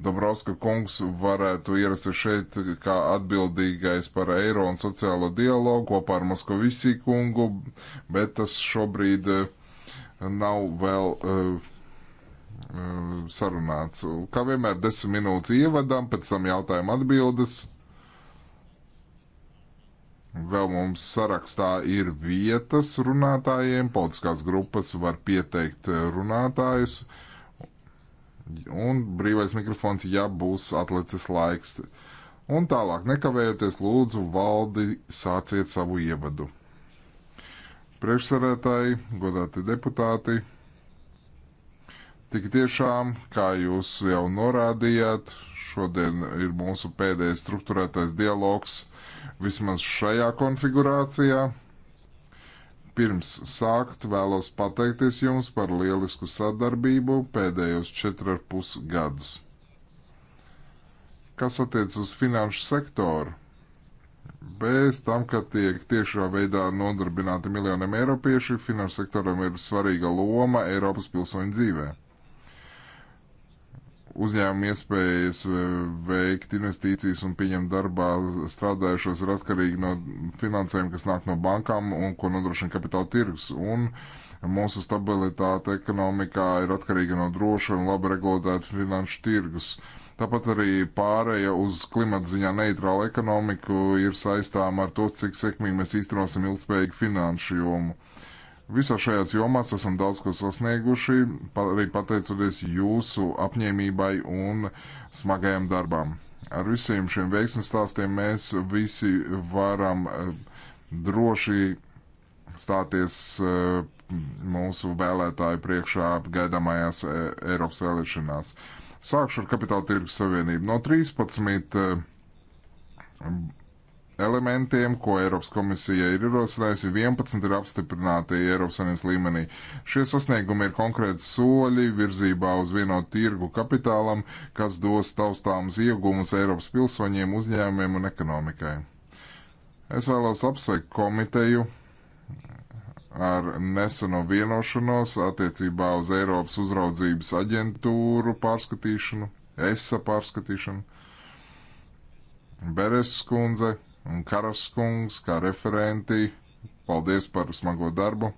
Dombrovska kungs varētu ierasties šeit kā atbildīgais par eiro un sociālo dialogu kopā ar Moskovisī kungu, bet tas šobrīd nav vēl sarunāts. Kā vienmēr, desmit minūtes ievadām, pēc tam jautājuma atbildes Vēl mums sarakstā ir vietas runātājiem, politiskās grupas var pieteikt runātājus, un brīvais mikrofons, ja būs atlicis laiks. Un tālāk, nekavējoties, lūdzu, valdi sāciet savu ievadu. Priekšsarētāji, godāti deputāti, tik tiešām, kā jūs jau norādījāt, šodien ir mūsu pēdējais struktūrētais dialogs vismaz šajā konfigurācijā. Pirms sākt vēlos pateikties jums par lielisku sadarbību pēdējos četru ar pus gadus. Kas attiec uz finanšu sektoru? Bez tam, ka tiek tiešā veidā nodarbināti miljoniem eiropieši, finanšu sektoram ir svarīga loma Eiropas pilsoņu dzīvēm uzņēmumu iespējas e, veikt investīcijas un pieņemt darbā strādājušos ir atkarīgi no finansējuma, kas nāk no bankām un ko nodrošina kapitāla tirgus. Un mūsu stabilitāte ekonomikā ir atkarīga no droša un labi regulētāta finanšu tirgus. Tāpat arī pārēja uz klimata ziņā neitrālu ekonomiku ir saistām ar to, cik sekmīgi mēs īstenosim ilgspējīgu finanšu jomu. Visā šajās jomās esam daudz ko sasnieguši, arī pateicoties jūsu apņēmībai un smagajam darbam. Ar visiem šiem veiksmju stāstiem mēs visi varam eh, droši stāties eh, mūsu vēlētāju priekšā gaidāmajās eh, Eiropas vēlēšanās. Sākšu ar Kapitāla tirgus savienību. No 13 elementiem, ko Eiropas komisija ir ierosinājusi, 11 ir apstiprināti Eiropas Savienības līmenī. Šie sasniegumi ir konkrēti soļi virzībā uz vienotu tirgu kapitālam, kas dos taustāmas iegūmus Eiropas pilsoņiem, uzņēmumiem un ekonomikai. Es vēlos apsveikt komiteju ar neseno vienošanos attiecībā uz Eiropas uzraudzības aģentūru pārskatīšanu, ESA pārskatīšanu. Beres skundze un Karaskungs kā referenti. Paldies par smago darbu.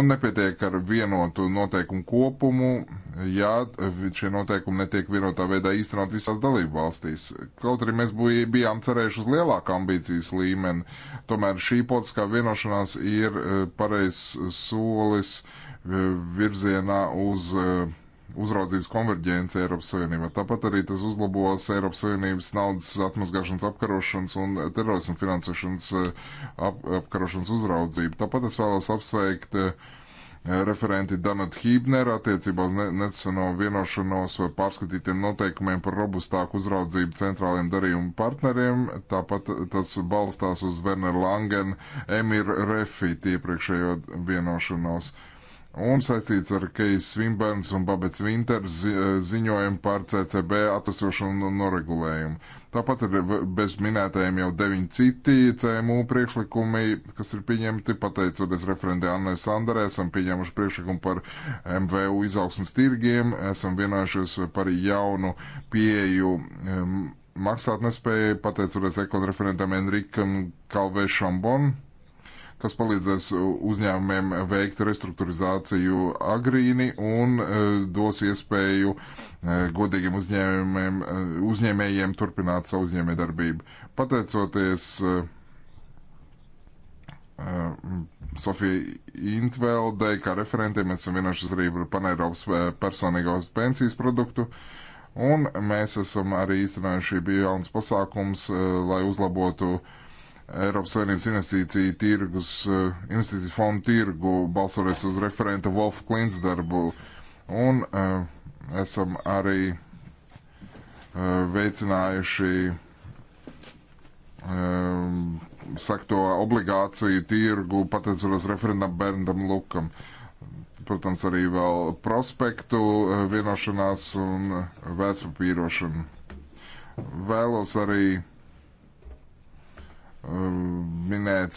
Un nepietiek ar vienotu noteikumu kopumu, ja šie noteikumi netiek vienotā veidā īstenot visās dalību valstīs. Kaut arī mēs būj, bijām cerējuši uz lielāku ambīcijas līmeni, tomēr šī politiskā vienošanās ir eh, pareizs solis eh, virzienā uz uh, uzraudzības konverģence Eiropas Savienībā. Tāpat arī tas uzlabos Eiropas Savienības naudas atmazgāšanas apkarošanas un terorismu finansēšanas eh, ap, apkarošanas uzraudzību. Tāpat es vēlos apsveikt eh, referenti Danat Hībneru attiecībā uz neceno vienošanos vai pārskatītiem noteikumiem par robustāku uzraudzību centrāliem darījumu partneriem. Tāpat tas balstās uz Werner Langen, Emir Refit iepriekšējo vienošanos. Uh, un saistīts ar Keijas Svimbērns un Babets Vinters eh, ziņojumu par CCB atvesošanu un noregulējumu. Tāpat ir bez minētajiem jau deviņi citi CMU priekšlikumi, kas ir pieņemti, pateicoties referendē Annai Sandarē, esam pieņēmuši priekšlikumu par MVU izaugsmas tirgiem, esam vienojušies par jaunu pieeju. Um, eh, Maksāt nespēja pateicoties ekoreferentam Enrikam Kalvē Šambonam kas palīdzēs uzņēmumiem veikt restruktūrizāciju agrīni un e, dos iespēju e, godīgiem uzņēmumiem, e, uzņēmējiem turpināt savu uzņēmējdarbību. Pateicoties Sofija Intveldei, kā referentiem, mēs esam vienojušies arī par Paneiropas personīgos pensijas produktu. Un mēs esam arī īstenojuši jauns pasākums, lai uzlabotu uh, Eiropas Savienības investīciju tirgus, eh, investīciju fondu tirgu, balsoties uz referenta Wolfa Klints darbu. Un uh, esam arī uh, veicinājuši uh, sakto obligāciju tirgu, pateicoties referendam Berndam Lukam. Protams, arī vēl prospektu vienošanās un vērtspapīrošanu. Vēlos arī uh, Um, minēja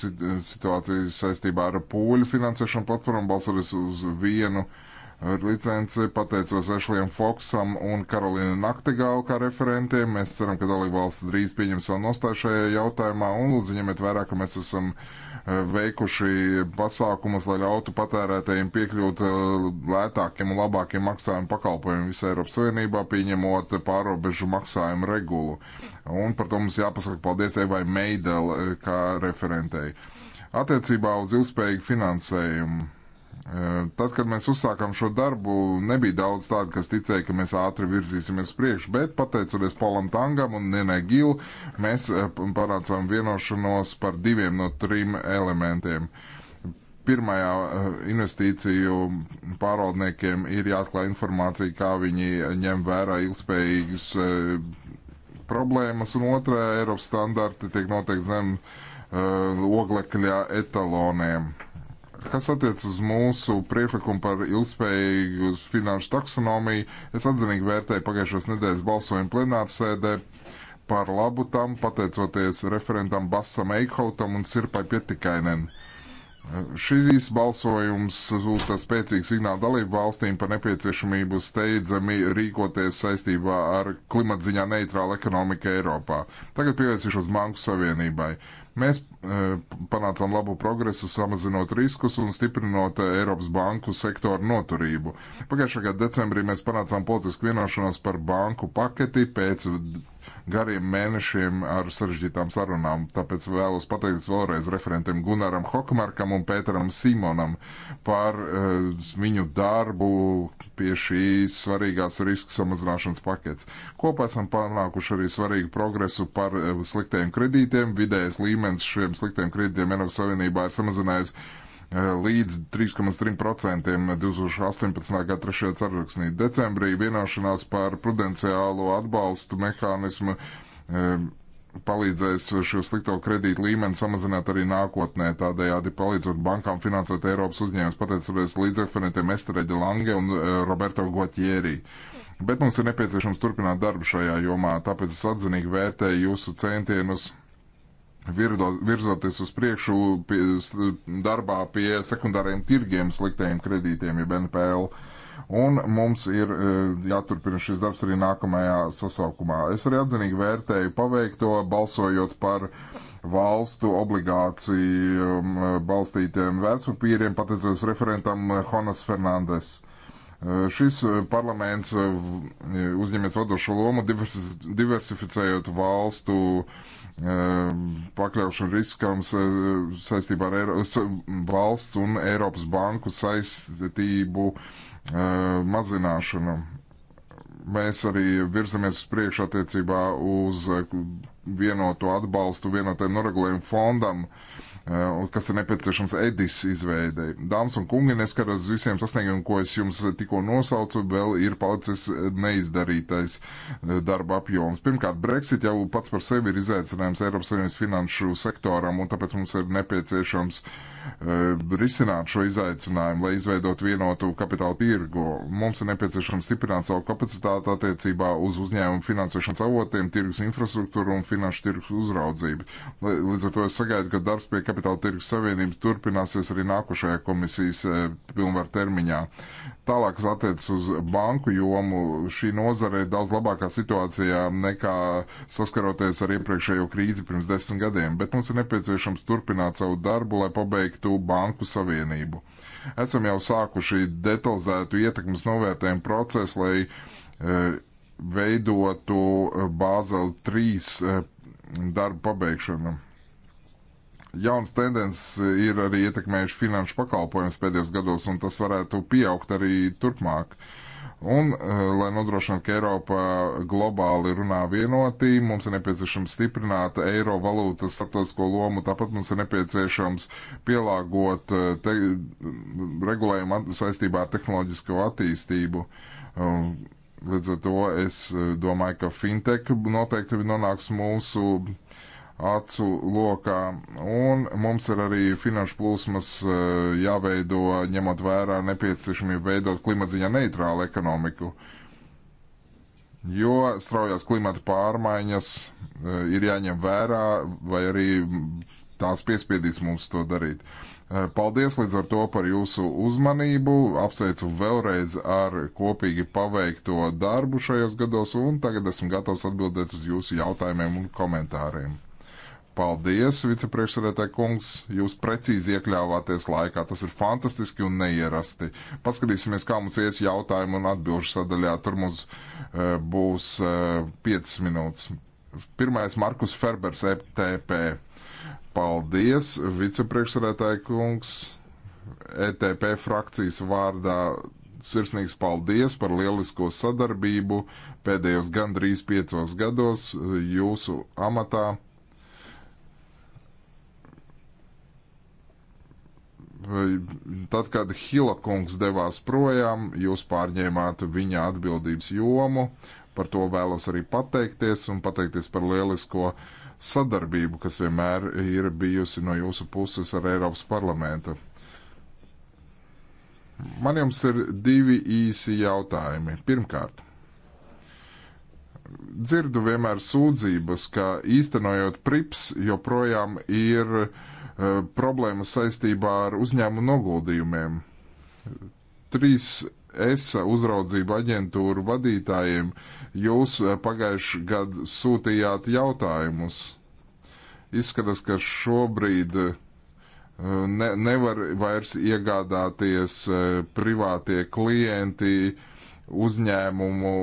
situāciju saistībā ar pūļu finansēšanu platformu, balsoties uz vienu uh, licenci. Pateicos Ešlijam Foksam un Karolīna Naktigālu kā referentiem. Mēs ceram, ka dalībvalsts drīz pieņems savu nostāju šajā jautājumā un lūdzu ņemiet vērā, ka mēs esam e, veikuši pasākumus, lai ļautu patērētējiem piekļūt e, lētākiem un labākiem maksājumu pakalpojumiem visā Eiropas Savienībā, pieņemot pārobežu maksājumu regulu. Un par to mums jāpasaka paldies Evai Meidel e, kā referentei. Attiecībā uz ilgspējīgu finansējumu Eh, tad, kad mēs uzsākām šo darbu, nebija daudz tādu, kas ticēja, ka mēs ātri virzīsimies priekš, bet pateicoties Polam Tangam un Nenē Gilu, mēs eh, panācām vienošanos par diviem no trim elementiem. Pirmajā eh, investīciju pārvaldniekiem ir jāatklāj informācija, kā viņi ņem vērā ilgspējīgas problēmas, un otrā Eiropas standarti tiek noteikti zem uh, oglekļa etaloniem. Kas attiec uz mūsu priekšlikumu par ilgspējīgu finanšu taksonomiju, es atzinīgi vērtēju pagājušos nedēļas balsojumu plenārsēdē par labu tam, pateicoties referentam Basam Eikhautam un Sirpai Pietikainen. Šīs balsojums sūta spēcīgu signālu dalību valstīm par nepieciešamību steidzami rīkoties saistībā ar klimatziņā neitrālu ekonomiku Eiropā. Tagad pievērsīšos Banku Savienībai. Mēs e, panācām labu progresu, samazinot riskus un stiprinot eh, Eiropas banku sektoru noturību. Pagājušā gada decembrī mēs panācām politisku vienošanos par banku paketi pēc gariem mēnešiem ar sarežģītām sarunām. Tāpēc vēlos pateikt vēlreiz referentiem Gunaram Hokmarkam un Pēteram Simonam par uh, viņu darbu pie šīs svarīgās riska samazināšanas paketes. Kopā esam panākuši arī svarīgu progresu par uh, sliktiem kredītiem. Vidējais līmenis šiem sliktiem kredītiem Eiropas Savienībā ir samazinājies Eh, līdz 3,3% 2018. gada 3. ceturksnī. Decembrī vienošanās par prudenciālo atbalstu mehānismu eh, palīdzēs šo slikto kredītu līmeni samazināt arī nākotnē, tādējādi palīdzot bankām finansēt Eiropas uzņēmumus, pateicoties līdzreferentiem Estereģa Lange un eh, Roberto Gotjeri. Bet mums ir nepieciešams turpināt darbu šajā jomā, tāpēc es atzinīgi vērtēju jūsu centienus virdo, virzoties uz priekšu pie, darbā pie sekundāriem tirgiem sliktajiem kredītiem, jeb NPL. Un mums ir e, jāturpina šis darbs arī nākamajā sasaukumā. Es arī atzinīgi vērtēju paveikto, balsojot par valstu obligāciju e, balstītiem vērtspapīriem, pateicoties referentam Honas e, Fernandes. Šis parlaments uzņemies vadošo lomu, diversificējot valstu uh, Ehm, pakļaušanu riskam saistībā ar Eiro, valsts un Eiropas banku saistību ehm, mazināšanu. Mēs arī virzamies uz priekšu attiecībā uz eh, vienotu atbalstu vienotajam noregulējumu fondam uh, Eh, kas ir nepieciešams Edis izveidei. Dāmas un kungi, neskaros uz visiem sasniegumiem, ko es jums tikko nosaucu, vēl ir palicis neizdarītais eh, darba apjoms. Pirmkārt, Brexit jau pats par sevi ir izaicinājums Eiropas Savienības finanšu sektoram, un tāpēc mums ir nepieciešams uh, risināt šo izaicinājumu, lai izveidot vienotu kapitāla tirgu. Mums ir nepieciešams stiprināt savu kapacitāti attiecībā uz uzņēmumu finansēšanas avotiem, tirgus infrastruktūru un finanšu tirgus uzraudzību. Līdz ar to es sagaidu, ka darbs pie kapitāla tirgus savienības turpināsies arī nākošajā komisijas pilnvaru termiņā. Tālāk, kas attiecas uz banku jomu, šī nozare ir daudz labākā situācijā nekā saskaroties ar iepriekšējo krīzi pirms desmit gadiem, bet mums ir nepieciešams turpināt savu darbu, lai pabeigtu pabeigtu banku savienību. Esam jau sākuši detalizētu ietekmes novērtējumu procesu, lai e, veidotu e, Bāzeli 3 e, darbu pabeigšanu. Jauns tendences ir arī ietekmējuši finanšu pakalpojumus pēdējos gados, un tas varētu pieaugt arī turpmāk. Uh, Un, eh, lai nodrošinātu, ka Eiropa globāli runā vienotī, mums ir nepieciešams stiprināt eiro valūtas starptautisko lomu, tāpat mums ir nepieciešams pielāgot eh, te, regulējumu saistībā ar tehnoloģisko attīstību. Um, līdz ar to es eh, domāju, ka fintech noteikti nonāks mūsu uh, acu lokā, un mums ir arī finanšu plūsmas e, jāveido, ņemot vērā nepieciešamību veidot klimatziņā neitrālu ekonomiku. Jo straujās klimata pārmaiņas e, ir jāņem vērā, vai arī tās piespiedīs mums to darīt. E, paldies līdz ar to par jūsu uzmanību, apsveicu vēlreiz ar kopīgi paveikto darbu šajos gados, un tagad esmu gatavs atbildēt uz jūsu jautājumiem un komentāriem. Paldies, vicepriekšsēdētāji kungs, jūs precīzi iekļāvāties laikā. Tas ir fantastiski un neierasti. Paskatīsimies, kā mums ies jautājumu un atbilžu sadaļā. Tur mums uh, būs uh, eh, 5 minūtes. Pirmais Markus Ferbers, ETP. Paldies, vicepriekšsēdētāji kungs, ETP frakcijas vārdā. Sirsnīgs paldies par lielisko sadarbību pēdējos gandrīz piecos gados eh, jūsu amatā Tad, kad Hilakungs devās projām, jūs pārņēmāt viņa atbildības jomu. Par to vēlos arī pateikties un pateikties par lielisko sadarbību, kas vienmēr ir bijusi no jūsu puses ar Eiropas parlamentu. Man jums ir divi īsi jautājumi. Pirmkārt, dzirdu vienmēr sūdzības, ka īstenojot prips joprojām ir uh, Eh, problēmas saistībā ar uzņēmumu noguldījumiem. Trīs ESA uzraudzību aģentūru vadītājiem jūs eh, pagājuši gadu sūtījāt jautājumus. Izskatās, ka šobrīd eh, ne, nevar vairs iegādāties privātie klienti uzņēmumu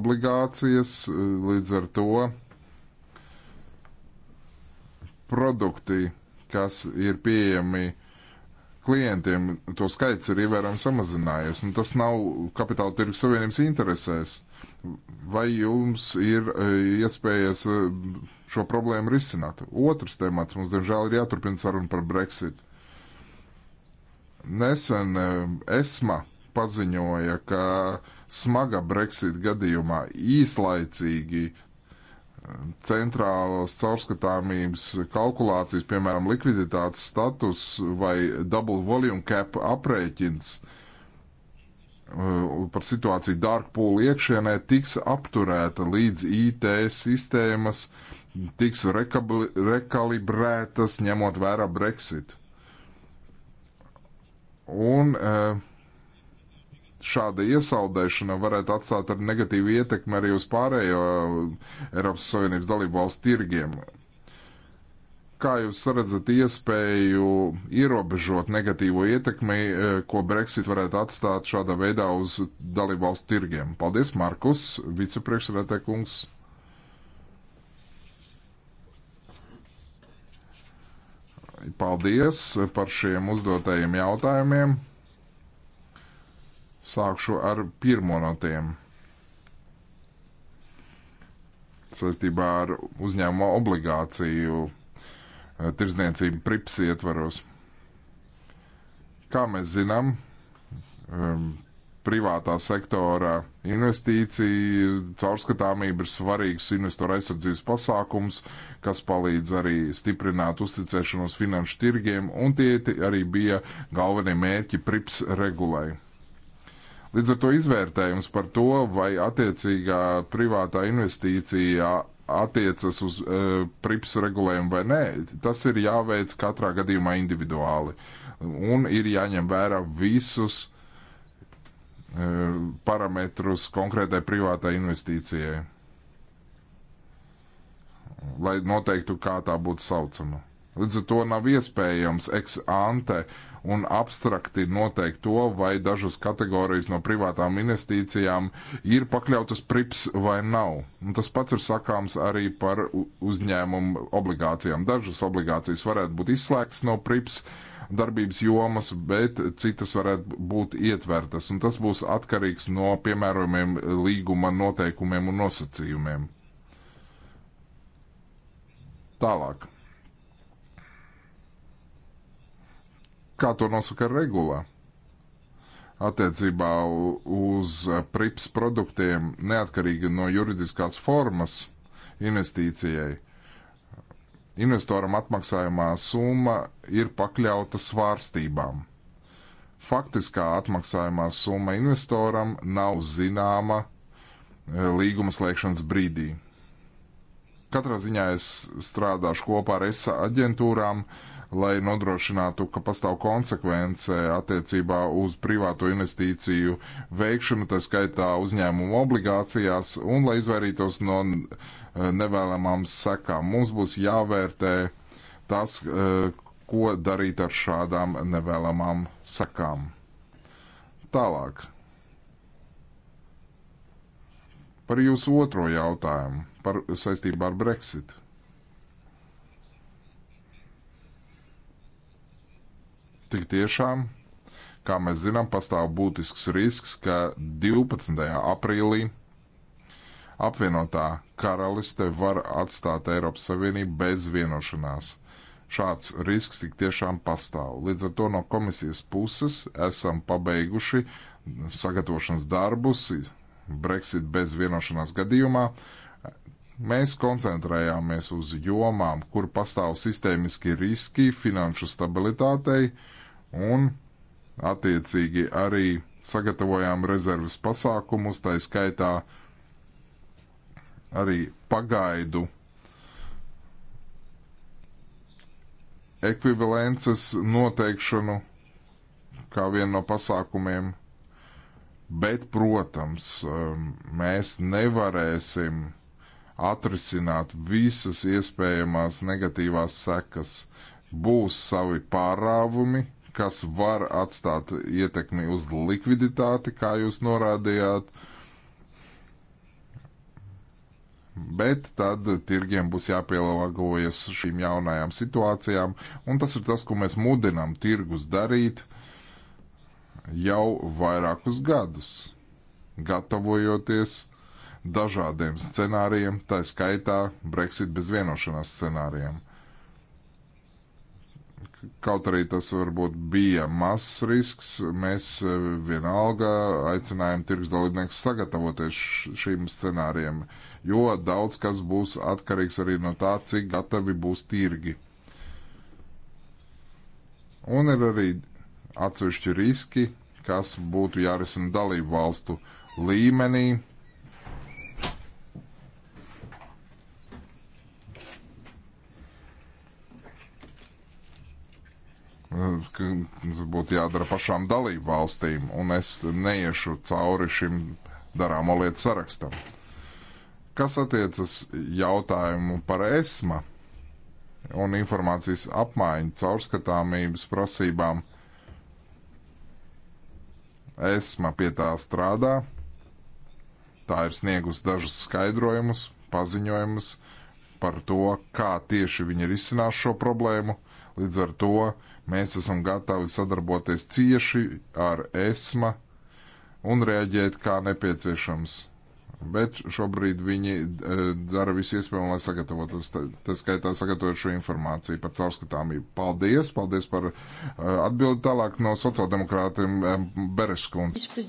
obligācijas, līdz ar to produkti, kas ir pieejami klientiem, to skaits ir ievērojami samazinājies, un tas nav kapitāla tirgus savienības interesēs. Vai jums ir e, iespējas e, šo problēmu risināt? Otrs temats mums, diemžēl, ir jāturpina saruna par Brexit. Nesen e, ESMA paziņoja, ka smaga Brexit gadījumā īslaicīgi centrālas caurskatāmības kalkulācijas, piemēram, likviditātes status vai double volume cap aprēķins uh, par situāciju dark pool iekšienē tiks apturēta līdz IT sistēmas tiks rekalibrētas ņemot vērā Brexit. Un uh, šāda iesaldēšana varētu atstāt ar negatīvu ietekmi arī uz pārējo uh, Eiropas Savienības dalību valstu tirgiem. Kā jūs redzat iespēju ierobežot negatīvo ietekmi, uh, ko Brexit varētu atstāt šādā veidā uz dalību valstu tirgiem? Paldies, Markus, vicepriekšsēdētāj kungs. Paldies par šiem uzdotajiem jautājumiem. Sākšu ar pirmo no tiem saistībā ar uzņēmuma obligāciju eh, tirdzniecību prips ietvaros. Kā mēs zinām, ehm, privātā sektora investīcija, caurskatāmība ir svarīgs investoru aizsardzības pasākums, kas palīdz arī stiprināt uzticēšanos finanšu tirgiem, un tie arī bija galvenie mērķi prips regulējumu. Līdz ar to izvērtējums par to, vai attiecīgā privātā investīcija attiecas uz e, prips regulējumu vai nē, tas ir jāveic katrā gadījumā individuāli. Un ir jāņem vērā visus e, parametrus konkrētai privātai investīcijai. Lai noteiktu, kā tā būtu saucama. Līdz ar to nav iespējams ex ante uh, un abstrakti noteikt to, vai dažas kategorijas no privātām investīcijām ir pakļautas prips vai nav. Un tas pats ir sakāms arī par uzņēmumu obligācijām. Dažas obligācijas varētu būt izslēgtas no prips darbības jomas, bet citas varētu būt ietvertas, un tas būs atkarīgs no piemērojumiem līguma noteikumiem un nosacījumiem. Tālāk kā to nosaka regulā. Attiecībā uz prips produktiem, neatkarīgi no juridiskās formas investīcijai, investoram atmaksājumā summa ir pakļauta svārstībām. Faktiskā atmaksājumā summa investoram nav zināma e, līguma slēgšanas brīdī. Katrā ziņā es strādāšu kopā ar ESA aģentūrām, uh, lai nodrošinātu, ka pastāv konsekvence attiecībā uz privāto investīciju veikšanu, tā skaitā uzņēmumu obligācijās, un lai izvairītos no eh, nevēlamām sekām. Mums būs jāvērtē tas, eh, ko darīt ar šādām nevēlamām sekām. Tālāk. Par jūsu otro jautājumu par saistībā ar Brexit. Tik tiešām, kā mēs zinām, pastāv būtisks risks, ka 12. aprīlī apvienotā karaliste var atstāt Eiropas Savienību bez vienošanās. Šāds risks tik tiešām pastāv. Līdz ar to no komisijas puses esam pabeiguši sagatavošanas darbus Brexit bez vienošanās gadījumā. Mēs koncentrējāmies uz jomām, kur pastāv sistēmiski riski finanšu stabilitātei, uh, un attiecīgi arī sagatavojām rezerves pasākumus, tā skaitā arī pagaidu ekvivalences noteikšanu kā vienu no pasākumiem. Bet, protams, um, mēs nevarēsim atrisināt visas iespējamās negatīvās sekas. Būs savi pārāvumi, kas var atstāt ietekmi uz likviditāti, kā jūs norādījāt. Bet tad tirgiem būs jāpielāgojas šīm jaunajām situācijām, un tas ir tas, ko mēs mudinām tirgus darīt jau vairākus gadus, gatavojoties dažādiem scenārijiem, tā skaitā Brexit bez vienošanās scenārijiem. Kaut arī tas varbūt bija mazs risks, mēs e, vienalga aicinājām tirgus dalībniekus sagatavoties šīm scenārijiem, jo daudz kas būs atkarīgs arī no tā, cik gatavi būs tirgi. Un ir arī atsevišķi riski, kas būtu jārisina dalību valstu līmenī, kas būtu jādara pašām dalību valstīm, un es neiešu cauri šim darāmo lietu sarakstam. Kas attiecas jautājumu par ESMA un informācijas apmaiņu caurskatāmības prasībām, ESMA pie tā strādā, tā ir sniegus dažus skaidrojumus, paziņojumus par to, kā tieši viņi ir izcinājuši šo problēmu. Līdz ar to Mēs esam gatavi sadarboties cieši ar ESMA un reaģēt kā nepieciešams. Bet šobrīd viņi e, dara visu iespējamo, lai sagatavotos, tā skaitā sagatavot šo informāciju par caurskatāmību. Paldies, paldies par e, atbildi tālāk no sociāldemokrātiem e, Bereskundze.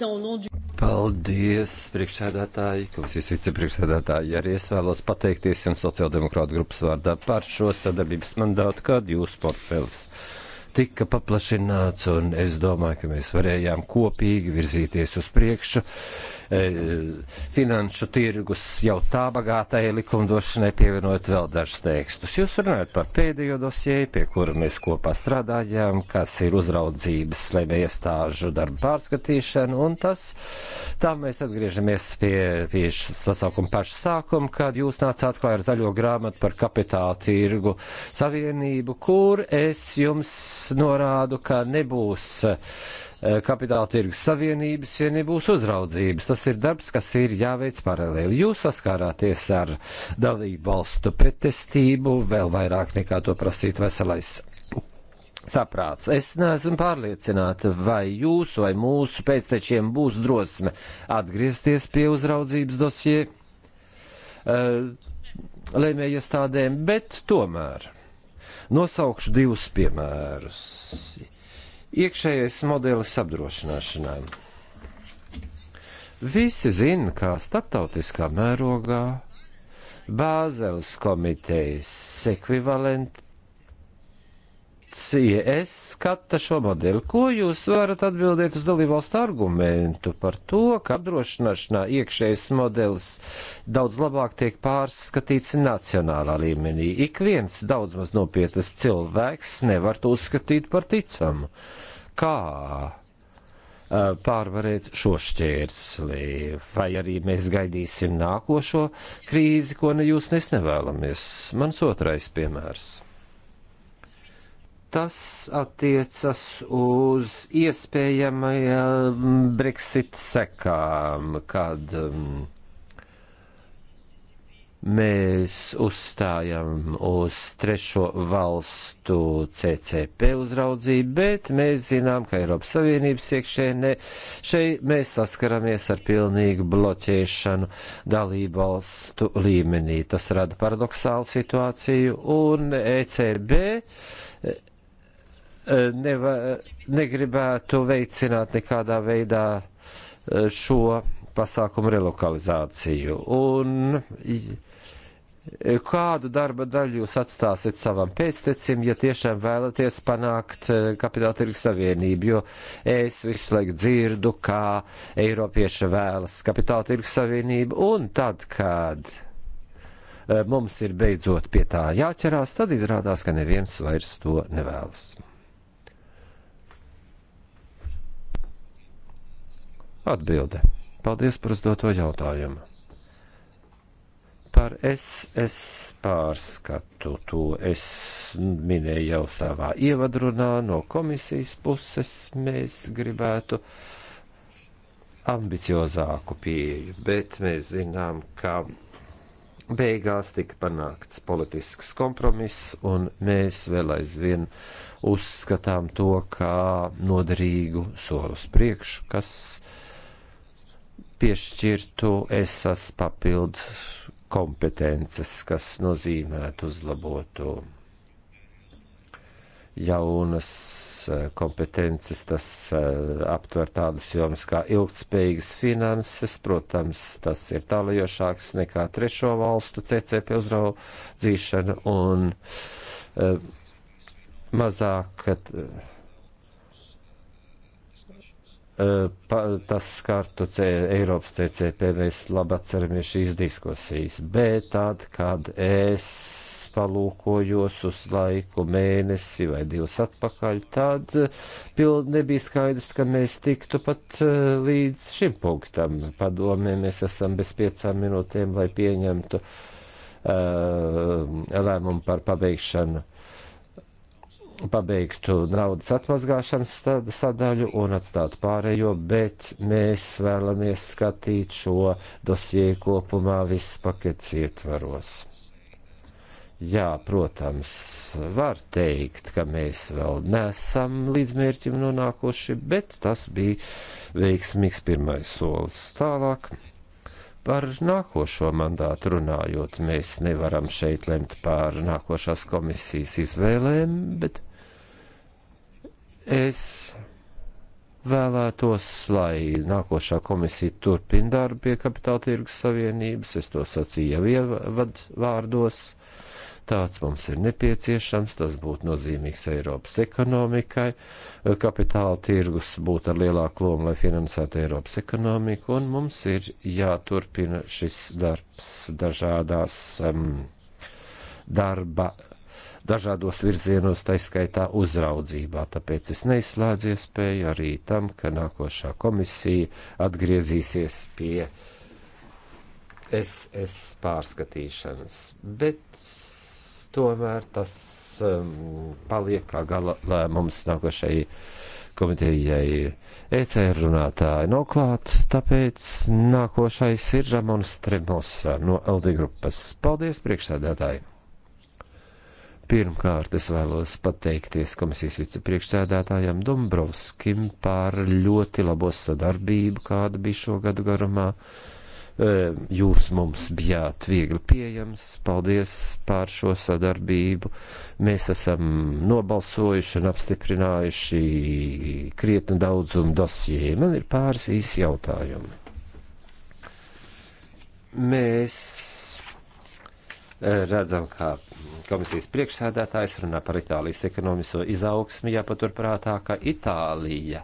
Paldies, priekšsēdētāji, komisijas vicepriekšsēdētāji. Arī es vēlos pateikties jums sociāldemokrāta grupas vārdā par šo sadarbības mandātu, kādu jūsu portfelis. Uh, tika paplašināts, un es domāju, ka mēs varējām kopīgi virzīties uz priekšu. Uh, E, finanšu tirgus jau tā bagātai likumdošanai pievienot vēl dažus tekstus. Jūs runājat par pēdējo dosieju, pie kura mēs kopā strādājām, kas ir uzraudzības slēmē iestāžu darba pārskatīšana, un tas, tā mēs atgriežamies pie, pie sasaukuma paša sākuma, kad jūs nācāt klāt ar zaļo grāmatu par kapitāla tirgu savienību, kur es jums norādu, ka nebūs uh, Eh, kapitāla tirgus savienības, ja nebūs uzraudzības. Tas ir darbs, kas ir jāveic paralēli. Jūs saskārāties ar dalību valstu pretestību vēl vairāk nekā to prasītu veselais saprāts. Es neesmu pārliecināta, vai jūsu vai mūsu pēctečiem būs drosme atgriezties pie uzraudzības dosie uh, lēmējiestādēm, bet tomēr nosaukšu divus piemērus iekšējais modelis apdrošināšanā. Visi zina, kā starptautiskā mērogā Bāzeles komitejas ekvivalents IES skata šo modeli. Ko jūs varat atbildēt uz dalībvalstu argumentu par to, ka apdrošināšanā iekšējais modelis daudz labāk tiek pārskatīts nacionālā līmenī? Ik viens daudz maz nopietnas cilvēks nevar to uzskatīt par ticamu. Kā pārvarēt šo šķērsli, vai arī mēs gaidīsim nākošo krīzi, ko ne jūs nes nevēlamies. Mans otrais piemērs. Tas attiecas uz iespējamajām Brexit sekām, kad um, mēs uzstājam uz trešo valstu CCP uzraudzību, bet mēs zinām, ka Eiropas Savienības iekšēnē šeit mēs saskaramies ar pilnīgu bloķēšanu dalību valstu līmenī. Tas rada paradoxālu situāciju un ECB Eh, neva, eh, negribētu veicināt nekādā veidā eh, šo pasākumu relokalizāciju. Un kādu darba daļu jūs atstāsiet savam pēctecim, ja tiešām vēlaties panākt kapitāla tirgus savienību, jo es visu laiku dzirdu, kā Eiropieši vēlas kapitāla tirgus savienību, un tad, kad mums ir beidzot pie tā jāķerās, tad izrādās, ka neviens vairs to nevēlas. Atbilde. Paldies par uzdoto jautājumu. Par SS pārskatu to es minēju jau savā ievadrunā no komisijas puses. Mēs gribētu ambiciozāku pieeju, bet mēs zinām, ka beigās tika panākts politisks kompromiss, un mēs vēl aizvien uzskatām to kā noderīgu solus priekšu, kas uh, piešķirtu esas papildus kompetences, kas nozīmētu uzlabotu jaunas eh, kompetences, tas eh, aptver tādas jomas kā ilgtspējīgas finanses, protams, tas ir tālajošāks nekā trešo valstu CCP uzraudzīšana un eh, mazāk, kad Eh, tas skartu C, Eiropas CCP, mēs labi atceramies šīs diskusijas, bet tad, kad es palūkojos uz laiku mēnesi vai divus atpakaļ, tad piln nebija skaidrs, ka mēs tiktu pat eh, līdz šim punktam. Padomē, mēs esam bez piecām minūtēm, lai pieņemtu uh, lēmumu par pabeigšanu pabeigtu naudas atmazgāšanas sadaļu un atstātu pārējo, bet mēs vēlamies skatīt šo dosieju kopumā viss pakets ietvaros. Jā, protams, var teikt, ka mēs vēl nesam līdz mērķim nonākuši, bet tas bija veiksmīgs pirmais solis tālāk. Par nākošo mandātu runājot, mēs nevaram šeit lemt par nākošās komisijas izvēlēm, bet Es vēlētos, lai nākošā komisija turpina darbu pie kapitāla tirgus savienības, es to sacīju jau ievadvārdos. Tāds mums ir nepieciešams, tas būtu nozīmīgs Eiropas ekonomikai. Kapitāla tirgus būtu ar lielāku lomu, lai finansētu Eiropas ekonomiku, un mums ir jāturpina šis darbs dažādās um, darba dažādos virzienos, taiskaitā uzraudzībā. Tāpēc es neizslēdzu iespēju arī tam, ka nākošā komisija atgriezīsies pie SS pārskatīšanas. Bet tomēr tas um, paliek kā gala lēmums nākošajai komitejai. ECR runātāji nav klāts, tāpēc nākošais ir Ramons Tremosa no LD grupas. Paldies, priekšsēdētāji! Pirmkārt, es vēlos pateikties komisijas vicepriekšsēdētājam Dombrovskim par ļoti labo sadarbību, kāda bija šo gadu garumā. E, jūs mums bijāt viegli pieejams, paldies par šo sadarbību. Mēs esam nobalsojuši un apstiprinājuši krietni daudzumu dosiju. Man ir pāris īsi jautājumi. Mēs redzam, kā komisijas priekšsēdētājs runā par Itālijas ekonomisko izaugsmi, jāpaturprātā, ka Itālija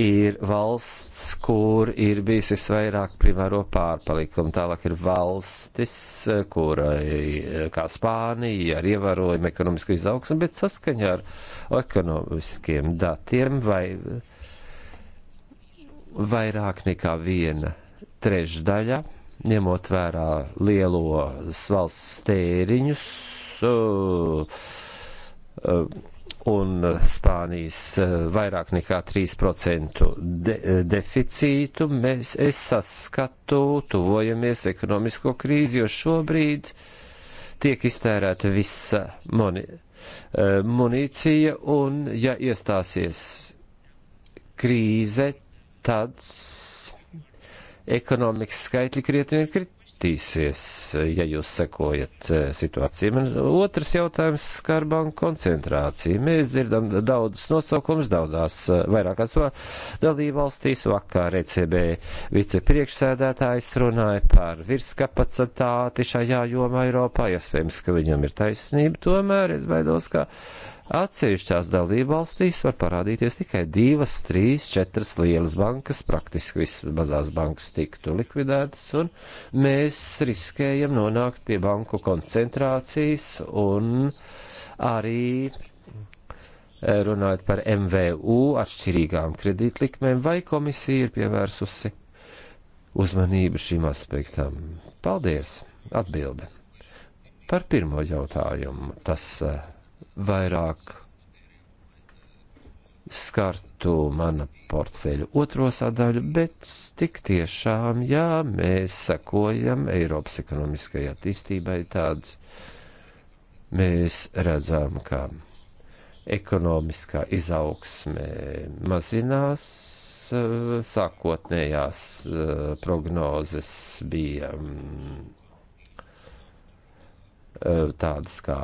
ir valsts, kur ir bijis visvairāk primāro pārpalikumu. Tālāk ir valstis, kurai kā Spānija ar ievērojumu ekonomisku izaugsmu, bet saskaņā ar ekonomiskiem datiem vai vairāk nekā viena trešdaļa ņemot vērā lielos valsts tēriņus uh, uh, un Spānijas uh, vairāk nekā 3% de deficītu, mēs es saskatu, tuvojamies ekonomisko krīzi, jo šobrīd tiek iztērēta visa moni, munīcija, un ja iestāsies krīze, tad ekonomikas skaitļi krietni kritīsies, ja jūs sekojat eh, situācijai. Man otrs jautājums skar banku koncentrāciju. Mēs dzirdam daudzus nosaukumus daudzās eh, vairākās dalībvalstīs. Vakar ECB vicepriekšsēdētājs runāja par virskapacitāti šajā jomā Eiropā. Iespējams, ka viņam ir taisnība, tomēr es baidos, ka Atsevišķās dalībvalstīs var parādīties tikai divas, trīs, četras lielas bankas, praktiski visas mazās bankas tiktu likvidētas, un mēs riskējam nonākt pie banku koncentrācijas un arī eh, runājot par MVU atšķirīgām kredītlikmēm, vai komisija ir pievērsusi uzmanību šīm aspektām? Paldies! Atbilde. Par pirmo jautājumu tas uh, vairāk skartu mana portfeļa otro sadaļu, bet tik tiešām, jā, mēs sekojam Eiropas ekonomiskajai attīstībai tāds. Mēs redzam, ka ekonomiskā izaugsme mazinās, sākotnējās eh, prognozes bija eh, tādas kā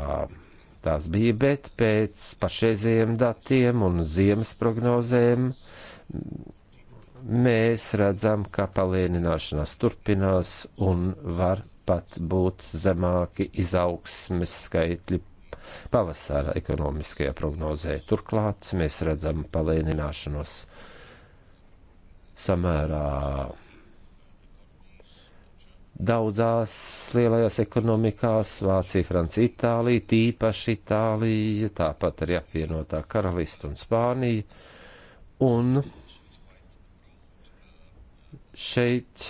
tās bija, bet pēc pašreizējiem datiem un ziemas prognozēm mēs redzam, ka palēnināšanās turpinās un var pat būt zemāki izaugsmes skaitļi pavasara ekonomiskajā prognozē. Turklāt mēs redzam palēnināšanos samērā daudzās lielajās ekonomikās - Vācija, Francija, Itālija, tīpaši Itālija, tāpat arī apvienotā karalista un Spānija. Un šeit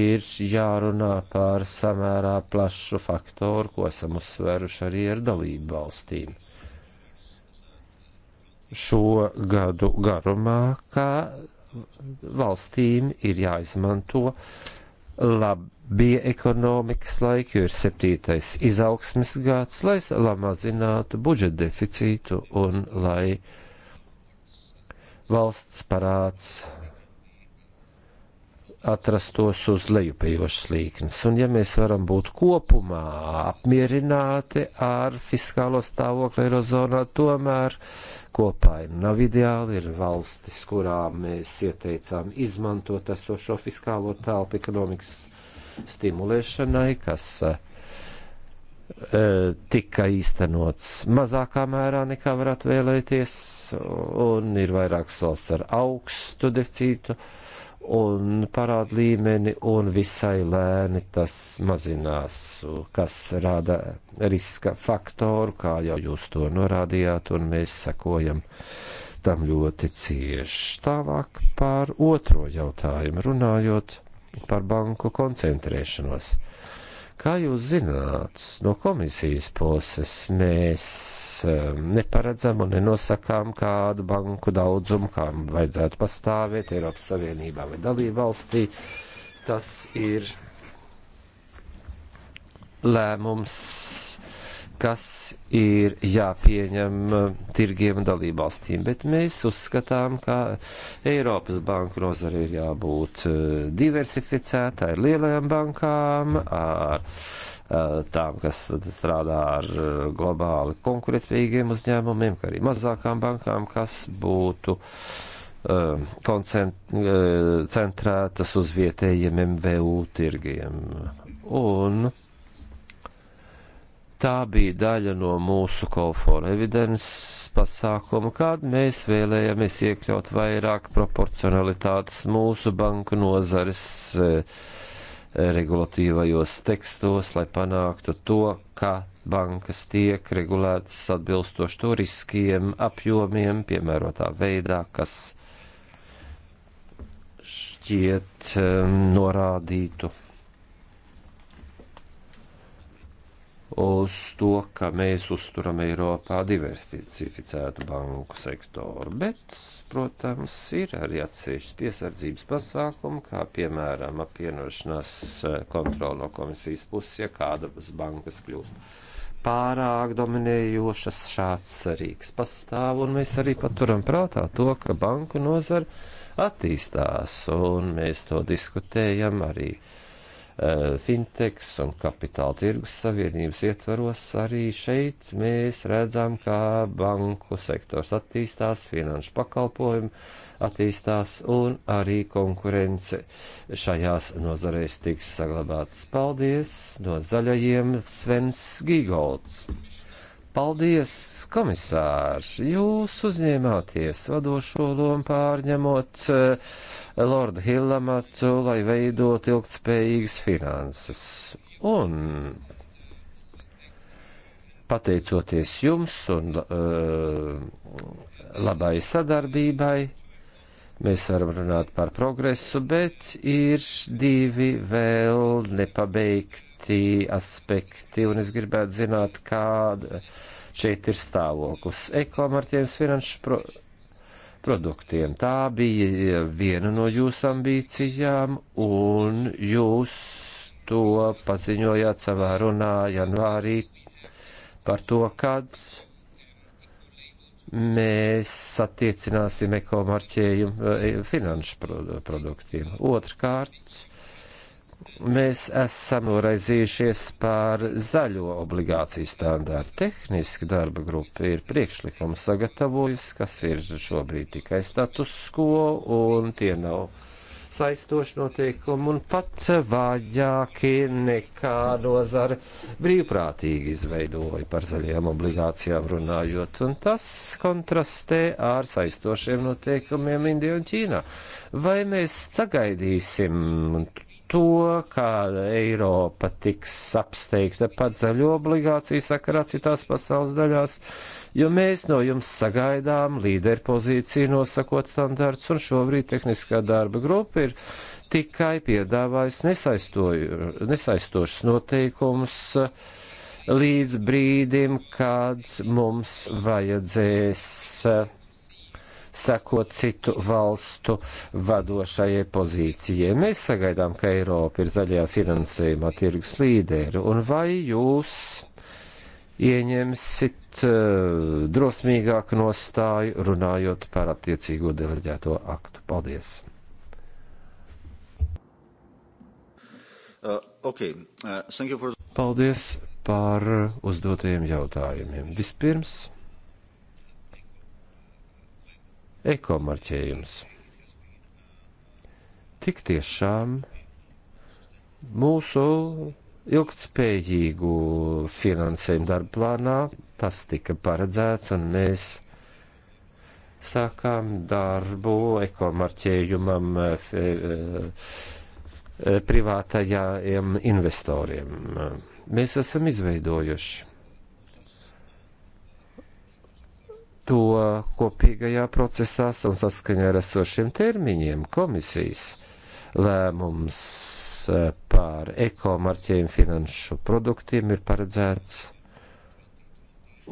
ir jārunā par samērā plašu faktoru, ko esam uzsveruši arī ar dalību valstīm. Šo gadu garumā, kā valstīm ir jāizmanto labie ekonomikas laiki, jo ir septītais izaugsmes gads, lai samazinātu budžeta deficītu un lai valsts parāds atrastos uz lejupējošas līknes. Un ja mēs varam būt kopumā apmierināti ar fiskālo stāvokli Eirozonā, tomēr kopā nav ideāli. Ir valstis, kurām mēs ieteicām izmantot esošo fiskālo telpu ekonomikas stimulēšanai, kas eh, tika īstenots mazākā mērā nekā varētu vēlēties, un ir vairākas valsts ar augstu deficītu uh, un parāda līmeni, un visai lēni tas mazinās, kas rada riska faktoru, kā jau jūs to norādījāt, un mēs sekojam tam ļoti cieši. Tālāk par otro jautājumu runājot par banku koncentrēšanos. Uh, Kā jūs zināt, no komisijas puses mēs um, neparedzam un nenosakām kādu banku daudzumu, kām vajadzētu pastāvēt Eiropas Savienībā vai dalību valstī. Tas ir lēmums kas ir jāpieņem uh, tirgiem un dalībvalstīm, bet mēs uzskatām, ka Eiropas banku nozare ir jābūt uh, diversificētai ar lielajām bankām, ar uh, tām, kas strādā ar globāli konkurētspējīgiem uzņēmumiem, kā arī mazākām bankām, kas būtu koncentrētas uz vietējiem MVU tirgiem. Un Tā bija daļa no mūsu call for evidence pasākuma, kad mēs vēlējamies iekļaut vairāk proporcionalitātes mūsu banku nozares e, e, regulatīvajos tekstos, lai panāktu to, ka bankas tiek regulētas atbilstoši to riskiem, apjomiem, piemērotā veidā, kas šķiet um, norādītu uz to, ka mēs uzturam Eiropā diversificētu banku sektoru, bet, protams, ir arī atsevišķas piesardzības pasākumi, kā piemēram apvienošanās eh, kontrola no komisijas puses, ja kādas bankas kļūst pārāk dominējošas, šāds rīks pastāv, un mēs arī paturam prātā to, ka banku nozara attīstās, un mēs to diskutējam arī. Uh, Eh, fintechs un Kapitāla tirgus savienības ietvaros arī šeit mēs redzam, kā banku sektors attīstās, finanšu pakalpojumu attīstās un arī konkurence šajās nozarēs tiks saglabāts. Paldies no zaļajiem Svens Gigolds! Paldies, komisārs! Jūs uzņēmāties vadošo lomu pārņemot uh, Lorda Hillamatu, lai veidot ilgtspējīgas finanses. Un pateicoties jums un uh, labai sadarbībai, mēs varam runāt par progresu, bet ir divi vēl nepabeigti aspekti, un es gribētu zināt, kāda šeit ir stāvoklis. Ekomartiems finanšu pro produktiem. Tā bija viena no jūsu ambīcijām, un jūs to paziņojāt savā runā janvārī par to, kad mēs attiecināsim ekomarķējumu eh, finanšu produktiem. Otrkārt, Mēs esam noraizījušies par zaļo obligāciju standārtu. Tehniski darba grupa ir priekšlikumu sagatavojusi, kas ir šobrīd tikai status quo, un tie nav saistoši noteikumi un pat vājāki nekā nozara brīvprātīgi izveidoja par zaļajām obligācijām runājot, un tas kontrastē ar saistošiem noteikumiem Indijā un Ķīnā. Vai mēs sagaidīsim to, kā Eiropa tiks apsteigta pat zaļo obligāciju sakarā citās pasaules daļās, jo mēs no jums sagaidām līderpozīciju nosakot standarts, un šobrīd tehniskā darba grupa ir tikai piedāvājis nesaistošas noteikumus līdz brīdim, kad mums vajadzēs. Uh, sekot citu valstu vadošajai pozīcijai. Mēs sagaidām, ka Eiropa ir zaļajā finansējumā tirgus līderi, un vai jūs ieņemsit uh, eh, drosmīgāku nostāju runājot par attiecīgo deleģēto aktu? Paldies! Uh, okay. uh, for... Paldies par uzdotajiem jautājumiem. Vispirms ekomarķējums. Tik tiešām mūsu ilgtspējīgu finansējumu darba plānā tas tika paredzēts, un mēs sākām darbu ekomarķējumam eh, eh, privātajiem investoriem. Mēs esam izveidojuši to kopīgajā procesā un saskaņā ar esošiem termiņiem komisijas lēmums eh, par ekomarķējumu finanšu produktiem ir paredzēts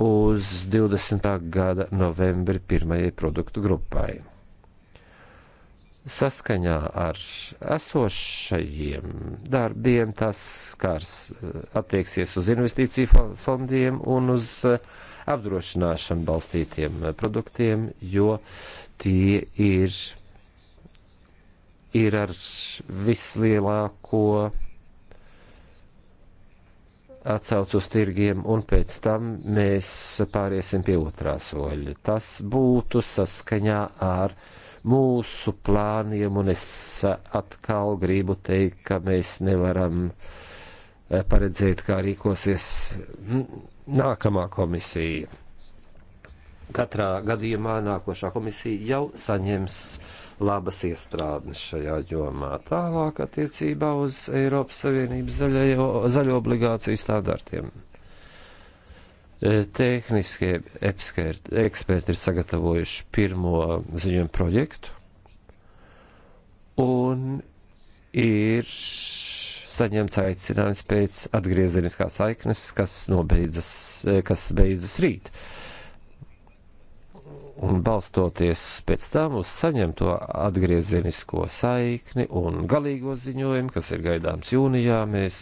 uz 20. gada novembri pirmajai produktu grupai. Saskaņā ar esošajiem darbiem tas skars eh, attieksies uz investīciju fondiem un uz uh, apdrošināšanu balstītiem produktiem, jo tie ir, ir ar vislielāko atcauc uz tirgiem, un pēc tam mēs pāriesim pie otrā soļa. Tas būtu saskaņā ar mūsu plāniem, un es atkal gribu teikt, ka mēs nevaram eh, paredzēt, kā rīkosies nākamā komisija. Katrā gadījumā nākošā komisija jau saņems labas iestrādes šajā jomā. Tālāk attiecībā uz Eiropas Savienības zaļajo, zaļo obligāciju standartiem. E, tehniskie eksperti ir sagatavojuši pirmo ziņojumu projektu un ir saņemts aicinājums pēc atgriezeniskās saiknes, kas nobeidzas, eh, kas beidzas rīt. Un balstoties pēc tam uz saņemto atgriezenisko saikni un galīgo ziņojumu, kas ir gaidāms jūnijā, mēs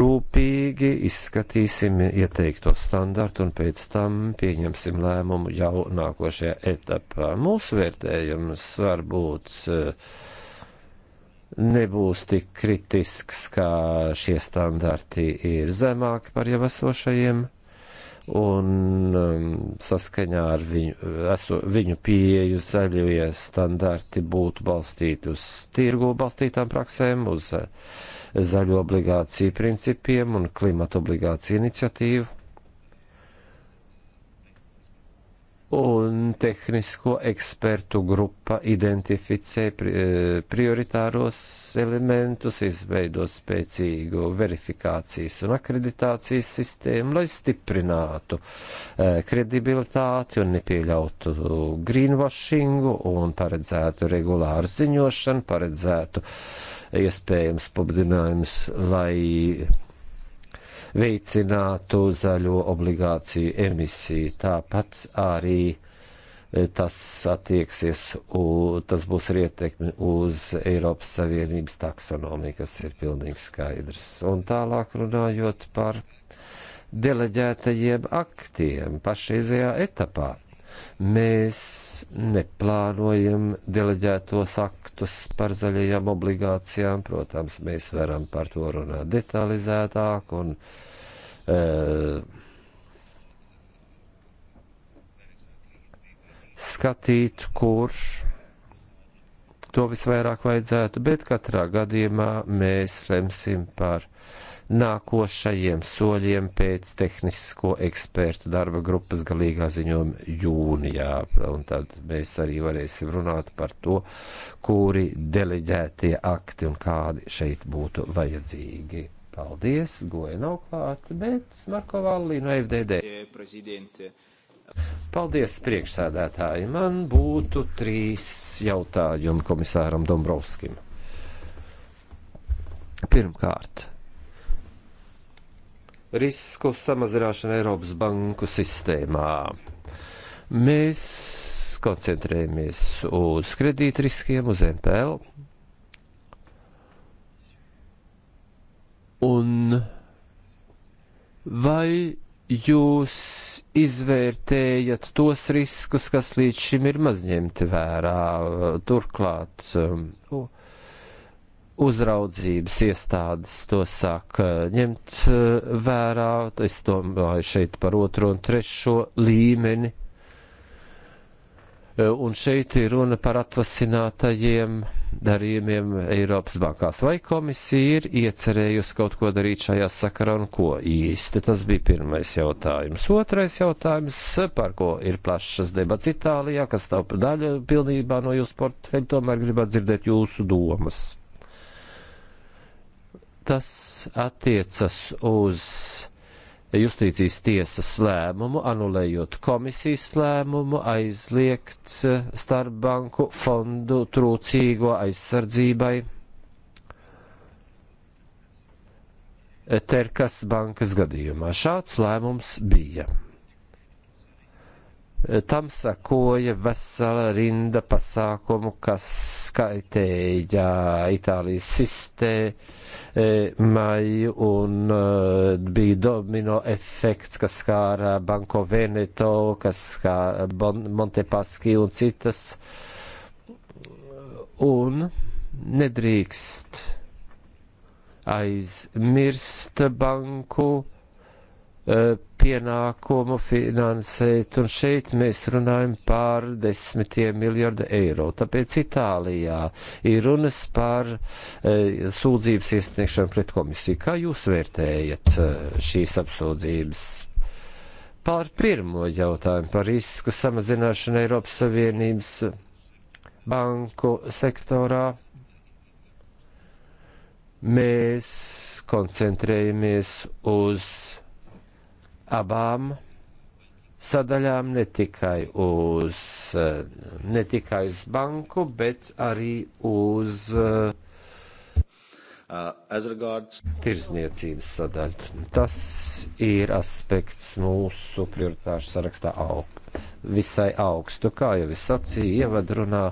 rūpīgi izskatīsim ieteikto standartu un pēc tam pieņemsim lēmumu jau nākošajā etapā. Mūsu vērtējums var būt uh, nebūs tik kritisks, kā šie standarti ir zemāki par jau esošajiem, un um, saskaņā ar viņu, eso, viņu pieeju zaļie standarti būtu balstīti uz tirgu balstītām praksēm, uz uh, zaļo obligāciju principiem un klimatu obligāciju iniciatīvu un tehnisko ekspertu grupa identificē e, prioritāros elementus, izveido spēcīgu verifikācijas un akreditācijas sistēmu, lai stiprinātu e, kredibilitāti un nepieļautu greenwashingu un paredzētu regulāru ziņošanu, paredzētu iespējams pabudinājumus, lai veicinātu zaļo obligāciju emisiju. Tāpat arī e, tas attieksies, u, tas būs arī ietekmi uz Eiropas Savienības taksonomiju, kas ir pilnīgi skaidrs. Un tālāk runājot par deleģētajiem aktiem pašreizajā etapā. Mēs neplānojam deleģētos aktus par zaļajām obligācijām. Protams, mēs varam par to runāt detalizētāk un uh, skatīt, kurš to visvairāk vajadzētu, bet katrā gadījumā mēs lemsim par uh, nākošajiem soļiem pēc tehnisko ekspertu darba grupas galīgā ziņojuma jūnijā. Un tad mēs arī varēsim runāt par to, kuri deleģētie akti un kādi šeit būtu vajadzīgi. Paldies, goja nav klāta, bet Marko Vallī no FDD. Paldies, priekšsēdētāji. Man būtu trīs jautājumi komisāram Dombrovskim. Pirmkārt, risku samazināšana Eiropas banku sistēmā. Mēs koncentrējamies uz kredītriskiem, uz MPL. Un vai jūs izvērtējat tos riskus, kas līdz šim ir mazņemti vērā? Turklāt, um, uh, uzraudzības iestādes to sāk eh, ņemt eh, vērā. Es domāju šeit par otro un trešo līmeni. Eh, un šeit ir runa par atvasinātajiem darījumiem Eiropas bankās. Vai komisija ir iecerējusi kaut ko darīt šajā sakarā un ko īsti? Tas bija pirmais jautājums. Otrais jautājums, par ko ir plašas debats Itālijā, kas tā daļa pilnībā no jūsu portfeļa, tomēr gribētu dzirdēt jūsu domas. Tas attiecas uz justīcijas tiesas lēmumu, anulējot komisijas lēmumu, aizliegt starpbanku fondu trūcīgo aizsardzībai Terkas bankas gadījumā. Šāds lēmums bija. Tam sakoja vesela rinda pasākumu, kas skaitēja Itālijas sistēmai e, un e, bija domino efekts, kas skāra Banko Veneto, kas skāra bon Montepaski un citas. Un nedrīkst aizmirst banku Eh, pienākumu finansēt, un šeit mēs runājam par desmitiem miljardu eiro. Tāpēc Itālijā ir runas par e, sūdzības iesniegšanu pret komisiju. Kā jūs vērtējat eh, šīs apsūdzības? Pār pirmo jautājumu par risku samazināšanu Eiropas Savienības banku sektorā mēs koncentrējamies uz abām sadaļām ne tikai uz, ne tikai uz banku, bet arī uz uh, regards... tirzniecības sadaļu. Tas ir aspekts mūsu prioritāšu sarakstā aug, visai augstu. Kā jau es sacīju, ievadrunā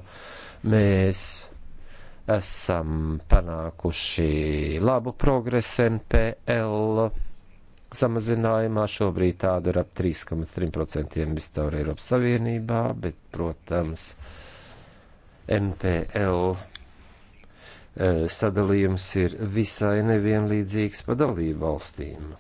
mēs esam panākuši labu progresu NPL samazinājumā. Šobrīd tāda ir ap 3,3% viscaur Eiropas Savienībā, bet, protams, MPL e, sadalījums ir visai nevienlīdzīgs pa dalību valstīm.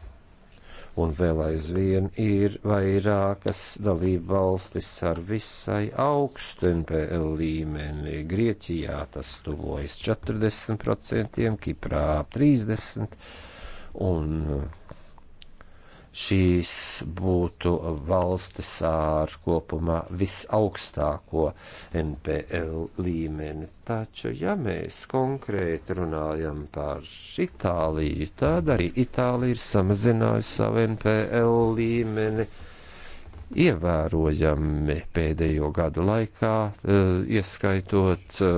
Un vēl aizvien ir vairākas dalību valstis ar visai augstu NPL līmeni. Grieķijā tas tuvojas 40%, Kiprā 30% un šīs būtu valstis ar kopumā visaugstāko NPL līmeni. Taču, ja mēs konkrēti runājam par Itāliju, tad arī Itālija ir samazinājusi savu NPL līmeni ievērojami pēdējo gadu laikā, e, ieskaitot e,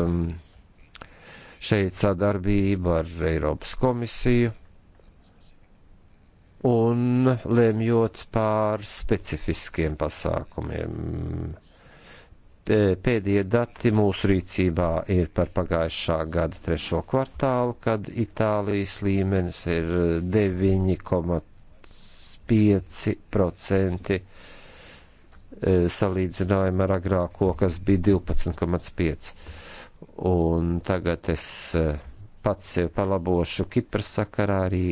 šeit sadarbību ar Eiropas komisiju un lemjot pār specifiskiem pasākumiem. Pēdējie dati mūsu rīcībā ir par pagājušā gada trešo kvartālu, kad Itālijas līmenis ir 9,5% e, salīdzinājumā ar agrāko, kas bija 12,5. Un tagad es e, pats sev palabošu Kipras sakarā arī,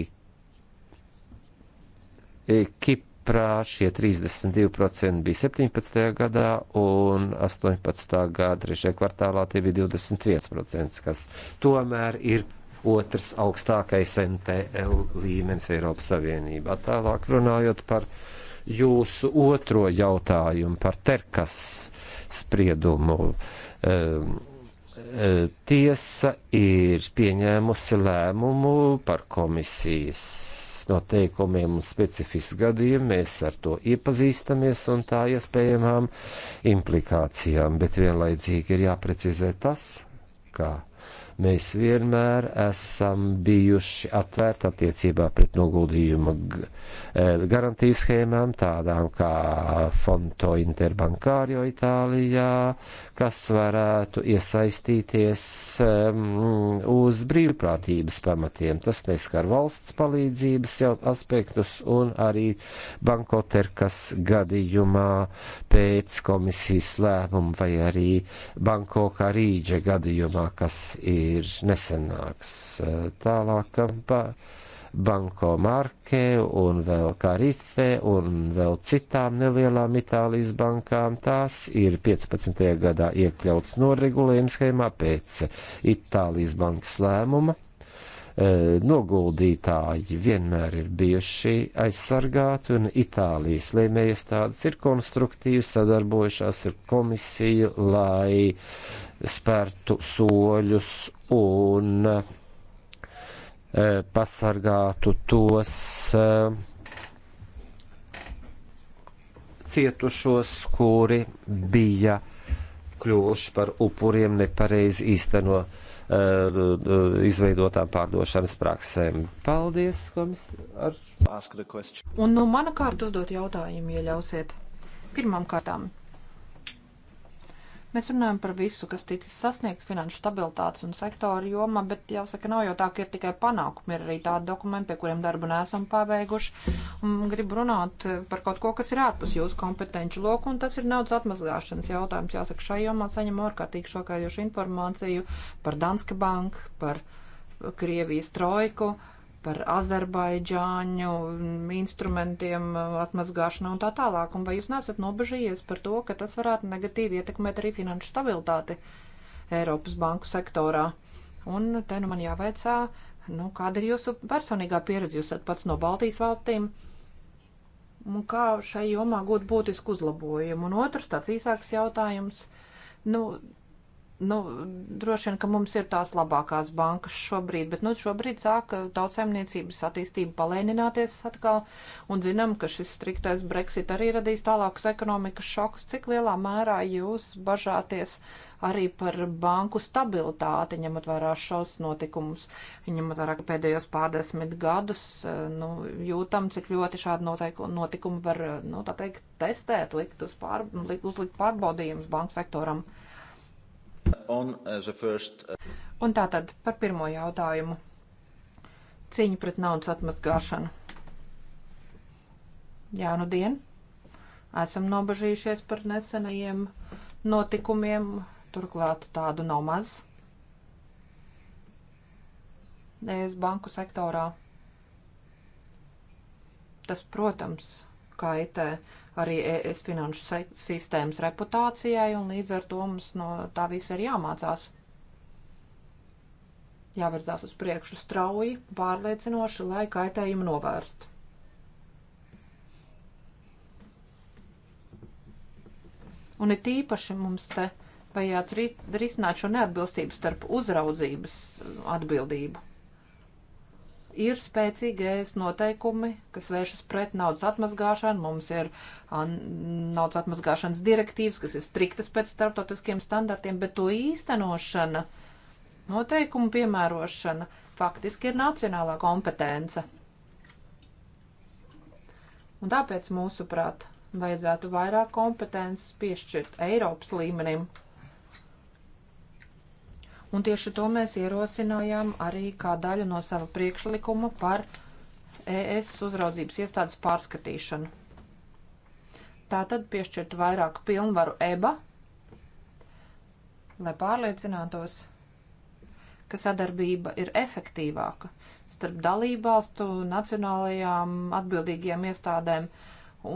E, Kiprā šie 32% bija 17. gadā un 18. gada 3. kvartālā tie bija 21%, kas tomēr ir otrs augstākais NPL līmenis Eiropas Savienībā. Tālāk runājot par jūsu otro jautājumu par terkas spriedumu. Um, tiesa ir pieņēmusi lēmumu par komisijas noteikumiem un specifisku gadījumu, mēs ar to iepazīstamies un tā iespējamām implikācijām, bet vienlaidzīgi ir jāprecizē tas, kā Mēs vienmēr esam bijuši atvērti attiecībā pret noguldījumu e, garantiju schēmām, tādām kā Fonto Interbankārio Itālijā, kas varētu iesaistīties um, uz brīvprātības pamatiem. Tas neskar valsts palīdzības jau aspektus un arī bankoterkas gadījumā pēc komisijas lēmuma vai arī bankokā rīģe gadījumā, kas ir ir nesenāks. Tālāk ba Banko Marke un vēl Karife un vēl citām nelielām Itālijas bankām. Tās ir 15. gadā iekļauts noregulējums schēmā pēc Itālijas bankas lēmuma e, noguldītāji vienmēr ir bijuši aizsargāti, un Itālijas lēmējas tādas ir konstruktīvi sadarbojušās ar komisiju, lai spērtu soļus un eh, pasargātu tos eh, cietušos, kuri bija kļuvuši par upuriem nepareizi īsteno uh, izveidotām pārdošanas praksēm. Paldies, komisār! Un no mana kārta uzdot jautājumu, ja ļausiet. Pirmām kārtām. Mēs runājam par visu, kas ticis sasniegts finanšu stabilitātes un sektoru jomā, bet jāsaka, nav jau tā, ka ir tikai panākumi, ir arī tādi dokumenti, pie kuriem darbu nesam paveikuši. Un gribu runāt par kaut ko, kas ir ārpus jūsu kompetenci loku, un tas ir naudas atmazgāšanas jautājums. Jāsaka, šai jomā saņem ārkārtīgi šokējošu informāciju par Danske banku, par Krievijas trojku. Uh, par Azerbaidžāņu instrumentiem atmazgāšanu un tā tālāk. Un vai jūs nesat nobežījies par to, ka tas varētu negatīvi ietekmēt arī finanšu stabilitāti Eiropas banku sektorā? Un te nu man jāveicā, nu, kāda ir jūsu personīgā pieredze? Jūs esat pats no Baltijas valstīm. Un kā šai jomā gūt būtisku uzlabojumu? Un otrs tāds īsāks jautājums. Nu, nu, droši vien, ka mums ir tās labākās bankas šobrīd, bet, nu, šobrīd sāk tautsēmniecības attīstība palēnināties atkal, un zinām, ka šis striktais Brexit arī radīs tālākus ekonomikas šokus. Cik lielā mērā jūs bažāties arī par banku stabilitāti, ņemot vērā šos notikumus, ņemot vērā, ka pēdējos pārdesmit gadus, nu, jūtam, cik ļoti šādi notiku, notikumi var, nu, tā teikt, testēt, likt uz pār, likt, uzlikt pārbaudījumus banku sektoram. First... Uh, Un tātad par pirmo jautājumu. Cīņa pret naudas atmazgāšanu. Jā, nu dien. Esam nobažījušies par nesenajiem notikumiem, turklāt tādu nav maz. Es banku sektorā. Tas, protams, kaitē arī ES finanšu sistēmas reputācijai, un līdz ar to mums no tā visa ir jāmācās. Jāvirzās uz priekšu strauji, pārliecinoši, lai kaitējumu novērstu. Un it īpaši mums te vajadzētu risināt šo neatbilstību starp uzraudzības atbildību ir spēcīgi ES noteikumi, kas vēršas pret naudas atmazgāšanu. Mums ir naudas atmazgāšanas direktīvas, kas ir striktas pēc starptautiskiem standartiem, bet to īstenošana, noteikumu piemērošana faktiski ir nacionālā kompetence. Un tāpēc, mūsuprāt, vajadzētu vairāk kompetences piešķirt Eiropas līmenim. Un tieši to mēs ierosinājām arī kā daļu no sava priekšlikuma par ES uzraudzības iestādes pārskatīšanu. Tātad piešķirt vairāk pilnvaru EBA, lai pārliecinātos, ka sadarbība ir efektīvāka starp dalībvalstu nacionālajām atbildīgajām iestādēm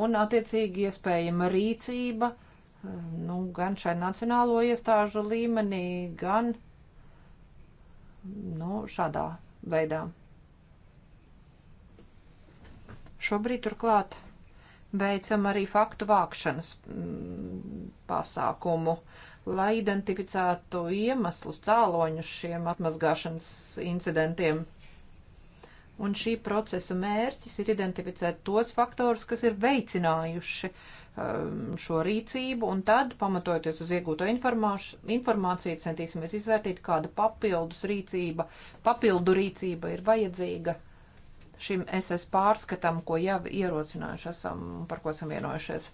un, attiecīgi, iespējama rīcība eh, nu, gan šai nacionālo iestāžu līmenī, gan nu, šādā veidā. Šobrīd turklāt veicam arī faktu vākšanas mm, pasākumu, lai identificētu iemeslus, cēloņus šiem atmazgāšanas incidentiem. Un šī procesa mērķis ir identificēt tos faktorus, kas ir veicinājuši uh, Um, šo rīcību, un tad, pamatojoties uz iegūto informāciju, centīsimies izvērtīt, kāda papildus rīcība, papildu rīcība ir vajadzīga šim SS pārskatam, ko jau ierocinājuši esam un par ko esam vienojušies.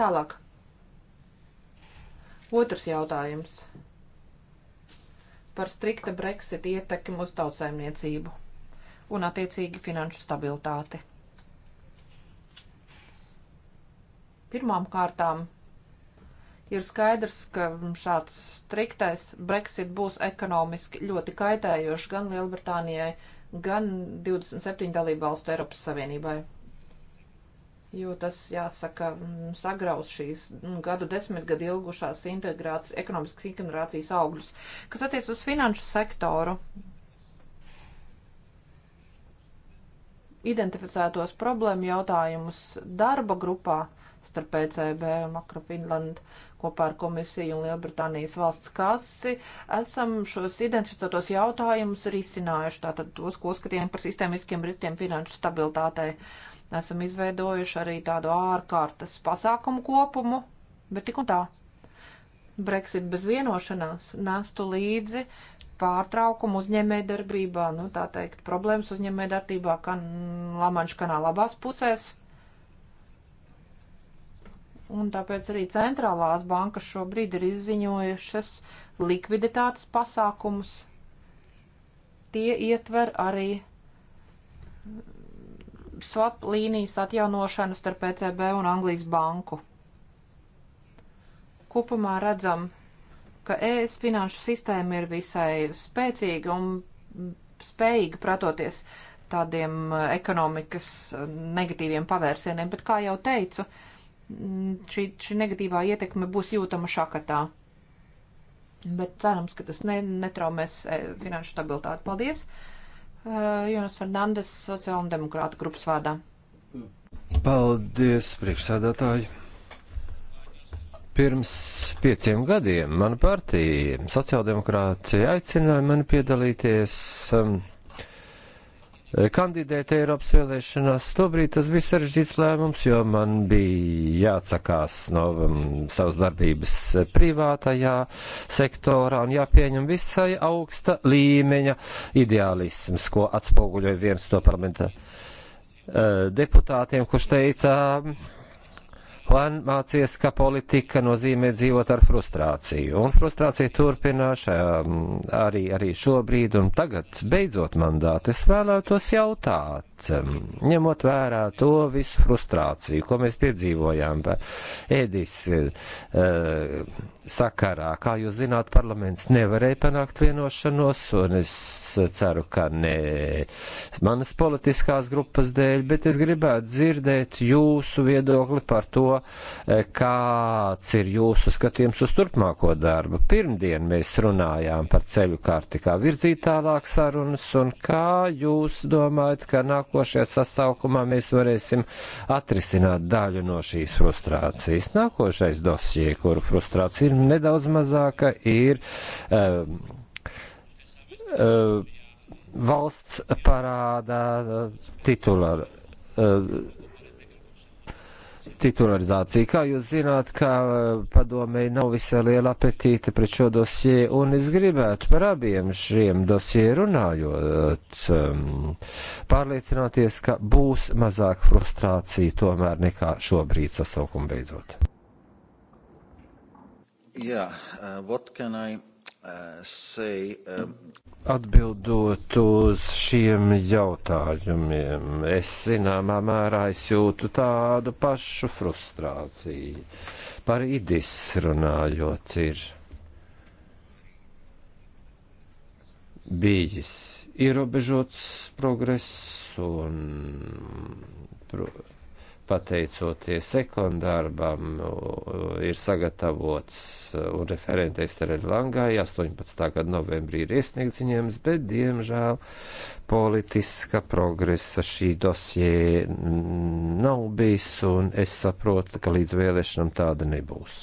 Tālāk. Otrs jautājums par strikta Brexit ietekmi uz tautsēmniecību un attiecīgi finanšu stabilitāti. Pirmām kārtām ir skaidrs, ka šāds striktais Brexit būs ekonomiski ļoti kaitējošs gan Lielbritānijai, gan 27 dalību valstu Eiropas Savienībai. Jo tas, jāsaka, sagraus šīs gadu desmitgadu ilgušās integrācijas, ekonomiskas integrācijas augļus. Kas attiec uz finanšu sektoru, identificētos problēmu jautājumus darba grupā starp ECB un Makrofinlandu kopā ar komisiju un Lielbritānijas valsts kasi, esam šos identificētos jautājumus risinājuši, tātad tos, ko skatījām par sistēmiskiem riskiem finanšu stabilitātei. Esam izveidojuši arī tādu ārkārtas pasākumu kopumu, bet tik un tā. Brexit bez vienošanās nestu līdzi pārtraukumu uzņēmējdarbībā, nu tā teikt, problēmas uzņēmējdarbībā, kā Lamanša kanāla abās pusēs. Un tāpēc arī centrālās bankas šobrīd ir izziņojušas likviditātes pasākumus. Tie ietver arī swap līnijas atjaunošanu starp ECB un Anglijas banku. Kopumā redzam, ka ES finanšu sistēma ir visai spēcīga un spējīga pretoties tādiem ekonomikas negatīviem pavērsieniem, bet, kā jau teicu, uh, Mm, šī, šī negatīvā ietekme būs jūtama šakatā. Bet cerams, ka tas ne, netraumēs e, finanšu stabilitāti. Paldies! E, Jonas Fernandes, sociāla un demokrāta grupas vārdā. Paldies, priekšsēdētāji! Pirms pieciem gadiem mana partija, sociāldemokrāti, aicināja mani piedalīties um, E, kandidēt Eiropas vēlēšanās. Tobrīd tas bija sarežģīts lēmums, jo man bija jāatsakās no um, savas darbības privātajā sektorā un jāpieņem visai augsta līmeņa ideālisms, ko atspoguļoja viens no parlamenta uh, deputātiem, kurš teica, uh, un mācies, ka politika nozīmē dzīvot ar frustrāciju. Un frustrācija turpināšā um, arī, arī šobrīd un tagad, beidzot mandātu, es vēlētos jautāt, um, ņemot vērā to visu frustrāciju, ko mēs piedzīvojām Edis uh, sakarā. Kā jūs zināt, parlaments nevarēja panākt vienošanos, un es ceru, ka ne manas politiskās grupas dēļ, bet es gribētu dzirdēt jūsu viedokli par to, to, eh, kāds ir jūsu skatījums uz turpmāko darbu. Pirmdien mēs runājām par ceļu karti, kā virzīt tālāk sarunas, un kā jūs domājat, ka nākošajā sasaukumā mēs varēsim atrisināt daļu no šīs frustrācijas. Nākošais dosie, kuru frustrācija ir nedaudz mazāka, ir. Um, um, valsts parāda titulāru. Uh, titularizāciju. Kā jūs zināt, kā eh, padomēji nav visai liela apetīte pret šo dosie, un es gribētu par abiem šiem dosie runājot, ehm, pārliecināties, ka būs mazāk frustrācija tomēr nekā šobrīd sasaukuma beidzot. Yeah, uh, what can I uh, say? Um... Atbildot uz šiem jautājumiem, es zināmā mērā es jūtu tādu pašu frustrāciju. Par idis runājot, ir bijis ierobežots progress un. Pro, pateicoties sekundārbam, ir sagatavots un referentais Terelangā, 18. gada novembrī ir iesniegts ziņojums, bet, diemžēl, politiska progresa šī dosie nav bijis, un es saprotu, ka līdz vēlēšanam tāda nebūs.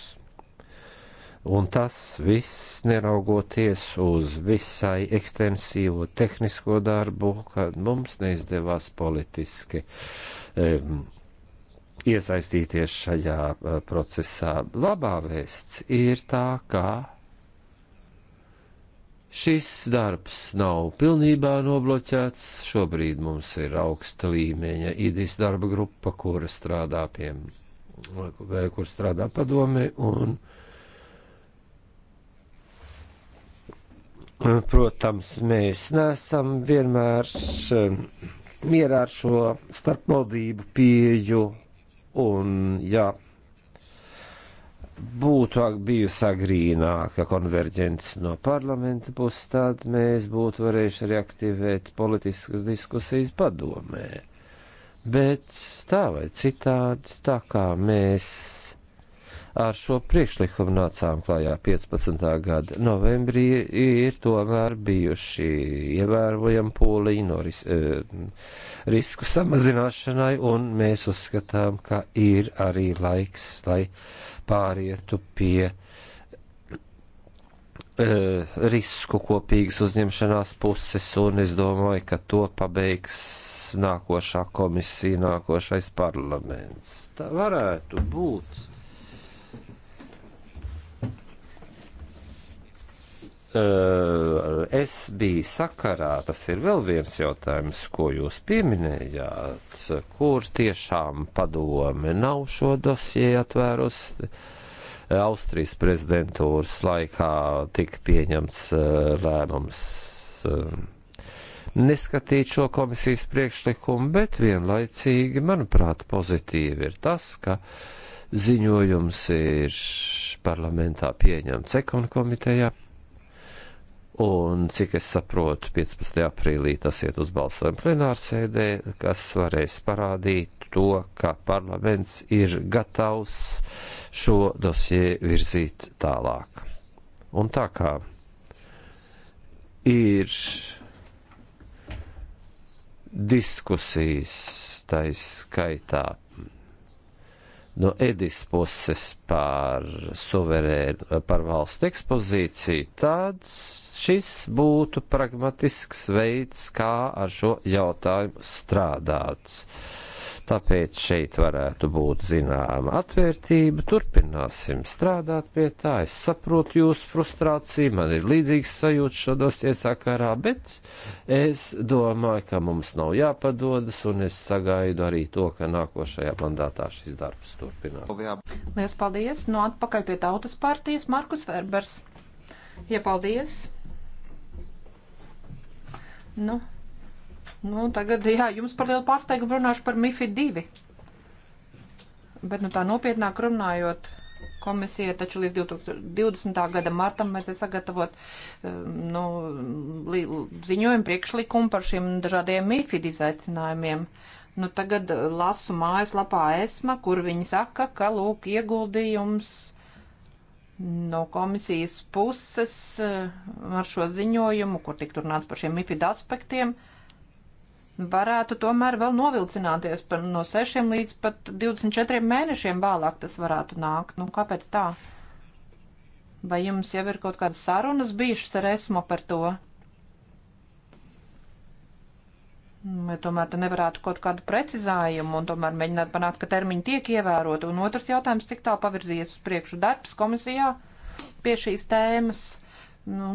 Un tas viss neraugoties uz visai ekstensīvo tehnisko darbu, kad mums neizdevās politiski. Um, e, iesaistīties šajā eh, procesā. Labā vēsts ir tā, ka šis darbs nav pilnībā nobloķēts. Šobrīd mums ir augsta līmeņa idīs darba grupa, kura strādā pie, kur strādā padomi un. Protams, mēs neesam vienmēr eh, mierā ar šo starpvaldību pieju Un, ja būtu bijusi agrīnāka konverģence no parlamenta puses, tad mēs būtu varējuši arī aktivēt politiskas diskusijas padomē. Bet tā vai citādi, tā kā mēs ar šo priekšlikumu nācām klājā 15. gada novembrī, ir tomēr bijuši ievērojami pūliņi no ris eh, risku samazināšanai, un mēs uzskatām, ka ir arī laiks, lai pārietu pie eh, risku kopīgas uzņemšanās puses, un es domāju, ka to pabeigs nākošā komisija, nākošais parlaments. Tā varētu būt Eh, es biju sakarā, tas ir vēl viens jautājums, ko jūs pieminējāt, kur tiešām padome nav šo dosieju atvērus. Austrijas prezidentūras laikā tika pieņemts eh, lēmums eh, neskatīt šo komisijas priekšlikumu, bet vienlaicīgi, manuprāt, pozitīvi ir tas, ka ziņojums ir parlamentā pieņemts ekonomikomitejā. komitejā Un, cik es saprotu, 15. aprīlī tas iet uz balsojumu plenārsēdē, kas varēs parādīt to, ka parlaments ir gatavs šo dosie virzīt tālāk. Un tā kā ir diskusijas, tā izskaitā no Edis puses par suverēnu, par valstu ekspozīciju, tad šis būtu pragmatisks veids, kā ar šo jautājumu strādāt. Tāpēc šeit varētu būt zināma atvērtība. Turpināsim strādāt pie tā. Es saprotu jūsu frustrāciju, man ir līdzīgs sajūta šādos iesakarā, bet es domāju, ka mums nav jāpadodas, un es sagaidu arī to, ka nākošajā mandātā šis darbs turpinās. Lielas paldies! No nu, atpakaļ pie tautas partijas Markus Ferbers. Iepaldies! Nu, Nu, tagad, jā, jums par lielu pārsteigumu runāšu par MIFID 2. Bet, nu, tā nopietnāk runājot, komisija taču līdz 2020. gada martam mēs sagatavot um, nu, ziņojumu priekšlikumu par šiem dažādiem MIFID izaicinājumiem. Nu, tagad uh, lasu mājaslapā ESMA, kur viņi saka, ka, lūk, ieguldījums no komisijas puses uh, ar šo ziņojumu, kur tik tur nāca par šiem MIFID aspektiem, uh, varētu tomēr vēl novilcināties par no 6 līdz pat 24 mēnešiem vēlāk tas varētu nākt. Nu, kāpēc tā? Vai jums jau ir kaut kādas sarunas bijušas ar esmu par to? Mm, vai tomēr te nevarētu kaut kādu precizējumu un tomēr mēģināt panākt, ka termiņi tiek ievēroti? Un otrs jautājums, cik tālu pavirzījies uz priekšu darbs komisijā pie šīs tēmas? Nu,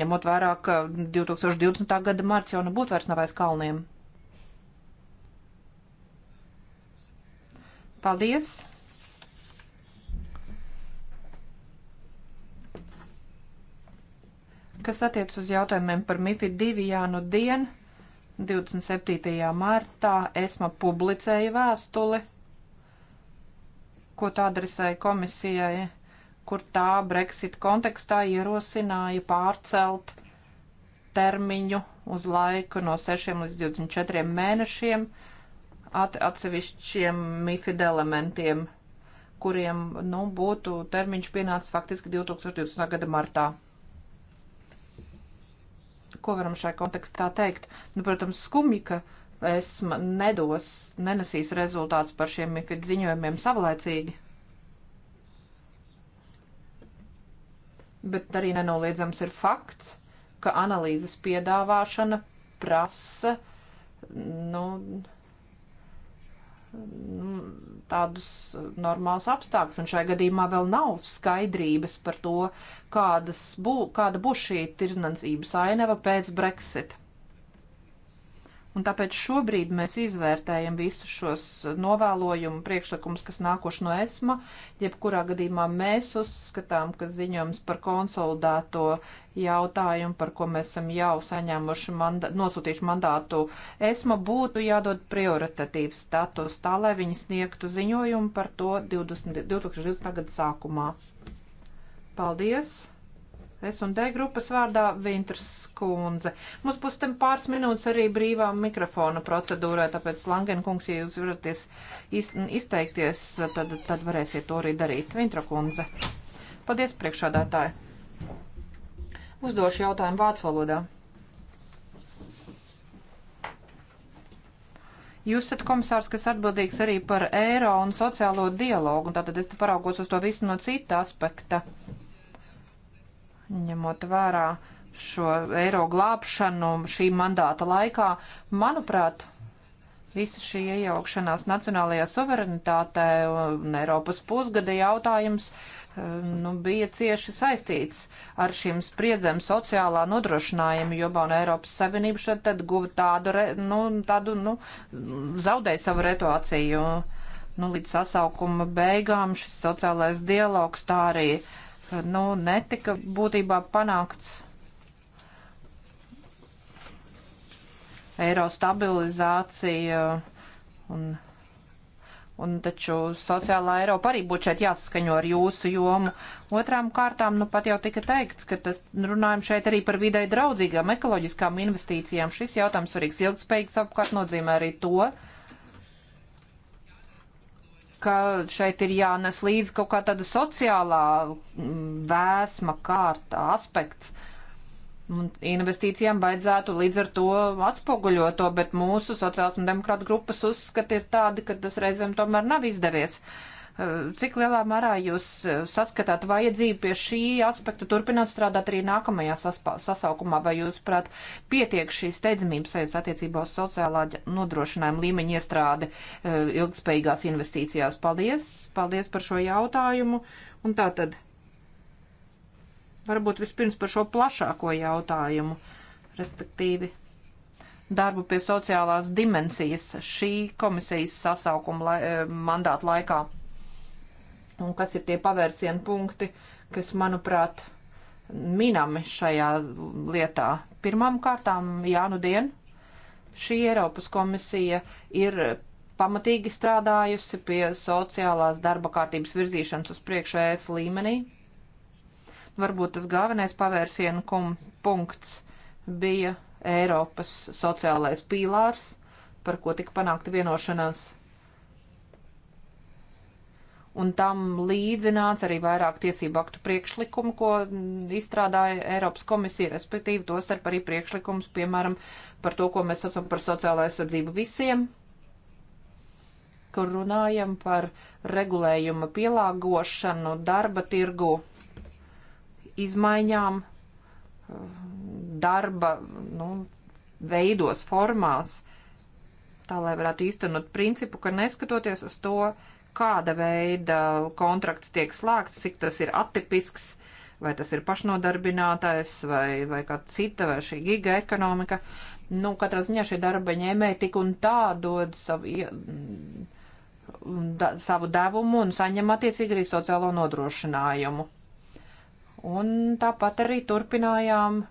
ņemot vērā, ka 2020. gada marts jau nebūtu vairs nav aiz kalniem. Paldies! Kas attiec uz jautājumiem par MIFID 2 jānu dienu, 27. martā ESMA publicēja vēstuli, ko tā adresēja komisijai, kur tā Brexit kontekstā ierosināja pārcelt termiņu uz laiku no 6 līdz 24 mēnešiem, uh, at, atsevišķiem MIFID elementiem, kuriem nu, būtu termiņš pienācis faktiski 2020. gada martā. Ko varam šajā kontekstā teikt? Nu, protams, skumji, ka es nedos, nenesīs rezultātus par šiem MIFID ziņojumiem savlaicīgi. Bet arī nenoliedzams ir fakts, ka analīzes piedāvāšana prasa, nu, Nu, tādus eh, normālus apstākļus, un šajā gadījumā vēl nav skaidrības par to, kādas bū, kāda būs šī tirdzniecības ainava pēc Brexit. Un tāpēc šobrīd mēs izvērtējam visus šos novēlojumu priekšlikumus, kas nākuši no ESMA. Jebkurā gadījumā mēs uzskatām, ka ziņojums par konsolidēto jautājumu, par ko mēs esam jau saņēmuši manda nosūtījuši mandātu ESMA, būtu jādod prioritatīvs status, tā lai viņi sniegtu ziņojumu par to 20, 2020. gada sākumā. Paldies! Es un D grupas vārdā Vintrs Skundze. Mums būs tam pāris minūtes arī brīvā mikrofona procedūrā, tāpēc Langen kungs, ja jūs varat iz, izteikties, tad, tad varēsiet to arī darīt. Vintra Kundze. Paldies, priekšādātāji. Uzdošu jautājumu vācu valodā. Jūs esat komisārs, kas atbildīgs arī par eiro un sociālo dialogu, un tātad es te paraugos uz to visu no cita aspekta. Uh, ņemot vērā šo eiro glābšanu šī mandāta laikā, manuprāt, visa šī iejaukšanās nacionālajā suverenitātē un Eiropas pusgada jautājums eh, nu, bija cieši saistīts ar šīm spriedzēm sociālā nodrošinājuma jomā, un Eiropas Savienība šeit tad guva tādu, re, nu, tādu, nu, zaudēja savu retuāciju. Nu, līdz sasaukuma beigām šis sociālais dialogs tā arī uh, nu, netika būtībā panākts eiro stabilizācija un, un taču sociālā Eiropa arī būtu šeit jāsaskaņo ar jūsu jomu. Otrām kārtām, nu pat jau tika teikts, ka tas runājam šeit arī par videi draudzīgām ekoloģiskām investīcijām. Šis jautājums svarīgs ilgspējīgs apkārt nozīmē arī to, uh, ka šeit ir jānes līdzi kaut kā tāda sociālā mm, vēsma kārta aspekts. Un investīcijām baidzētu līdz ar to atspoguļot to, bet mūsu sociāls un demokrāta grupas uzskati ir tādi, ka tas reizēm tomēr nav izdevies. Uh, Eh, cik lielā mērā jūs eh, saskatāt vajadzību pie šī aspekta turpināt strādāt arī nākamajā sasaukumā, vai jūs, prāt, pietiek šī steidzamības sajūta attiecībā uz sociālā nodrošinājuma līmeņa iestrādi eh, ilgspējīgās investīcijās? Paldies! Paldies par šo jautājumu! Un tā tad varbūt vispirms par šo plašāko jautājumu, respektīvi darbu pie sociālās dimensijas šī komisijas sasaukuma lai, mandāta laikā un kas ir tie pavērsienu punkti, kas, manuprāt, minami šajā lietā. Pirmām kārtām, jā, nu dien, šī Eiropas komisija ir pamatīgi strādājusi pie sociālās darba kārtības virzīšanas uz priekšējais līmenī. Varbūt tas galvenais pavērsienu punkts bija Eiropas sociālais pīlārs, par ko tika panākta vienošanās un tam līdzināts arī vairāk tiesību aktu priekšlikumu, ko izstrādāja Eiropas komisija, respektīvi to starp arī priekšlikums, piemēram, par to, ko mēs saucam par sociālā aizsardzību visiem, kur runājam par regulējuma pielāgošanu darba tirgu izmaiņām, darba nu, veidos, formās, tā lai varētu īstenot principu, ka neskatoties uz to, kāda veida kontrakts tiek slēgts, cik tas ir atipisks, vai tas ir pašnodarbinātais, vai, vai kā cita, vai šī giga ekonomika. Nu, katrā ziņā šie darba ņēmēji tik un tā dod savu, da, savu devumu un saņem attiecīgi arī sociālo nodrošinājumu. Un tāpat arī turpinājām uh,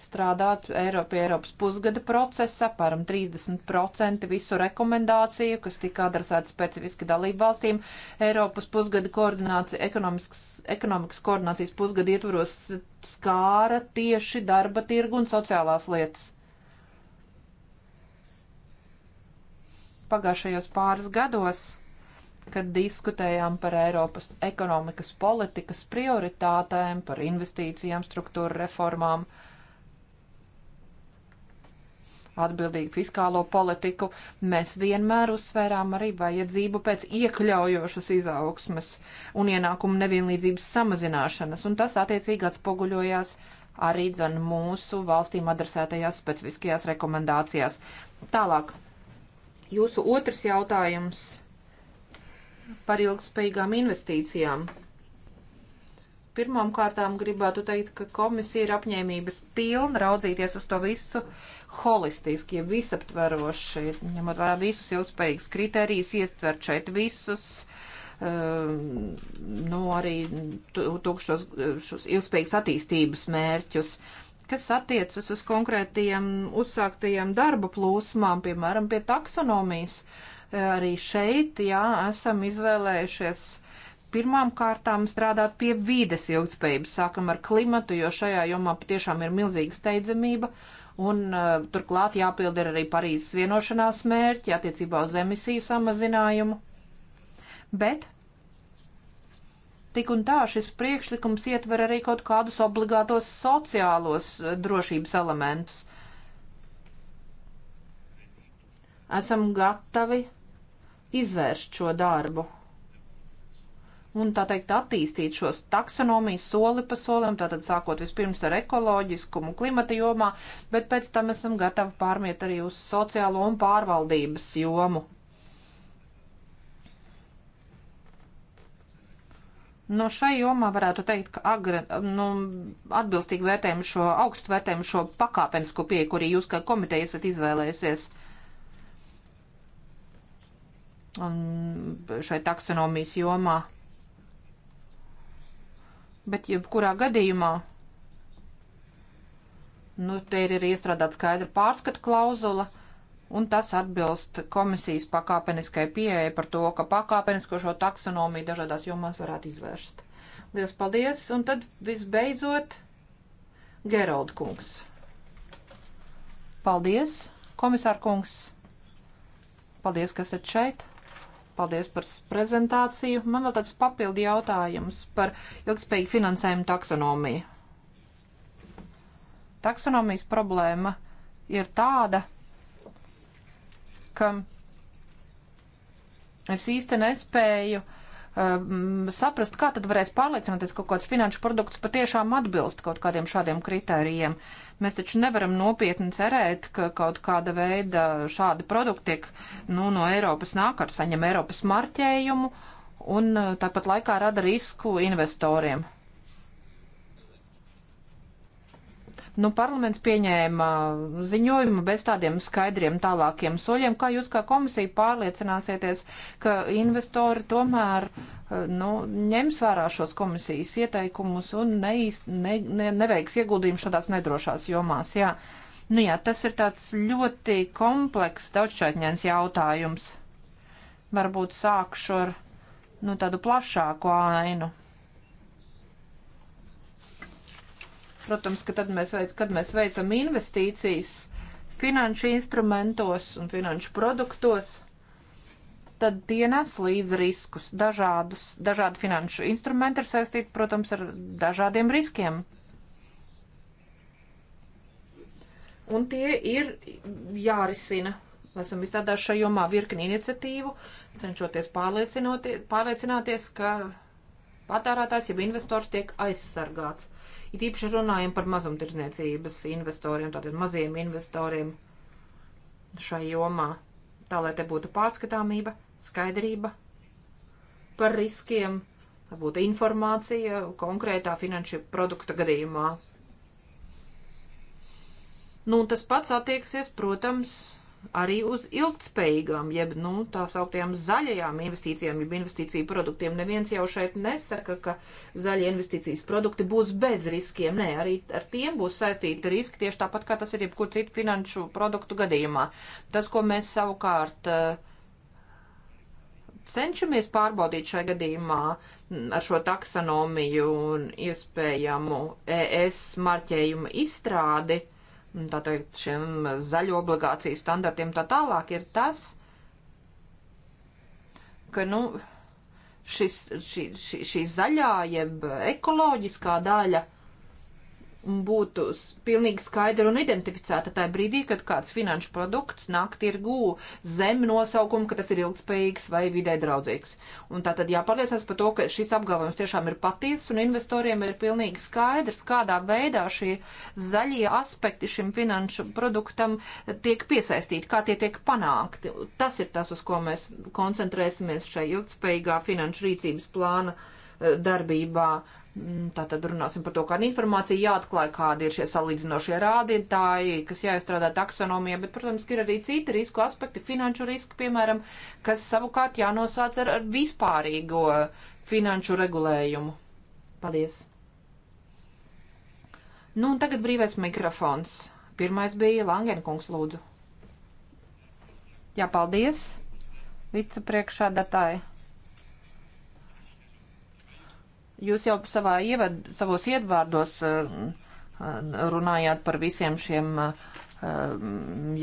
strādāt Eiropa, Eiropas pusgada procesa, apmēram 30% visu rekomendāciju, kas tika adresēta specifiski dalību valstīm. Eiropas pusgada koordinācija, ekonomikas, ekonomikas koordinācijas pusgada ietvaros skāra tieši darba tirgu un sociālās lietas. Pagājušajos pāris gados, kad diskutējām par Eiropas ekonomikas politikas prioritātēm, par investīcijām, struktūra reformām, uh, atbildīgu fiskālo politiku, mēs vienmēr uzsvērām arī vajadzību pēc iekļaujošas izaugsmes un ienākumu nevienlīdzības samazināšanas, un tas attiecīgi atspoguļojās arī dzen mūsu valstīm adresētajās specifiskajās rekomendācijās. Tālāk, jūsu otrs jautājums par ilgspējīgām investīcijām. Pirmām kārtām gribētu teikt, ka komisija ir apņēmības pilna raudzīties uz to visu holistiski, ja visaptveroši, ņemot vērā visus ilgspējīgus kritērijus, iestvert šeit visus, um, nu arī tūkšos šos ilgspējīgas attīstības mērķus, kas attiecas uz konkrētajiem uzsāktajiem darba plūsmām, piemēram, pie taksonomijas. Arī šeit, jā, esam izvēlējušies uh, pirmām kārtām strādāt pie vīdes ilgspējības, sākam ar klimatu, jo šajā jomā patiešām ir milzīga steidzamība. Un uh, turklāt jāpild ir arī Parīzes vienošanās mērķi attiecībā uz emisiju samazinājumu. Bet Tik un tā šis priekšlikums ietver arī kaut kādus obligātos sociālos uh, drošības elementus. Esam gatavi izvērst šo darbu un tā teikt attīstīt šos taksonomijas soli pa solim, tātad sākot vispirms ar ekoloģiskumu klimata jomā, bet pēc tam esam gatavi pārmiet arī uz sociālo un pārvaldības jomu. No nu, šai jomā varētu teikt, ka agri, nu, atbilstīgi vērtējumu šo, augstu vērtējumu šo pakāpenisku pieeju, kuri jūs kā komiteja esat izvēlējusies. Un šai taksonomijas jomā Bet jebkurā gadījumā nu, te ir arī iestrādāta skaidra pārskata klauzula, un tas atbilst komisijas pakāpeniskai pieeja par to, ka pakāpenisko šo taksonomiju dažādās jomās varētu izvērst. Lielas paldies, un tad visbeidzot Geralda kungs. Paldies, komisār kungs. Paldies, ka esat šeit. Paldies par prezentāciju. Man vēl tāds papildi jautājums par ilgspējīgu finansējumu taksonomiju. Taksonomijas problēma ir tāda, ka es īsti nespēju uh, um, saprast, kā tad varēs pārliecināties, ka kaut kāds finanšu produkts patiešām atbilst kaut kādiem šādiem kritērijiem. Mēs taču nevaram nopietni cerēt, ka kaut kāda veida šādi produkti tiek nu, no Eiropas nāk ar saņem Eiropas marķējumu un uh, tāpat laikā rada risku investoriem. Nu, parlaments pieņēma ziņojumu bez tādiem skaidriem tālākiem soļiem. Kā jūs kā komisija pārliecināsieties, ka investori tomēr eh, nu, ņems vērā šos komisijas ieteikumus un neīst, ne, ne, neveiks ieguldījumu šādās nedrošās jomās? Jā. Nu, jā, tas ir tāds ļoti komplekss, daudzšķaitņēns jautājums. Varbūt sākšu ar nu, tādu plašāku ainu. Protams, ka tad mēs, veic, kad mēs veicam investīcijas finanšu instrumentos un finanšu produktos, tad tie nes līdz riskus. Dažādus, dažādi finanšu instrumenti ir saistīti, protams, ar dažādiem riskiem. Un tie ir jārisina. Esam izstrādājuši šajā jomā virkni iniciatīvu, cenšoties pārliecināties, ka patērētājs, jeb investors tiek aizsargāts. It īpaši runājam par mazumtirdzniecības investoriem, tātad maziem investoriem šai jomā. Tā, lai te būtu pārskatāmība, skaidrība par riskiem, lai būtu informācija konkrētā finanšu produkta gadījumā. Nu, tas pats attieksies, protams, arī uz ilgtspējīgām, jeb nu, tā sauktām zaļajām investīcijām, jeb investīciju produktiem. Neviens jau šeit nesaka, ka zaļie investīcijas produkti būs bez riskiem. Nē, arī ar tiem būs saistīti riski tieši tāpat, kā tas ir jebkur citu finanšu produktu gadījumā. Tas, ko mēs savukārt eh, cenšamies pārbaudīt šajā gadījumā mm, ar šo taksonomiju un iespējamu ES marķējumu izstrādi, tā teikt, šiem zaļo obligāciju standartiem tā tālāk, ir tas, ka, nu, šis, šī, šī, šī zaļā jeb ekoloģiskā daļa uh, būtu pilnīgi skaidra un identificēta tajā brīdī, kad kāds finanšu produkts nāk tirgū zem nosaukuma, ka tas ir ilgspējīgs vai vidē draudzīgs. Un tā tad jāpārliecās par to, ka šis apgalvojums tiešām ir patiess un investoriem ir pilnīgi skaidrs, kādā veidā šie zaļie aspekti šim finanšu produktam tiek piesaistīti, kā tie tiek panākti. Tas ir tas, uz ko mēs koncentrēsimies šai ilgspējīgā finanšu rīcības plāna eh, darbībā. Mm, Tātad runāsim par to, kāda informācija jāatklāj, kādi ir šie salīdzinošie rādītāji, kas jāizstrādā taksonomijā, bet, protams, ir arī citi risku aspekti, finanšu riski, piemēram, kas savukārt jānosāc ar, ar vispārīgo finanšu regulējumu. Paldies! Nu, un tagad brīvais mikrofons. Pirmais bija Langenkungs, lūdzu. Jā, paldies, vicepriekšādātāji. Jūs jau savā ievad, savos iedvārdos eh, runājāt par visiem šiem eh,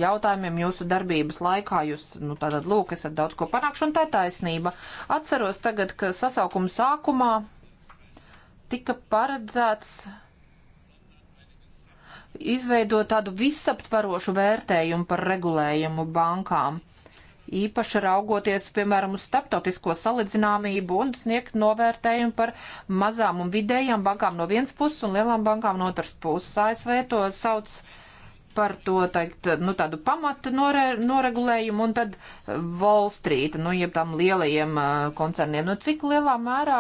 jautājumiem jūsu darbības laikā. Jūs, nu, tātad, lūk, esat daudz ko panākuši, un tā ir taisnība. Atceros tagad, ka sasaukuma sākumā tika paredzēts izveidot tādu visaptvarošu vērtējumu par regulējumu bankām. Uh, īpaši raugoties, piemēram, uz starptautisko salīdzināmību un sniegt novērtējumu par mazām un vidējām bankām no vienas puses un lielām bankām no otras puses. ASV to sauc par to teikt, nu, tādu pamata nore, noregulējumu un tad Wall Street, nu, jeb tam lielajiem uh, koncerniem. Nu, cik lielā mērā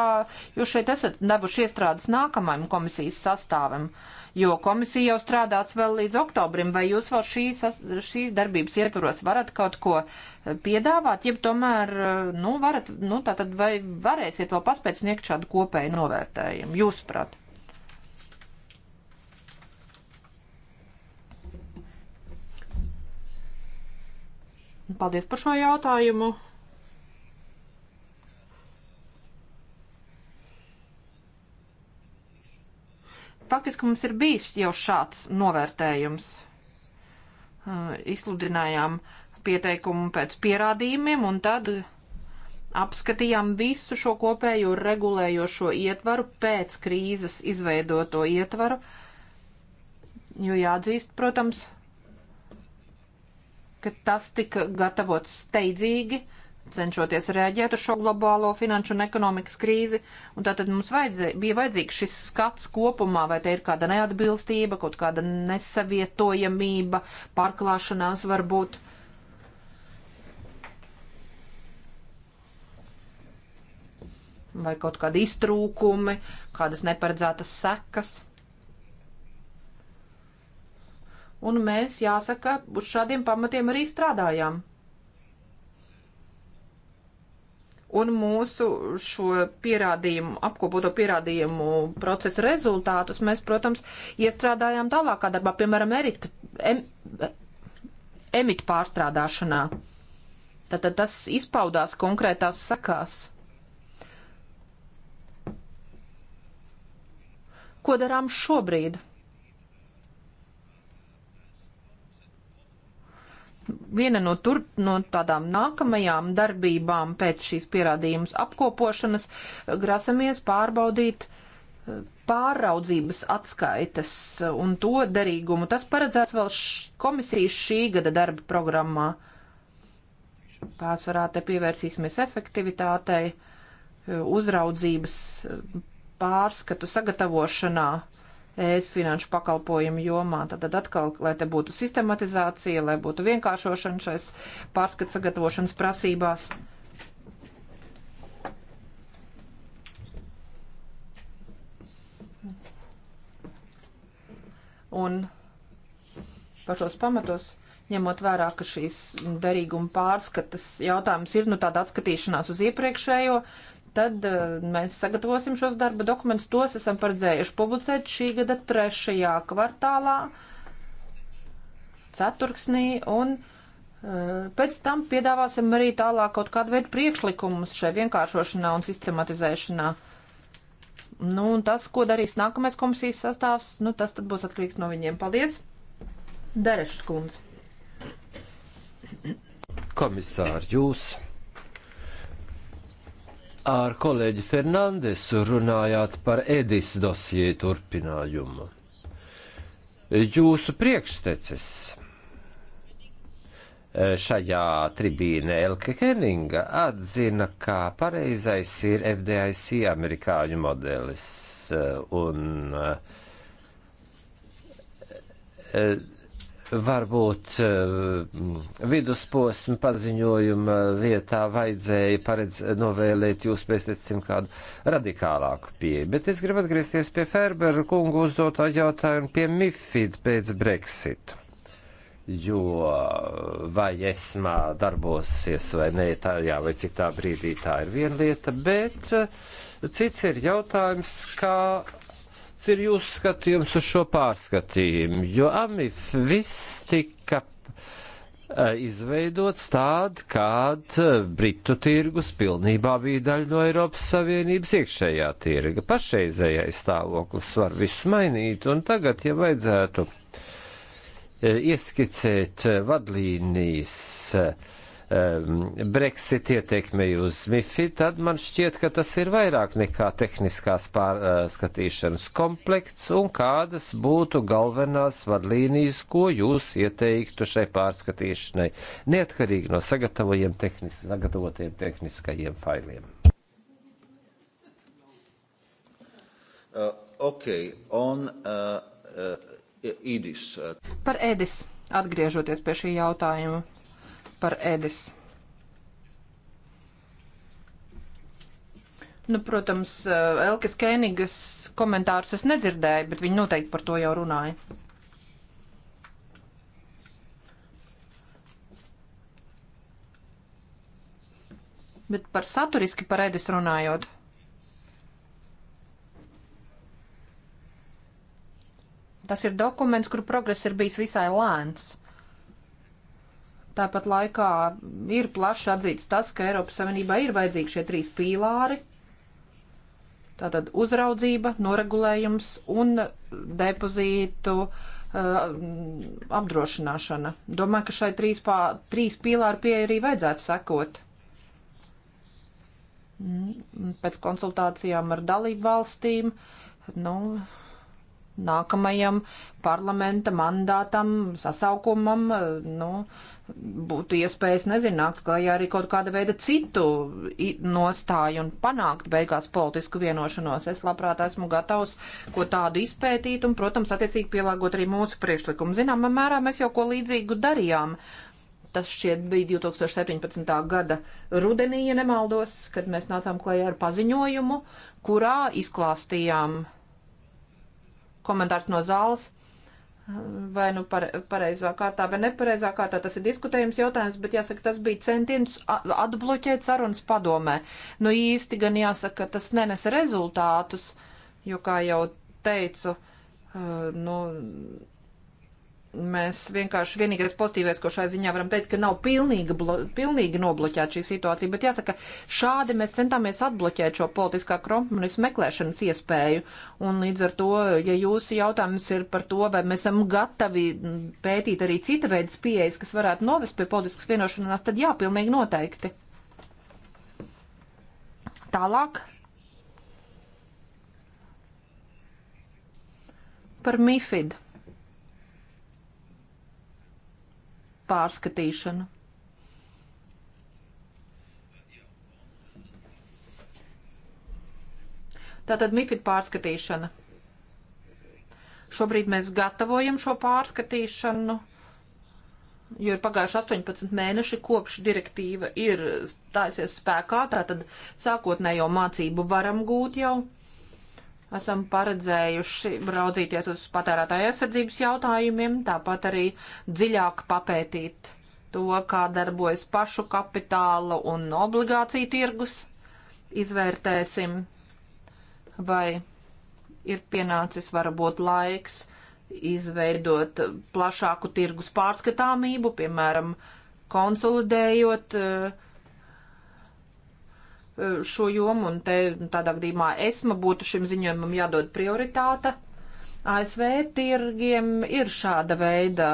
jūs šeit esat devuši iestrādes nākamajam komisijas sastāvam? Uh, jo komisija jau strādās vēl līdz oktobrim. Vai jūs vēl šīs, šīs darbības ietvaros varat kaut ko eh, piedāvāt, jeb tomēr, eh, nu, varat, nu, tātad vai varēsiet vēl paspēt sniegt šādu kopēju novērtējumu, jūsuprāt? Paldies par šo jautājumu. faktiski mums ir bijis jau šāds novērtējums. Izsludinājām pieteikumu pēc pierādījumiem un tad apskatījām visu šo kopējo regulējošo ietvaru pēc krīzes izveidoto ietvaru, jo jāatzīst, protams, ka tas tika gatavots steidzīgi, uh, cenšoties rēģēt uz šo globālo finanšu un ekonomikas krīzi. Un tātad mums vajadzē, bija vajadzīgs šis skats kopumā, vai te ir kāda neatbilstība, kaut kāda nesavietojamība, pārklāšanās varbūt. Vai kaut kādi iztrūkumi, kādas neparedzētas sekas. Un mēs, jāsaka, uz šādiem pamatiem arī strādājām. un mūsu šo pierādījumu, apkopoto pierādījumu procesu rezultātus mēs, protams, iestrādājām tālākā darbā, piemēram, erikt, em, emit pārstrādāšanā. Tātad tas izpaudās konkrētās sakās. Ko darām šobrīd? viena no, tur, no tādām nākamajām darbībām pēc šīs pierādījumus apkopošanas grasamies pārbaudīt eh, pāraudzības atskaitas un to derīgumu. Tas paredzēts vēl komisijas šī gada darba programmā. Pārsvarā te pievērsīsimies efektivitātei, eh, uzraudzības eh, pārskatu sagatavošanā ES finanšu pakalpojumu jomā. Tad atkal, lai te būtu sistematizācija, lai būtu vienkāršošana šais pārskats sagatavošanas prasībās. Un pašos pamatos ņemot vērā, ka šīs derīguma pārskatas jautājums ir nu, tāda atskatīšanās uz iepriekšējo tad uh, mēs sagatavosim šos darba dokumentus. Tos esam paredzējuši publicēt šī gada trešajā kvartālā, ceturksnī, un uh, pēc tam piedāvāsim arī tālāk kaut kādu veidu priekšlikumus šai vienkāršošanā un sistematizēšanā. Nu, un tas, ko darīs nākamais komisijas sastāvs, nu, tas tad būs atkarīgs no viņiem. Paldies! Derešs kundze. Komisār, jūs ar kolēģi Fernandesu runājāt par Edis dosie turpinājumu. Jūsu priekštecis šajā tribīnē Elke Keninga atzina, ka pareizais ir FDIC amerikāņu modelis eh, un uh, varbūt eh, vidusposma paziņojuma vietā vajadzēja paredz, novēlēt jūs pēc tam kādu radikālāku pieeju. Bet es gribu atgriezties pie Ferberu kungu uzdotā jautājuma pie MIFID pēc Brexit. Jo vai esmā darbosies vai nē, tā jā, vai citā brīdī tā ir viena lieta, bet eh, cits ir jautājums, kā Kāds ir jūsu skatījums uz šo pārskatījumu? Jo AMIF viss tika e, izveidots tād, kād e, Britu tirgus pilnībā bija daļa no Eiropas Savienības iekšējā tirga. Pašreizējais stāvoklis var visu mainīt, un tagad, ja vajadzētu e, ieskicēt vadlīnijas, Brexit ietekmei uz MIFI, tad man šķiet, ka tas ir vairāk nekā tehniskās pārskatīšanas komplekts un kādas būtu galvenās vadlīnijas, ko jūs ieteiktu šai pārskatīšanai, neatkarīgi no tehnis, sagatavotiem tehniskajiem failiem. Uh, okay. On, uh, uh, Edis. Uh. Par Edis, atgriežoties pie šī jautājuma par Edis. Nu, protams, eh, Elkas Kēnigas komentārus es nedzirdēju, bet viņa noteikti par to jau runāja. Bet par saturiski par Edis runājot. Tas ir dokuments, kur progress ir bijis visai lēns. Tāpat laikā ir plaši atzīts tas, ka Eiropas Savienībā ir vajadzīgi šie trīs pīlāri. Tātad uzraudzība, noregulējums un depozītu uh, apdrošināšana. Domāju, ka šai trīs, pā, trīs pīlāru pieeja arī vajadzētu sekot. Mm, pēc konsultācijām ar dalību valstīm, nu, nākamajam parlamenta mandātam, sasaukumam, uh, nu, uh, būtu iespējas, nezinu, nākt klajā arī kaut kāda veida citu nostāju un panākt beigās politisku vienošanos. Es labprāt esmu gatavs ko tādu izpētīt un, protams, attiecīgi pielāgot arī mūsu priekšlikumu. Zinām, mērā mēs jau ko līdzīgu darījām. Tas šķiet bija 2017. gada rudenī, ja nemaldos, kad mēs nācām klajā ar paziņojumu, kurā izklāstījām komentārs no zāles vai nu pareizā kārtā vai nepareizā kārtā. Tas ir diskutējums jautājums, bet jāsaka, tas bija centiens atbloķēt sarunas padomē. Nu īsti gan jāsaka, tas nenesa rezultātus, jo, kā jau teicu, uh, nu, mēs vienkārši vienīgais pozitīvais, ko šai ziņā varam teikt, ka nav pilnīgi, blo, pilnīgi nobloķēta šī situācija, bet jāsaka, šādi mēs centāmies atbloķēt šo politiskā kompromisu meklēšanas iespēju, un līdz ar to, ja jūsu jautājums ir par to, vai mēs esam gatavi pētīt arī cita veidas pieejas, kas varētu novest pie politiskas vienošanās, tad jā, pilnīgi noteikti. Tālāk. Par MIFID. pārskatīšanu. Tātad MIFID pārskatīšana. Šobrīd mēs gatavojam šo pārskatīšanu, jo ir pagājuši 18 mēneši kopš direktīva ir stājusies spēkā, tātad sākotnējo mācību varam gūt jau esam paredzējuši raudzīties uz patērētāju aizsardzības jautājumiem, tāpat arī dziļāk papētīt to, kā darbojas pašu kapitāla un obligāciju tirgus. Izvērtēsim, vai ir pienācis varbūt laiks izveidot plašāku tirgus pārskatāmību, piemēram, konsolidējot uh, šo jomu, un te tādā gadījumā ESMA būtu šim ziņojumam jādod prioritāte. ASV tirgiem ir šāda veida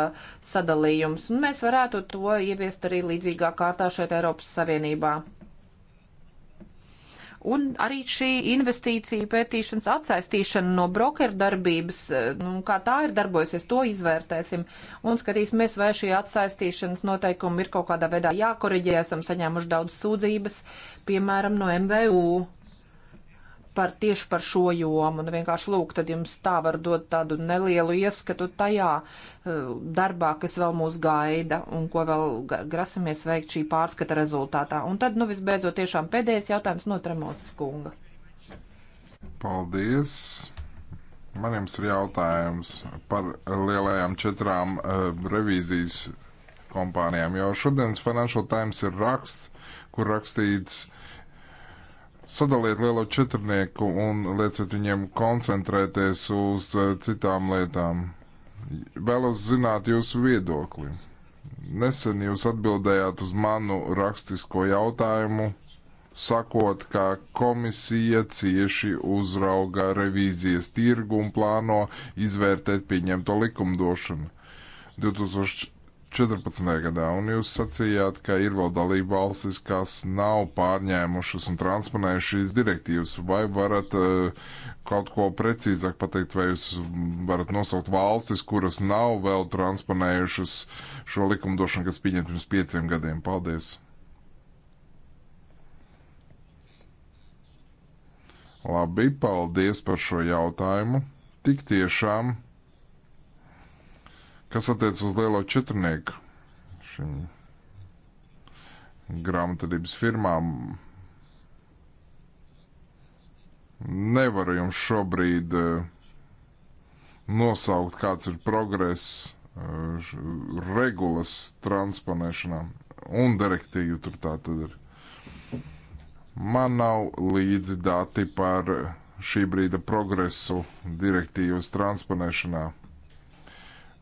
sadalījums, un mēs varētu to ieviest arī līdzīgā kārtā šeit Eiropas Savienībā. Un arī šī investīcija pētīšanas atsaistīšana no brokeru darbības, e, nu, kā tā ir darbojusies, to izvērtēsim un skatīsimies, vai šī atsaistīšanas noteikumi ir kaut kādā veidā jākoriģē. Esam saņēmuši daudz sūdzības piemēram, no MVU par tieši par šo jomu. Un nu, vienkārši lūk, tad jums tā var dot tādu nelielu ieskatu tajā eh, darbā, kas vēl mūs gaida un ko vēl grasamies veikt šī pārskata rezultātā. Un tad, nu, visbeidzot, tiešām pēdējais jautājums no Tremosas kunga. Paldies! Man jums ir jautājums par lielajām četrām uh, revīzijas kompānijām, jo šodienas Financial Times ir raksts, kur rakstīts, sadaliet lielo četrnieku un lieciet viņiem koncentrēties uz eh, citām lietām. Vēlos zināt jūsu viedokli. Nesen jūs atbildējāt uz manu rakstisko jautājumu, sakot, ka komisija cieši uzrauga revīzijas tirgu un plāno izvērtēt pieņemto likumdošanu. 2000 14. gadā, un jūs sacījāt, ka ir vēl dalība valstis, kas nav pārņēmušas un transponējušas direktīvas. Vai varat uh, kaut ko precīzāk pateikt, vai jūs varat nosaukt valstis, kuras nav vēl transponējušas šo likumdošanu, kas pieņemta pirms pieciem gadiem? Paldies! Labi, paldies par šo jautājumu. Tik tiešām Kas attiec uz lielo četrnieku šim grāmatvedības firmām, nevaru jums šobrīd eh, nosaukt, kāds ir progress eh, regulas transponēšanā un direktīvu tur tā tad ir. Man nav līdzi dati par šī brīda progresu direktīvas transponēšanā.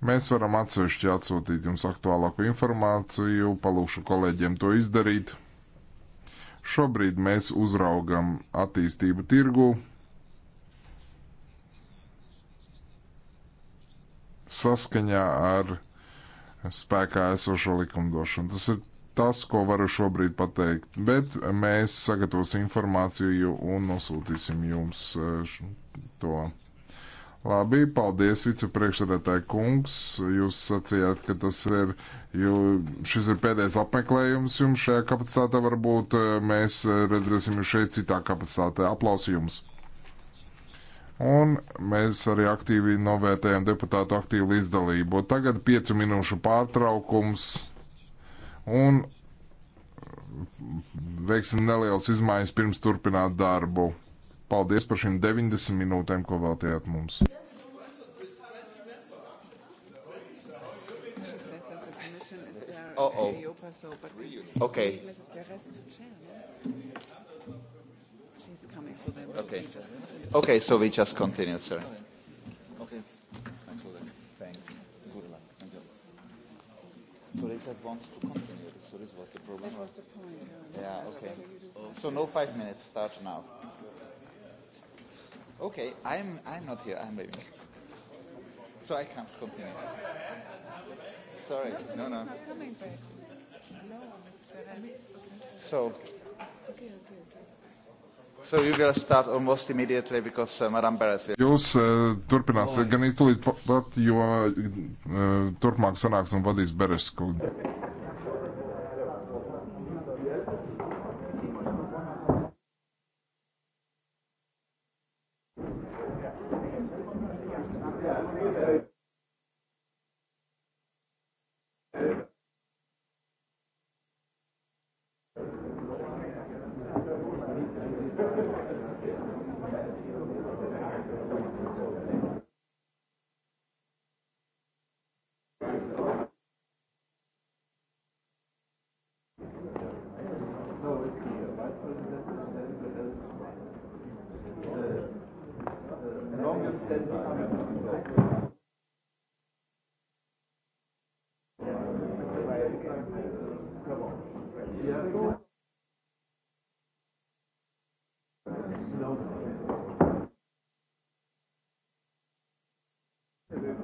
Mēs varam atsevišķi atsūtīt jums aktuālāku informāciju, palūkšu kolēģiem to izdarīt. Šobrīd mēs uzraugam attīstību tirgu. Saskaņā ar spēkā esošo likumdošanu. Tas ir tas, ko varu šobrīd pateikt, bet mēs sagatavosim informāciju un nosūtīsim jums eh, to. Labi, paldies, vicepriekšsēdētāji kungs. Jūs sacījāt, ka tas ir, jū, šis ir pēdējais apmeklējums jums šajā kapacitātē. Varbūt eh, mēs eh, redzēsim jūs šeit citā kapacitātē. Aplausījums. Un mēs arī aktīvi novērtējam deputātu aktīvu līdzdalību. Tagad piecu minūšu pārtraukums un veiksim nelielas izmaiņas pirms turpināt darbu. Paldies par šīm 90 minūtēm, ko veltījāt mums. Uh oh. Okay. She's coming, so they will okay. just continue. Okay, so we just continue, sorry. Okay. Thanks, Ulrich. Thanks. Good luck. Thank you. So they said want to continue. So this was the problem. That was the point. Yeah, yeah okay. So no five minutes. Start now. Okay. Okay, I'm, I'm not here. I'm leaving. So I can't continue. Sorry. No, no. no. So. Okay, okay, okay. So you gotta start almost immediately because uh, Madame Perez. Will... Jūs uh, turpināsiet gan iztūlīt pat, jo uh, turpmāk sanāksim vadīs Beres kungu.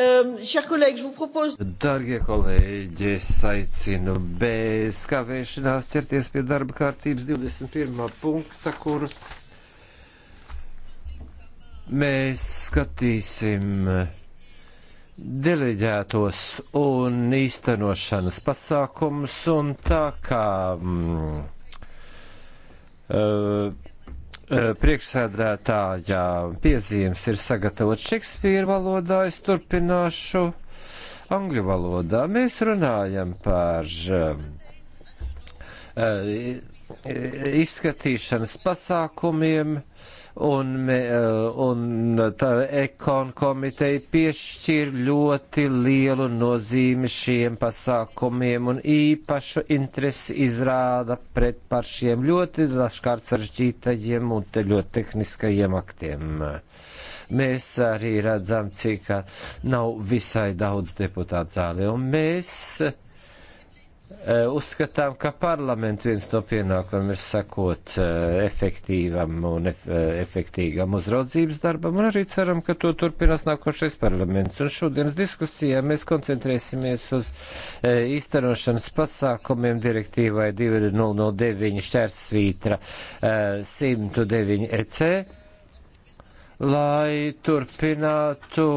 Ehm, Darbie kolēģi, es aicinu bez kavēšanās ķerties pie darba kārtības 21. punkta, kur mēs skatīsim deleģētos un īstenošanas pasākumus, un tā kā. Mm, uh, Eh, priekšsēdētājā piezīmes ir sagatavots Šekspīra valodā, es turpināšu angļu valodā. Mēs runājam par eh, eh, izskatīšanas pasākumiem, uh, un, eh, un tā ekon komiteja piešķir ļoti lielu nozīmi šiem pasākumiem un īpašu interesi izrāda pret par šiem ļoti dažkārt sarežģītajiem un te ļoti tehniskajiem aktiem. Mēs arī redzam, cik eh, nav visai daudz deputātu zāli, un mēs Eh, uzskatām, ka parlaments viens no pienākumiem ir sakot eh, efektīvam un eh, efektīgam uzraudzības darbam, un arī ceram, ka to turpinās nākošais parlaments. Un šodienas diskusijā mēs koncentrēsimies uz īstenošanas pasākumiem direktīvai 209 šķērsvītra 109 EC, lai turpinātu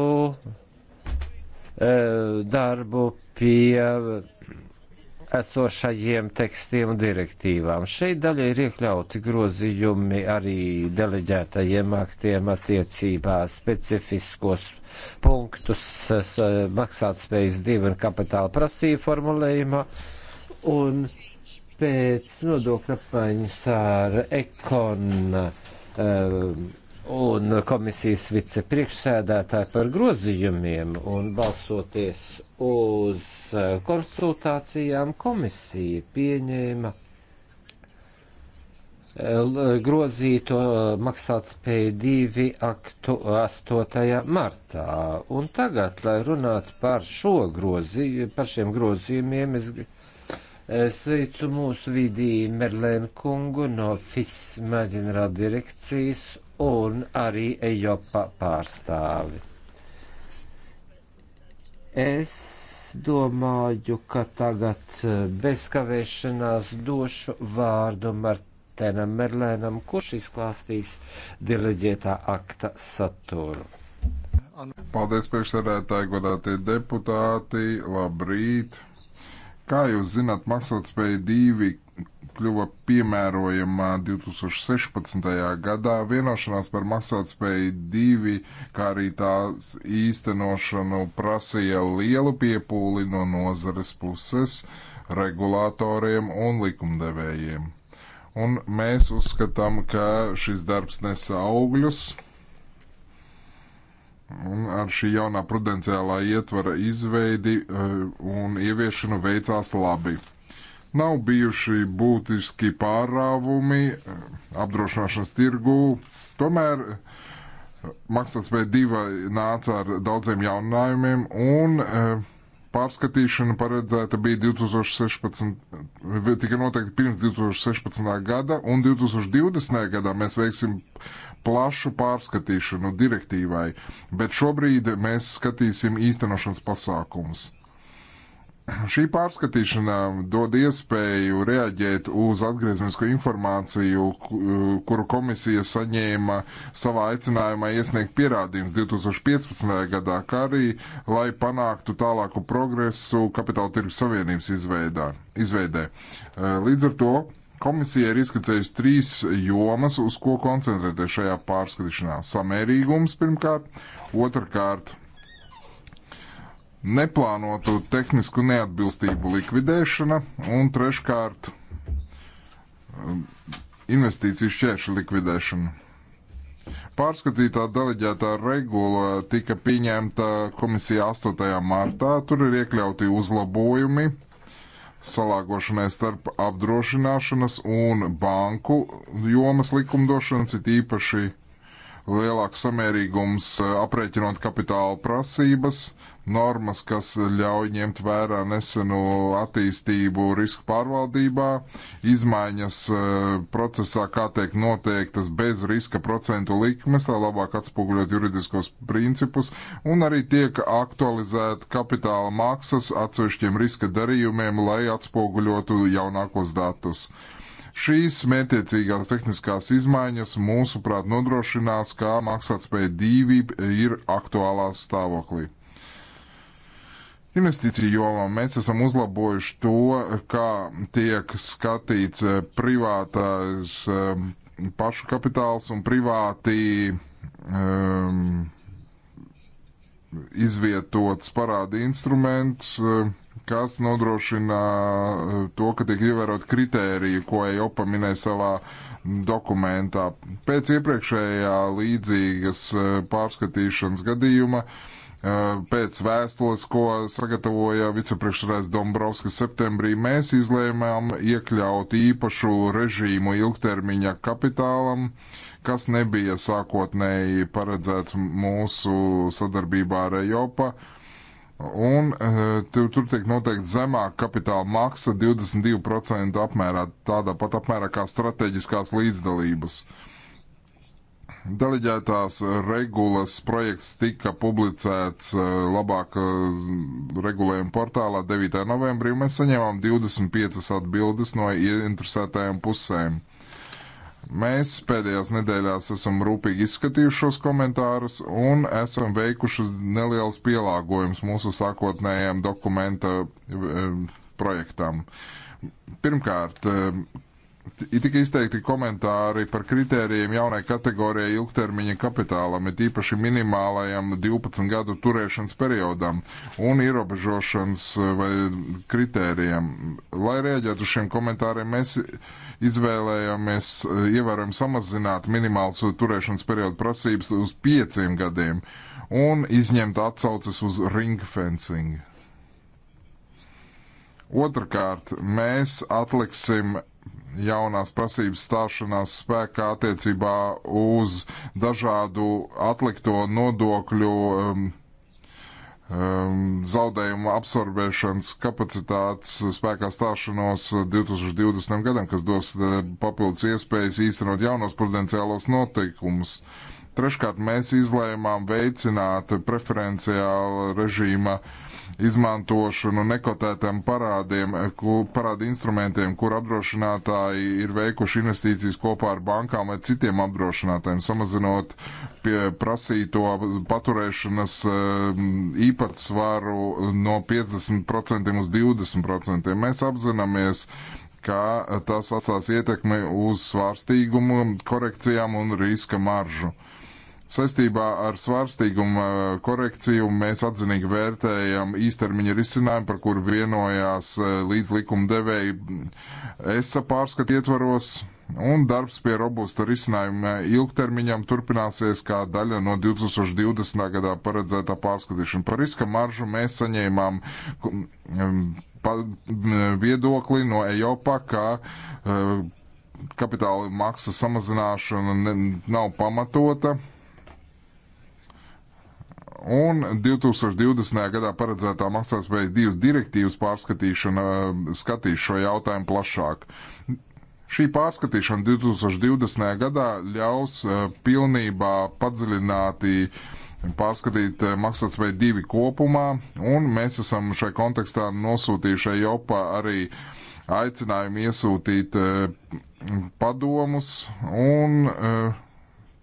darbu pie esošajiem tekstiem un direktīvām. Šeit daļai ir iekļauti grozījumi arī deleģētajiem aktiem attiecībā specifiskos punktus maksātspējas divu un kapitāla prasību formulējumā. Un pēc nodokļa apmaiņas ar ekonu um, eh, un komisijas vicepriekšsēdētāju par grozījumiem un balsoties uz eh, konsultācijām komisija pieņēma eh, eh, grozīto maksātspēju 2 aktu 8. martā. Un tagad, lai runātu par, šo grozī, par šiem grozījumiem, es sveicu mūsu vidī Merlēnu kungu no FISMA ģenerāldirekcijas un arī Ejopa pārstāvi. Es domāju, ka tagad eh, bez kavēšanās došu vārdu Martenam Merlēnam, kurš izklāstīs diriģētā akta saturu. Paldies, priekšsēdētāji, godātie deputāti, labrīt! Kā jūs zināt, maksātspēja divi kļuva piemērojama 2016. gadā vienošanās par maksātspēju divi, kā arī tās īstenošanu prasīja lielu piepūli no nozares puses, regulātoriem un likumdevējiem. Un mēs uzskatām, ka šis darbs nesa augļus. Un ar šī jaunā prudenciālā ietvara izveidi eh, un ieviešanu veicās labi. Nav bijuši būtiski pārāvumi eh, apdrošināšanas tirgū, tomēr eh, maksātspēja diva nāca ar daudziem jauninājumiem un eh, pārskatīšana paredzēta bija 2016, tika noteikti pirms 2016. gada, un 2020. gadā mēs veiksim plašu pārskatīšanu direktīvai, bet šobrīd mēs skatīsim īstenošanas pasākumus. Šī pārskatīšana dod iespēju reaģēt uz atgrieznisko informāciju, kuru komisija saņēma savā aicinājumā iesniegt pierādījums 2015. gadā, kā arī, lai panāktu tālāku progresu kapitāla tirgus savienības izveidā, izveidē. Eh, līdz ar to komisija ir izskicējusi trīs jomas, uz ko koncentrēties šajā pārskatīšanā. Samērīgums pirmkārt, otrkārt neplānotu tehnisku neatbilstību likvidēšana un treškārt um, investīciju šķēršu likvidēšana. Pārskatītā deleģētā regula tika pieņemta komisijā 8. martā. Tur ir iekļauti uzlabojumi salāgošanai starp apdrošināšanas un banku jomas likumdošanas, it īpaši lielāks samērīgums uh, aprēķinot kapitāla prasības, normas, kas ļauj ņemt vērā nesenu attīstību risku pārvaldībā, izmaiņas e, procesā, kā tiek noteiktas bez riska procentu likmes, lai labāk atspoguļot juridiskos principus, un arī tiek aktualizēta kapitāla maksas atsevišķiem riska darījumiem, lai atspoguļotu jaunākos datus. Šīs mētiecīgās tehniskās izmaiņas, mūsuprāt, nodrošinās, ka maksātspēja divi ir aktuālā stāvoklī. Investīciju jomā mēs esam uzlabojuši to, kā tiek skatīts eh, privātais eh, pašu kapitāls un privāti um, izvietots parādi instruments, eh, kas nodrošina to, ka tiek ievērot kritēriju, ko Eiropa minēja savā dokumentā. Pēc iepriekšējā līdzīgas pārskatīšanas gadījuma uh, Eh, pēc vēstules, ko sagatavoja vicepriekšsēdētājs Dombrovskis septembrī, mēs izlēmām iekļaut īpašu režīmu ilgtermiņa kapitālam, kas nebija sākotnēji paredzēts mūsu sadarbībā ar Eiropa. Un eh, tur, tur tiek noteikti zemāka kapitāla maksa 22% apmērā, tādā pat apmērā kā strateģiskās līdzdalības. Uh, Deleģētās regulas projekts tika publicēts eh, labāk eh, regulējuma portālā 9. novembrī, un mēs saņēmām 25 atbildes no ieinteresētajām pusēm. Mēs pēdējās nedēļās esam rūpīgi izskatījuši šos komentārus un esam veikuši neliels pielāgojums mūsu sākotnējiem dokumenta eh, projektam. Pirmkārt, Ir tik izteikti komentāri par kritērijiem jaunai kategorijai ilgtermiņa kapitālam, ir īpaši minimālajam 12 gadu turēšanas periodam un ierobežošanas eh, vai kritērijiem. Lai rēģētu šiem komentāriem, mēs izvēlējāmies eh, ievērojam samazināt minimāls turēšanas periodu prasības uz 5 gadiem un izņemt atsauces uz ring fencing. Otrakārt, mēs atliksim jaunās prasības stāšanās spēkā attiecībā uz dažādu atlikto nodokļu um, um, zaudējumu absorbēšanas kapacitātes spēkā stāšanos 2020. gadam, kas dos uh, papildus iespējas īstenot jaunos prudenciālos noteikumus. Treškārt, mēs izlēmām veicināt preferenciāla režīma uh, izmantošanu nekotētiem parādiem, parādu instrumentiem, kur apdrošinātāji ir veikuši investīcijas kopā ar bankām vai citiem apdrošinātājiem, samazinot pie prasīto paturēšanas ehm, īpatsvaru no 50% uz 20%. Mēs apzināmies, ka tas atstās ietekmi uz svārstīgumu, korekcijām un riska maržu. Uh, Saistībā ar svārstīgumu eh, korekciju mēs atzinīgi vērtējam īstermiņa risinājumu, par kuru vienojās eh, līdz likuma devēja mm, ESA pārskatu ietvaros, un darbs pie robusta risinājuma ilgtermiņam turpināsies kā daļa no 2020. gadā paredzētā pārskatīšana. Par riska maržu mēs saņēmām mm, mm, viedokli no EIOPA, ka eh, kapitāla maksas samazināšana nav pamatota un 2020. gadā paredzētā maksātspējas divas direktīvas pārskatīšana um, skatīs šo jautājumu plašāk. Šī pārskatīšana 2020. gadā ļaus uh, pilnībā padziļināti pārskatīt uh, maksātspēju divi kopumā, un mēs esam šai kontekstā nosūtījuši Eiropā arī aicinājumu iesūtīt uh, padomus, un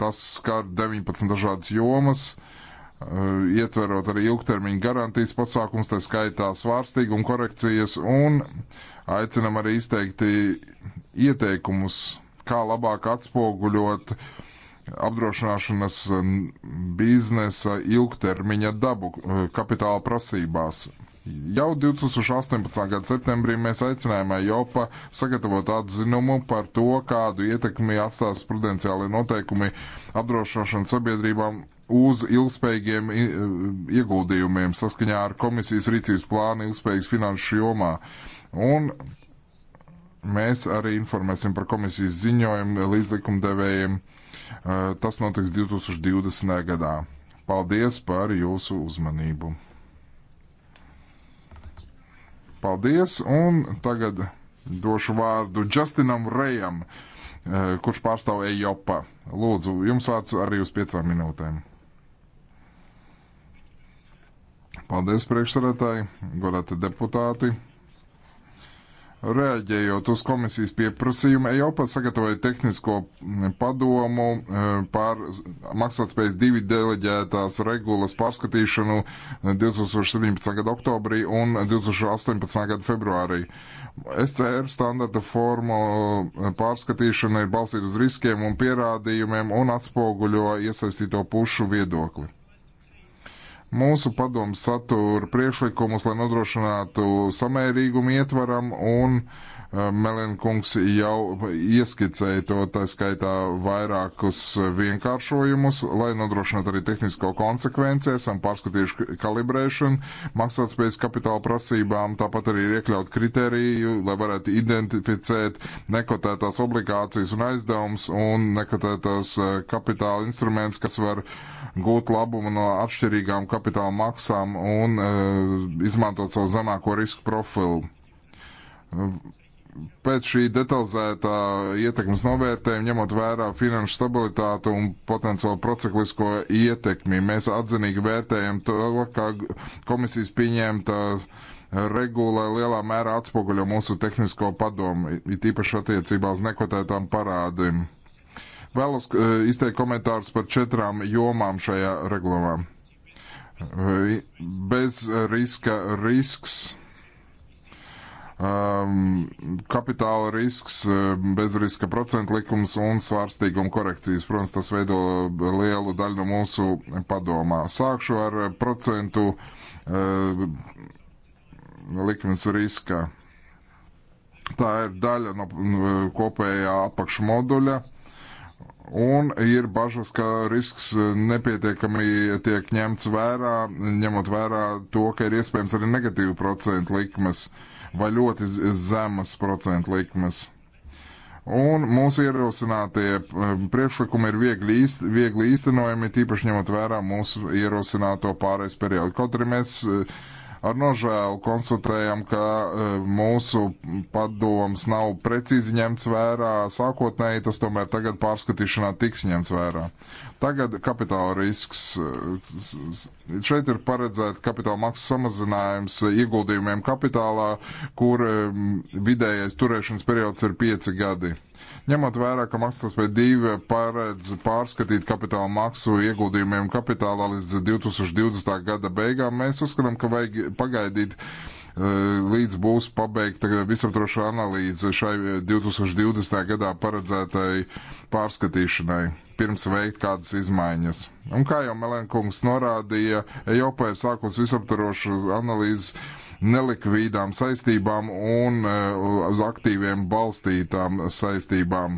tas skar 19 dažādas jomas Eh, ietverot arī ilgtermiņa garantijas pasākums, tā skaitā svārstīguma korekcijas, un aicinam arī izteikti ieteikumus, kā labāk atspoguļot apdrošināšanas biznesa ilgtermiņa dabu eh, kapitāla prasībās. Jau 2018. gada septembrī mēs aicinājām Jopa sagatavot atzinumu par to, kādu ietekmi atstās prudenciālai noteikumi apdrošināšanas sabiedrībām uz ilgspējīgiem e, ieguldījumiem saskaņā ar komisijas rīcības plānu ilgspējīgas finanšu jomā. Un mēs arī informēsim par komisijas ziņojumu līdzlikumdevējiem. E, tas notiks 2020. gadā. Paldies par jūsu uzmanību. Paldies, un tagad došu vārdu Justinam Rejam, e, kurš pārstāv Ejopa. Lūdzu, jums vārds arī uz piecām minūtēm. Paldies, priekšsarētāji, godāti deputāti. Reaģējot uz komisijas pieprasījumu, Eiropa sagatavoja tehnisko padomu eh, par maksātspējas divi deleģētās regulas pārskatīšanu 2017. Eh, gada oktobrī un 2018. gada februārī. SCR standarta formu eh, pārskatīšana ir balstīta uz riskiem un pierādījumiem un atspoguļo iesaistīto pušu viedokli. Mūsu padoms satura priekšlikumus, lai nodrošinātu samērīgumu ietvaram un uh, Eh, Melenkungs jau ieskicēja to, tā skaitā vairākus vienkāršojumus, lai nodrošinātu arī tehnisko konsekvenci. Esam pārskatījuši kalibrēšanu, maksātspējas kapitāla prasībām, tāpat arī ir iekļaut kritēriju, lai varētu identificēt nekotētās obligācijas un aizdevums un nekotētās eh, kapitāla instruments, kas var gūt labumu no atšķirīgām kapitāla maksām un uh, izmantot savu zemāko risku profilu pēc šī detalizētā ietekmes novērtējuma, ņemot vērā finanšu stabilitātu un potenciālu prociklisko ietekmi, mēs atzinīgi vērtējam to, kā komisijas pieņemta regula lielā mērā atspoguļo mūsu tehnisko padomu, it īpaši attiecībā uz nekotētām parādēm. Vēlos eh, izteikt komentārus par četrām jomām šajā regulā. Eh, bez riska risks um, kapitāla risks, um, bezriska procentu likums un svārstīguma korekcijas. Protams, tas veido uh, lielu daļu no mūsu padomā. Sākšu ar uh, procentu uh, likums riska. Tā ir daļa no uh, kopējā apakšmoduļa. Un ir bažas, ka risks nepietiekami tiek ņemts vērā, ņemot vērā to, ka ir iespējams arī negatīvu procentu likmes uh, vai ļoti zemas procentu likmes. Un mūsu ierosinātie eh, priekšlikumi ir viegli, īst, viegli īstenojami, tīpaši ņemot vērā mūsu ierosināto pārējais periodu. Kaut arī mēs eh, ar nožēlu konstatējam, ka eh, mūsu padoms nav precīzi ņemts vērā sākotnēji, tas tomēr tagad pārskatīšanā tiks ņemts vērā. Tagad kapitāla risks Šeit ir paredzēta kapitāla maksas samazinājums ieguldījumiem kapitālā, kur vidējais turēšanas periods ir 5 gadi. Ņemot vērā, ka maksas pēc divi paredz pārskatīt kapitāla maksu ieguldījumiem kapitālā līdz 2020. gada beigām, mēs uzskatām, ka vajag pagaidīt eh, līdz būs pabeigta visaptroša analīze šai 2020. Eh, gadā paredzētai pārskatīšanai pirms veikt kādas izmaiņas. Un kā jau Melenkungs norādīja, Eiropa ir sākus visaptarošu analīzes nelikvīdām saistībām un eh, uz aktīviem balstītām saistībām,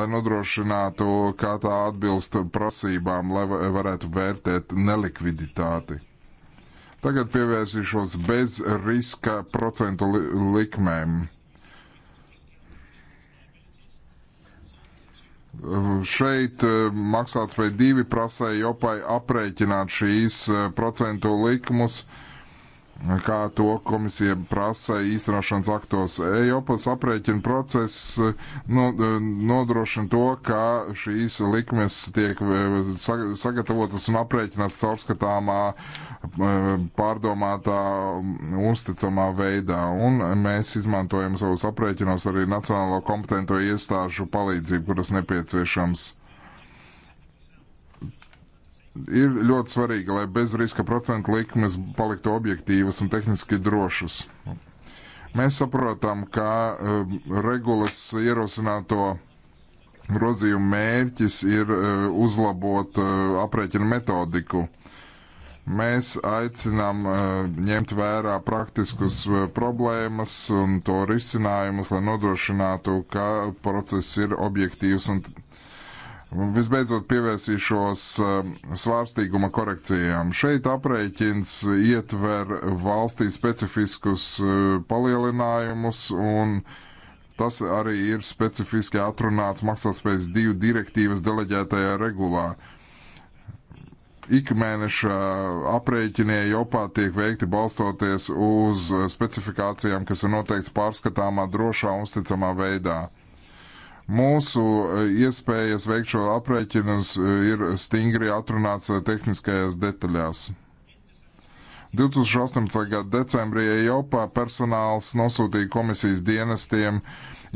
lai nodrošinātu, kā tā atbilst prasībām, lai varētu vērtēt nelikviditāti. Tagad pievērsīšos bez riska procentu likmēm. Um, šeit um, maksātspēja divi prasēja jopai aprēķināt šīs uh, procentu likumus kā to komisija prasa īstenošanas aktos. Eiropas aprēķina process no, nu, nodrošina to, ka šīs likmes tiek e, sagatavotas un aprēķinās caurskatāmā, e, pārdomātā, uzticamā veidā. Un mēs izmantojam savus aprēķinos arī Nacionālo kompetento iestāžu palīdzību, kuras nepieciešams. Ir ļoti svarīgi, lai bezriska procentu likmes paliktu objektīvas un tehniski drošas. Mēs saprotam, ka uh, regulas ierosināto grozījumu mērķis ir uh, uzlabot uh, aprēķinu metodiku. Mēs aicinām uh, ņemt vērā praktiskus uh, problēmas un to risinājumus, lai nodrošinātu, ka process ir objektīvs un Visbeidzot, pievērsīšos um, svārstīguma korekcijām. Šeit aprēķins ietver valstī specifiskus uh, palielinājumus, un tas arī ir specifiski atrunāts maksātspējas divu direktīvas deleģētajā regulā. Ikmēneša aprēķinie jopā tiek veikti balstoties uz specifikācijām, kas ir noteikts pārskatāmā, drošā un uzticamā veidā. Mūsu e, iespējas veikt šo aprēķinus e, ir stingri atrunāts e, tehniskajās detaļās. 2018. gada decembrī Eiropā personāls nosūtīja komisijas dienestiem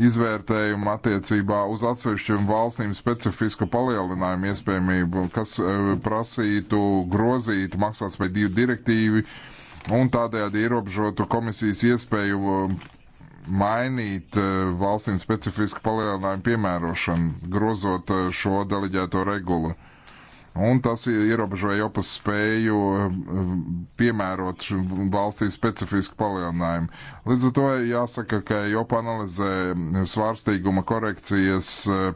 izvērtējumu attiecībā uz atsevišķiem valstīm specifisku palielinājumu iespējamību, kas prasītu grozīt maksātspēju divu direktīvi un tādējādi ierobežotu komisijas iespēju mainīt eh, valstīm specifisku palielinājumu piemērošanu, grozot eh, šo deleģēto regulu. Un tas ierobežo Eiropas spēju eh, piemērot valstī specifisku palielinājumu. Līdz ar to jāsaka, ka Eiropa analizē mm, svārstīguma korekcijas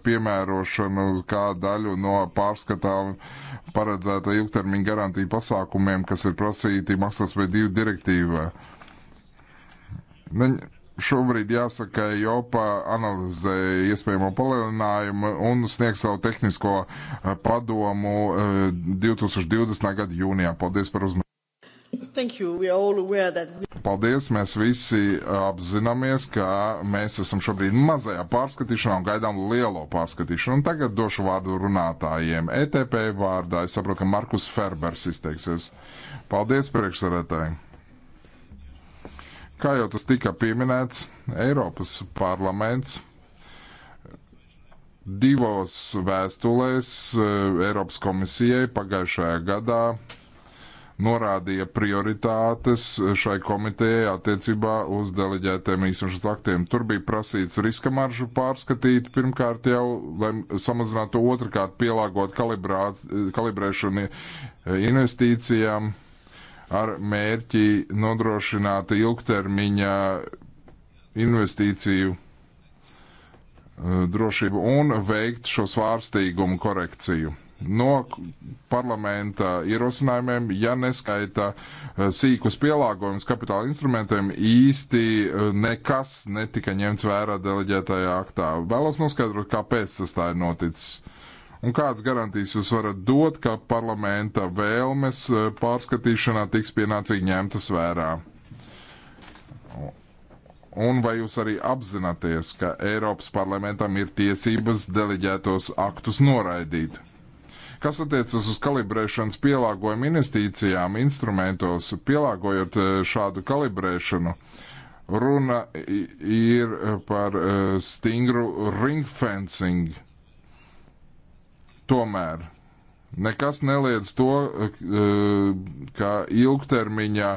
piemērošanu kā daļu no pārskatām paredzēta ilgtermiņa garantija pasākumiem, kas ir prasīti maksātspēju divu direktīvā. Ne, šobrīd jāsaka, ka Jopa analizē iespējamo palielinājumu un sniegs savu tehnisko eh, padomu 2020. Eh, gada jūnijā. Paldies par uzmanību! Paldies! Mēs visi eh, apzināmies, ka mēs esam šobrīd mazajā pārskatīšanā un gaidām lielo pārskatīšanu. Un tagad došu vārdu runātājiem. ETP vārdā es saprotu, ka Markus Ferbers izteiksies. Paldies priekšsarētāji! Kā jau tas tika pieminēts, Eiropas parlaments divos vēstulēs e, Eiropas komisijai pagājušajā gadā norādīja prioritātes šai komitejai attiecībā uz deleģētiem īstenošanas aktiem. Tur bija prasīts riska maržu pārskatīt pirmkārt jau, lai samazinātu otrkārt pielāgot e, kalibrēšanu e, investīcijām ar mērķi nodrošināt ilgtermiņa investīciju uh, drošību un veikt šo svārstīgumu korekciju. No parlamenta ierosinājumiem, ja neskaita uh, sīkus pielāgojumus kapitāla instrumentiem, īsti uh, nekas netika ņemts vērā deleģētajā aktā. Vēlos noskaidrot, kāpēc tas tā ir noticis. Un kādas garantijas jūs varat dot, ka parlamenta vēlmes e, pārskatīšanā tiks pienācīgi ņemtas vērā? Un vai jūs arī apzināties, ka Eiropas parlamentam ir tiesības deleģētos aktus noraidīt? Kas attiecas uz kalibrēšanas pielāgojumu investīcijām, instrumentos, pielāgojot e, šādu kalibrēšanu, runa ir par e, stingru ringfencing Tomēr nekas neliedz to, eh, ka ilgtermiņā,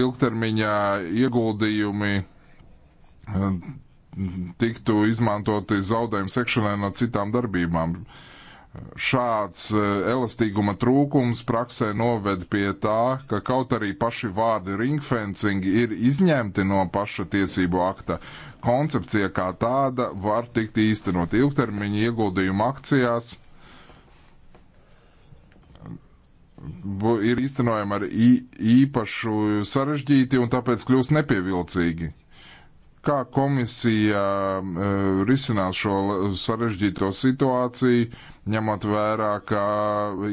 ilgtermiņā ieguldījumi eh, tiktu izmantoti zaudējumu sekšanai no citām darbībām. Uh, Šāds e, elastīguma trūkums praksē noved pie tā, ka kaut arī paši vārdi ringfencing ir izņemti no paša tiesību akta, koncepcija kā tāda var tikt īstenot ilgtermiņa ieguldījuma akcijās. Ir īstenojama ar īpašu sarežģīti un tāpēc kļūst nepievilcīgi kā komisija um, uh, risinās šo sarežģīto situāciju, ņemot vērā, ka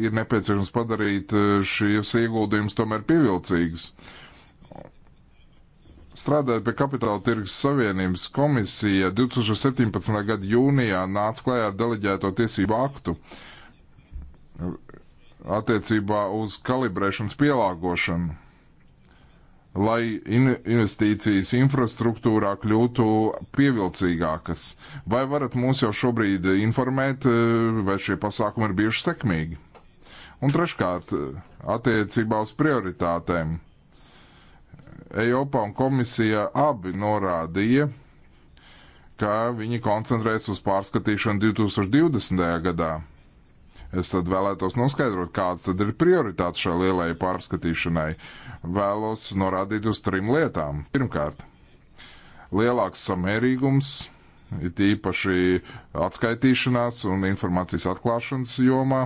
ir nepieciešams padarīt uh, šīs ieguldījumus tomēr pievilcīgus. Strādājot pie Kapitāla tirgus savienības komisija 2017. gada jūnijā nāca klajā ar deleģēto tiesību aktu attiecībā uz kalibrēšanas pielāgošanu lai investīcijas infrastruktūrā kļūtu pievilcīgākas. Vai varat mūs jau šobrīd informēt, eh, vai šie pasākumi ir bijuši sekmīgi? Un treškārt, eh, attiecībā uz prioritātēm. Eiropa un komisija abi norādīja, ka viņi koncentrēs uz pārskatīšanu 2020. gadā. Es tad vēlētos noskaidrot, kādas tad ir prioritātes šai lielai pārskatīšanai. Vēlos norādīt uz trim lietām. Pirmkārt, lielāks samērīgums, it īpaši atskaitīšanās un informācijas atklāšanas jomā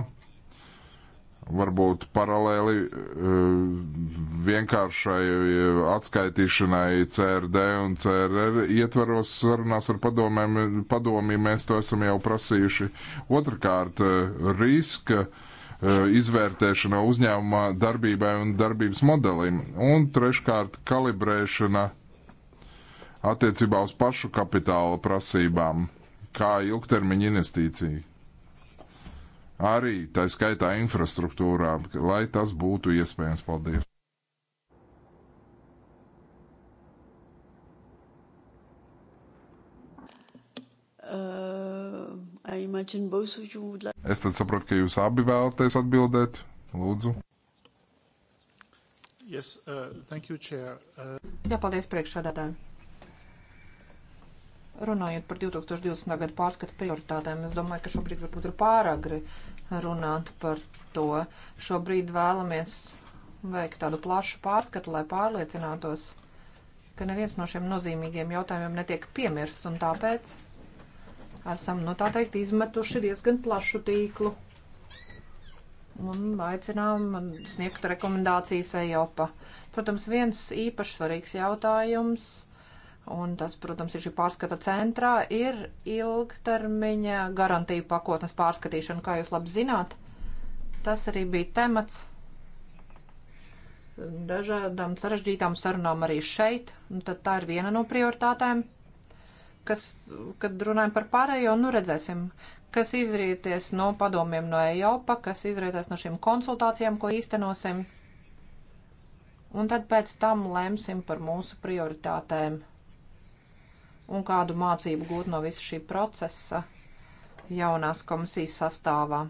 varbūt paralēli eh, vienkāršai eh, atskaitīšanai CRD un CRR ietvaros sarunās ar padomēm, padomī mēs to esam jau prasījuši. Otrakārt, eh, riska izvērtēšana uzņēmuma darbībai un darbības modelim. Un treškārt, kalibrēšana attiecībā uz pašu kapitāla prasībām kā ilgtermiņa investīcija arī tā skaitā infrastruktūrā, lai tas būtu iespējams. Paldies! Uh, like... Es tad saprotu, ka jūs abi vēlaties atbildēt. Lūdzu. Yes, uh, you, chair. uh... Jā, paldies priekšādātājai. Runājot par 2020. gadu pārskatu prioritātēm, es domāju, ka šobrīd varbūt ir pāragri runāt par to. Šobrīd vēlamies veikt tādu plašu pārskatu, lai pārliecinātos, ka neviens no šiem nozīmīgiem jautājumiem netiek piemirsts, un tāpēc esam, nu tā teikt, izmetuši diezgan plašu tīklu un aicinām sniegt rekomendācijas EIOPA. Protams, viens īpaši svarīgs jautājums Un tas, protams, ir šī pārskata centrā, ir ilgtermiņa garantija pakotnes pārskatīšana, kā jūs labi zināt. Tas arī bija temats dažādām sarežģītām sarunām arī šeit. Un tad tā ir viena no prioritātēm, kas, kad runājam par pārējo, nu redzēsim, kas izrieties no padomiem no Eiropa, kas izrieties no šīm konsultācijām, ko īstenosim. Un tad pēc tam lemsim par mūsu prioritātēm un kādu mācību gūt no visa šī procesa jaunās komisijas sastāvā.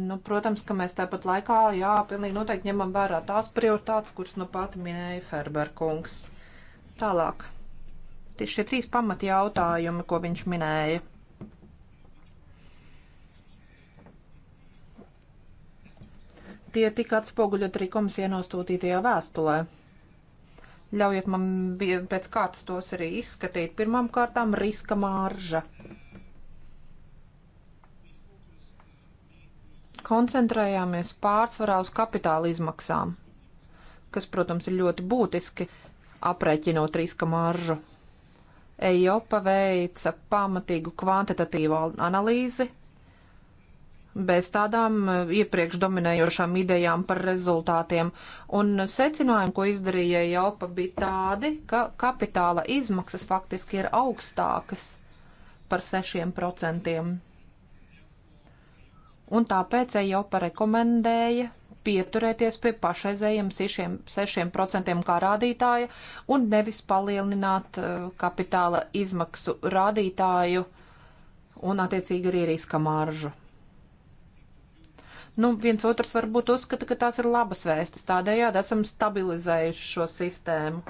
Nu, protams, ka mēs tāpat laikā, jā, pilnīgi noteikti ņemam vērā tās prioritātes, kuras nu pati minēja Ferberkungs. Tālāk. Tieši šie trīs pamati jautājumi, ko viņš minēja. Tie tika atspoguļot arī komisijai nostūtītajā vēstulē. Ļaujiet man pēc kārtas tos arī izskatīt. Pirmām kārtām riska mārža. Koncentrējāmies pārsvarā uz kapitāla izmaksām, kas, protams, ir ļoti būtiski aprēķinot riska māržu. EIOPA veica pamatīgu kvantitatīvu analīzi bez tādām e, iepriekš dominējošām idejām par rezultātiem. Un secinājumi, ko izdarīja Jaupa, bija tādi, ka kapitāla izmaksas faktiski ir augstākas par 6%. Un tāpēc Jaupa rekomendēja pieturēties pie pašreizējiem 6% kā rādītāja un nevis palielināt e, kapitāla izmaksu rādītāju un attiecīgi arī riska maržu nu, viens otrs varbūt uzskata, ka tās ir labas vēstis. Tādējādi esam stabilizējuši šo sistēmu.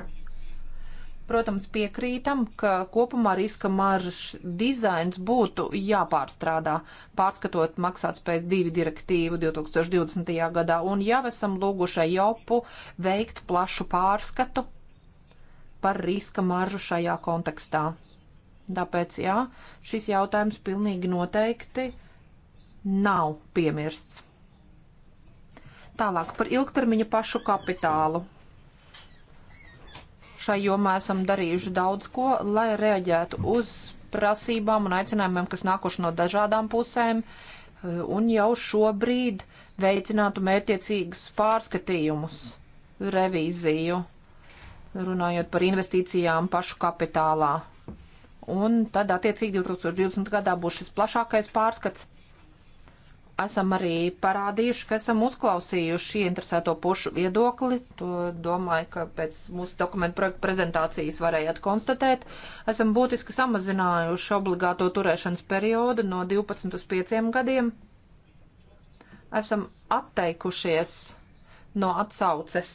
Protams, piekrītam, ka kopumā riska maržas dizains būtu jāpārstrādā, pārskatot maksātspējas divi direktīvu 2020. gadā, un jau esam lūgušai jopu veikt plašu pārskatu par riska maržu šajā kontekstā. Tāpēc, jā, šis jautājums pilnīgi noteikti nav piemirsts. Tālāk par ilgtermiņa pašu kapitālu. Šai jomā esam darījuši daudz ko, lai reaģētu uz prasībām un aicinājumiem, kas nākuši no dažādām pusēm, un jau šobrīd veicinātu mērķiecīgus pārskatījumus, revīziju, runājot par investīcijām pašu kapitālā. Un tad, attiecīgi, 2020. gadā būs šis plašākais pārskats esam arī parādījuši, ka esam uzklausījuši interesēto pušu viedokli. To domāju, ka pēc mūsu dokumentu projektu prezentācijas varējāt konstatēt. Esam būtiski samazinājuši obligāto turēšanas periodu no 12 uz 5 gadiem. Esam atteikušies no atsauces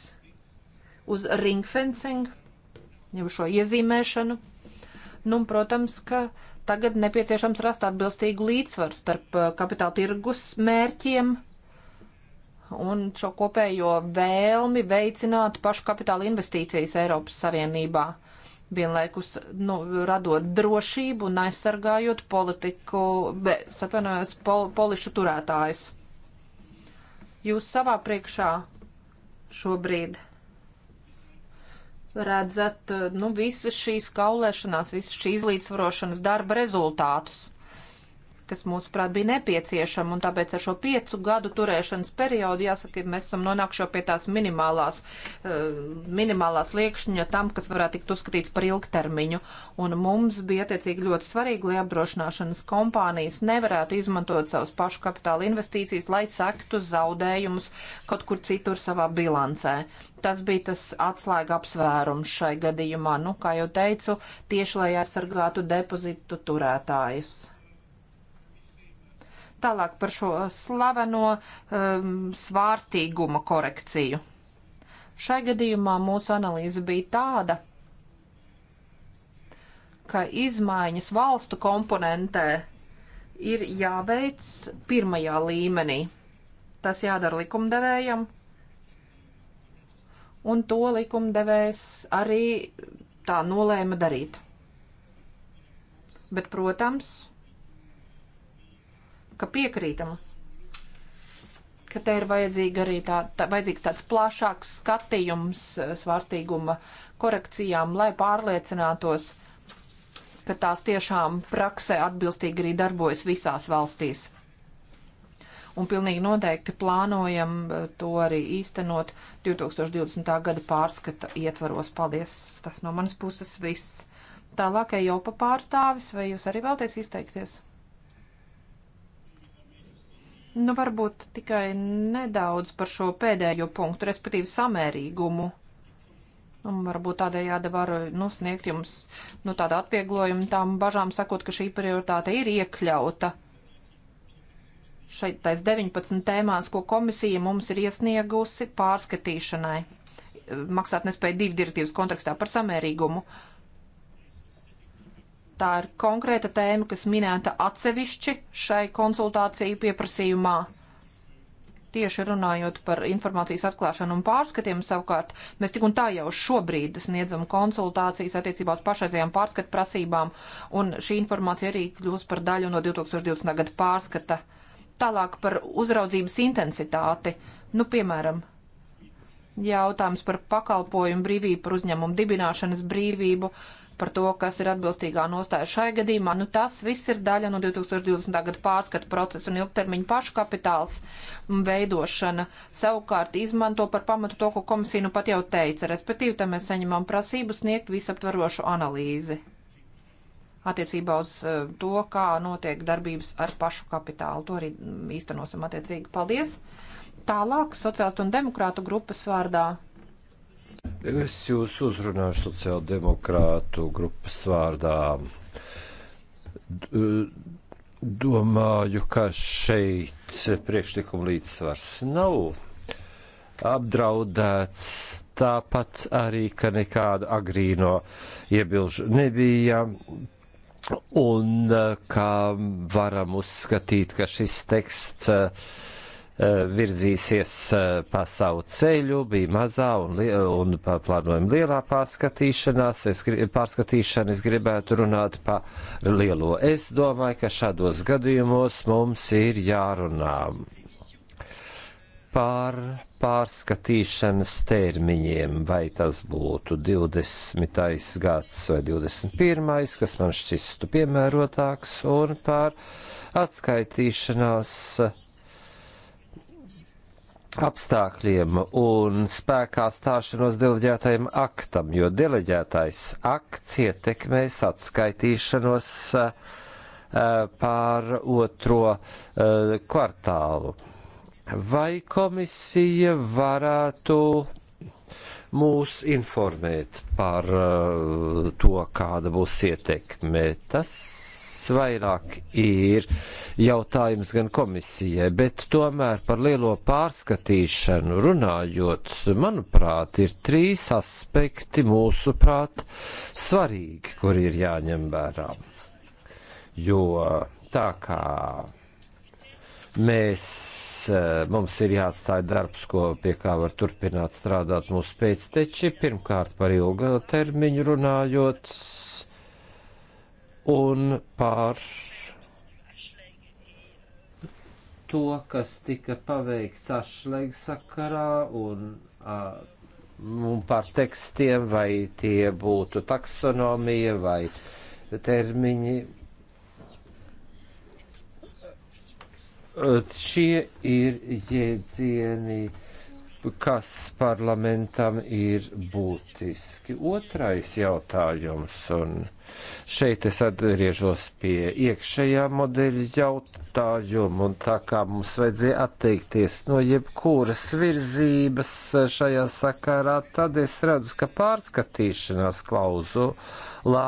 uz ringfencing, jau šo iezīmēšanu. Nu, un, protams, ka uh, tagad nepieciešams rast atbilstīgu līdzsvaru starp uh, kapitāla tirgus mērķiem un šo kopējo vēlmi veicināt pašu kapitāla investīcijas Eiropas Savienībā, vienlaikus nu, radot drošību un aizsargājot politiku, bet, atvainojos, pol, polišu turētājus. Jūs savā priekšā šobrīd redzat nu, visas šīs kaulēšanās, visas šīs līdzsvarošanas darba rezultātus kas mūsuprāt bija nepieciešama, un tāpēc ar šo piecu gadu turēšanas periodu, jāsaka, mēs esam nonākuši pie tās minimālās, uh, minimālās liekšņa tam, kas varētu tikt uzskatīts par ilgtermiņu, un mums bija attiecīgi ļoti svarīgi, lai apdrošināšanas kompānijas nevarētu izmantot savus pašu kapitāla investīcijas, lai sektu zaudējumus kaut kur citur savā bilancē. Tas bija tas atslēga apsvērums šai gadījumā, nu, kā jau teicu, tieši lai aizsargātu depozitu turētājus. Tālāk par šo eh, slaveno um, svārstīguma korekciju. Šai gadījumā mūsu analīze bija tāda, ka izmaiņas valstu komponentē ir jāveic pirmajā līmenī. Tas jādara likumdevējam, un to likumdevējs arī tā nolēma darīt. Bet, protams, ka piekrītam, ka te ir vajadzīga arī tā, tā, vajadzīgs tāds plašāks skatījums eh, svārstīguma korekcijām, lai pārliecinātos, ka tās tiešām praksē atbilstīgi arī darbojas visās valstīs. Un pilnīgi noteikti plānojam eh, to arī īstenot 2020. gada pārskata ietvaros. Paldies! Tas no manas puses viss. Tālākai jau pa pārstāvis, vai jūs arī vēlties izteikties? Nu, varbūt tikai nedaudz par šo pēdējo punktu, respektīvi samērīgumu. Un varbūt tādējādi var nu, sniegt jums nu, tādu atvieglojumu tām bažām, sakot, ka šī prioritāte ir iekļauta šeit tais 19 tēmās, ko komisija mums ir iesniegusi pārskatīšanai maksātnespēja divu direktīvas kontekstā par samērīgumu. Uh, Tā ir konkrēta tēma, kas minēta atsevišķi šai konsultāciju pieprasījumā. Tieši runājot par informācijas atklāšanu un pārskatiem, savukārt mēs tik un tā jau šobrīd sniedzam konsultācijas attiecībā uz pašreizējām pārskatu prasībām, un šī informācija arī kļūs par daļu no 2020. gada pārskata. Tālāk par uzraudzības intensitāti. Nu, piemēram, jautājums par pakalpojumu brīvību, par uzņēmumu dibināšanas brīvību. Uh, par to, kas ir atbilstīgā nostāja šai gadījumā. Nu, tas viss ir daļa no 2020. gada pārskata procesa un ilgtermiņa paškapitāls veidošana. Savukārt izmanto par pamatu to, ko komisija nu pat jau teica, respektīvi, tam mēs saņemam prasību sniegt visaptvarošu analīzi attiecībā uz e, to, kā notiek darbības ar pašu kapitālu. To arī īstenosim attiecīgi. Paldies! Tālāk sociālistu un demokrātu grupas vārdā Es jūs uzrunāšu sociāldemokrātu grupas vārdā. D eh, domāju, ka šeit priekšlikuma līdzsvars nav apdraudēts. Tāpat arī, ka nekāda agrīno iebilžu nebija. Un eh, kā varam uzskatīt, ka šis teksts uh, Eh, virzīsies eh, pa savu ceļu, bija mazā un, li un plānojama lielā pārskatīšanās. Es, pārskatīšana, es gribētu runāt pa lielo. Es domāju, ka šādos gadījumos mums ir jārunā par pārskatīšanas termiņiem, vai tas būtu 20. gads vai 21. kas man šķistu piemērotāks, un par atskaitīšanās uh, apstākļiem un spēkā stāšanos deleģētajam aktam, jo deleģētais akts ietekmēs atskaitīšanos eh, pār otro eh, kvartālu. Vai komisija varētu mūs informēt par eh, to, kāda būs ietekme? Tas vairāk ir jautājums gan komisijai, bet tomēr par lielo pārskatīšanu runājot, manuprāt, ir trīs aspekti mūsuprāt svarīgi, kuri ir jāņem vērā. Jo tā kā mēs eh, mums ir jāatstāj darbs, ko pie kā var turpināt strādāt mūsu pēcteči. Pirmkārt, par ilga termiņu runājot, un pār to, kas tika paveikts ašlēgas sakarā un, uh, un par tekstiem, vai tie būtu taksonomija vai termiņi. Šie ir jēdzieni, kas parlamentam ir būtiski. Otrais jautājums. Un, Šeit es atgriežos pie iekšējā modeļa jautājuma, un tā kā mums vajadzēja atteikties no jebkuras virzības šajā sakarā, tad es redzu, ka pārskatīšanās klauzulā